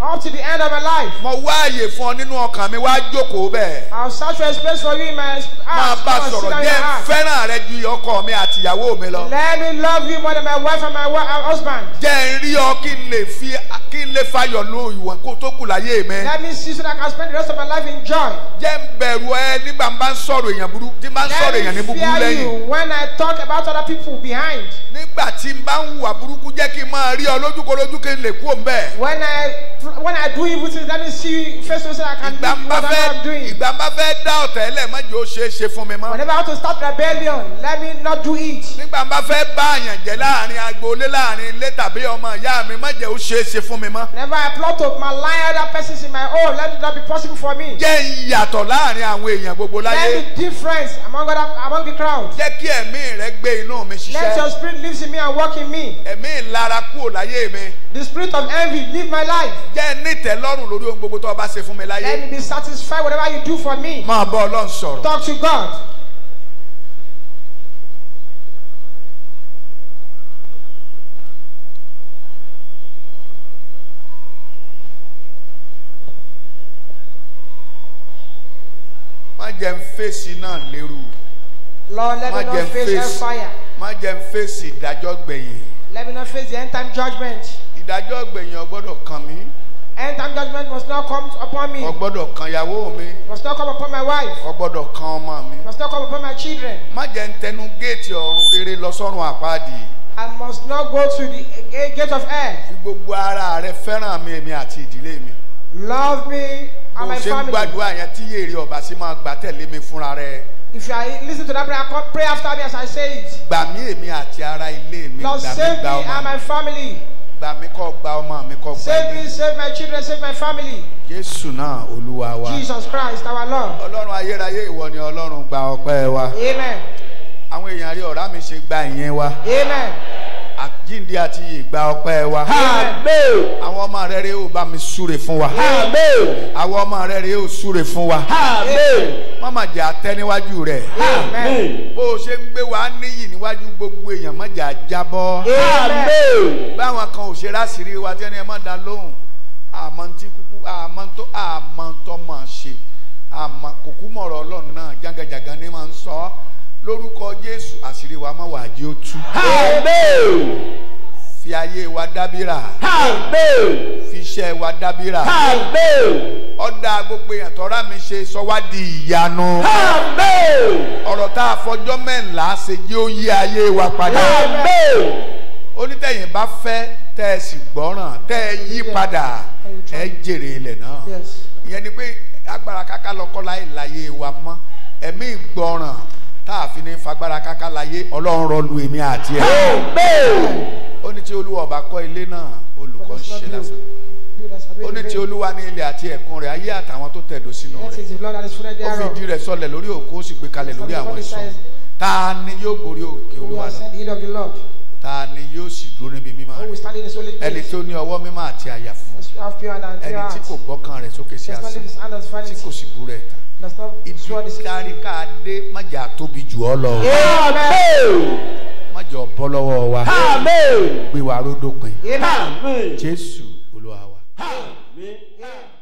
up to the end of my life. mo wá àyè fún ọ nínú ọkàn mi wá jókòó bẹ́ẹ̀. i will saturate space for you in my heart. máa bá sọ̀rọ̀ jẹ́ fẹ́ràn rẹ ju ọkọ mi àti ìyàwó mi lọ. let me love you more than my wife and my uh, husband. jẹ́ n rí ọ kí n lè fi kí n lè fayọ̀ lo ìwọ̀n kó tó kù láyé mi. let me see so that I can spend the rest of my life in joy. jẹ́ n bẹ̀rù ẹ nígbà bá ń sọ̀rọ̀ èèyàn burú tí bá ń sọ̀rọ̀ èèyàn ní búburú lẹ́yìn. let me fear you when I talk about other people behind. nígbà tí n bá ń hùwà burúkú when I when I do evil things, let me see first of all I can do what I'm doing. Ìgbà bá fẹ́ dá ọ̀tẹ̀ ẹlẹ̀ má jẹ́ ó ṣe é ṣe fún mi mọ́. Whenever I want to start rebellion, let me not do it. Nígbà bá fẹ́ bá àyàn jẹ́ láàrin agboolé láàrin ilé tàbí ọmọ ìyá mi má jẹ́ ó ṣe é ṣe fún mi mọ́. Whenever I plot to malign other persons in my own, let it not be possible for me. Jẹ́ ìyàtọ̀ láàrin àwọn èèyàn gbogbo láyé. Let the difference among, other, among the crowd. Jẹ́ kí ẹ̀mí rẹ gbé inú mi ṣiṣẹ́. Let your spirit live in me and work in me. Ẹ̀mí ìlara kúrò láyé mi. The spirit of envy live my life jẹ́ nítẹ̀lọ́rùn lórí ohun gbogbo tó o ṣe fún mi láyé. let me be satisfied whatever you do for me. máa bá Ọlọ́run sọ̀rọ̀. talk to God. má jẹ́ n fèsì náà lérú. Lord, let me not face fire. má jẹ́ n fèsì ìdájọ́ gbẹ̀yìn. let me not face the end time judgment. ìdájọ́ gbẹ̀yìn ò gbọ́dọ̀ kàn end time judgment must not come upon me. kò kan ìyàwó mi. must not come upon my wife. kò kan ọmọ mi. must not come upon my children. má jẹ́ ń tẹnu géètì ọ̀run rere lọ sọ́run àpáàdì. I must not go to the gate of hell. fi gbogbo ara rẹ fẹ́ràn mi èmi àti ìdílé mi. love me and my family. o ṣe ń gbàdúrà yẹn tí yèrè ọba sì máa gbà tẹ̀lé mi fúnra rẹ. If you are listening to that prayer, come pray after me as I say it. Gbà mí èmi àti ará ilé mi. Lord save me and my family gbà mí kó gba ọmọ mi kó gbà mí. save me save my children save my family. Jésù náà Olúwa wa. Jesus Christ our Lord. Ọlọ́run ayérayé ìwọ ni Ọlọ́run gba ọpẹ́ wa. Amen. Àwọn èèyàn rí ọ̀rá mi ṣe gba ìyẹn wa. Amen àjíǹde àti ìgbà ọpẹ́ wa. àmín. àwọn ọmọ rẹ rè ó bá mi súre fún wa. àmín. àwọn ọmọ rẹ rè ó súre fún wa. àmín. má mà jẹ́ atẹ́ níwájú rẹ̀. bó o ṣe ń gbé wa níyì níwájú gbogbo èèyàn má jẹ́ àjábọ́. báwọn kan ò ṣe ráṣìírí wa tí ẹni ẹ má da lóhùn àmọ́ tí kúkú àmọ́ tó àmọ́ tó mọ̀ ṣe àmọ́ kòkú mọ̀rọ̀ ọlọ́run náà jágajàgan ni máa ń sọ lórúkọ jésù àṣírí wa máa wà jẹ́ ó tú. àmín fi ayé wa dábìrà. àmín fi iṣẹ́ wa dábìrà. àmín ọ̀dà gbogbo èèyàn tọ́ra mi ṣe sọ wá di ìyanu. àmín ọ̀rọ̀ tá a fọjọ́ mẹ́ńlá ṣe jẹ́ ó yí ayé wa padà. onítẹ̀yìn bá fẹ́ tẹ́ ẹ sì gbọ́ràn tẹ́ ẹ yí padà ẹ jèrè ilẹ̀ náà ìyẹn ni pé agbára káká lọ́kọ́ láì láyé wa mọ́ ẹ̀mí ìgbọràn tá a fi ní fagbára káká láyé ọlọ́run rọlù èmi àti ẹ̀. ó ní tí olúwa ọba kọ́ ilé náà olùkọ́ ń ṣe lásán ó ní tí olúwa ní ilé àti ẹ̀kún rẹ̀ ayé àtàwọn tó tẹ̀dó sínú rẹ̀ ó fi ìdí rẹ̀ sọlẹ̀ lórí òkú ó sì gbé kalẹ̀ lórí àwọn èso ta ni yóò borí òkè olúwa náà ta ni yóò sì dúró níbi mímọ́ rẹ̀ ẹni tó ní ọwọ́ mímọ́ àti àyà fún ẹni tí kò gbọ́kàn rẹ̀ sókè sí àṣà tí kò sì bú rẹ̀ ta ìtúwárí ká dé májà tóbi jù ọ lọ. májà bọ́ lọ́wọ́ wa. gbé wa ródópin. jésù olúwa wa. Amen.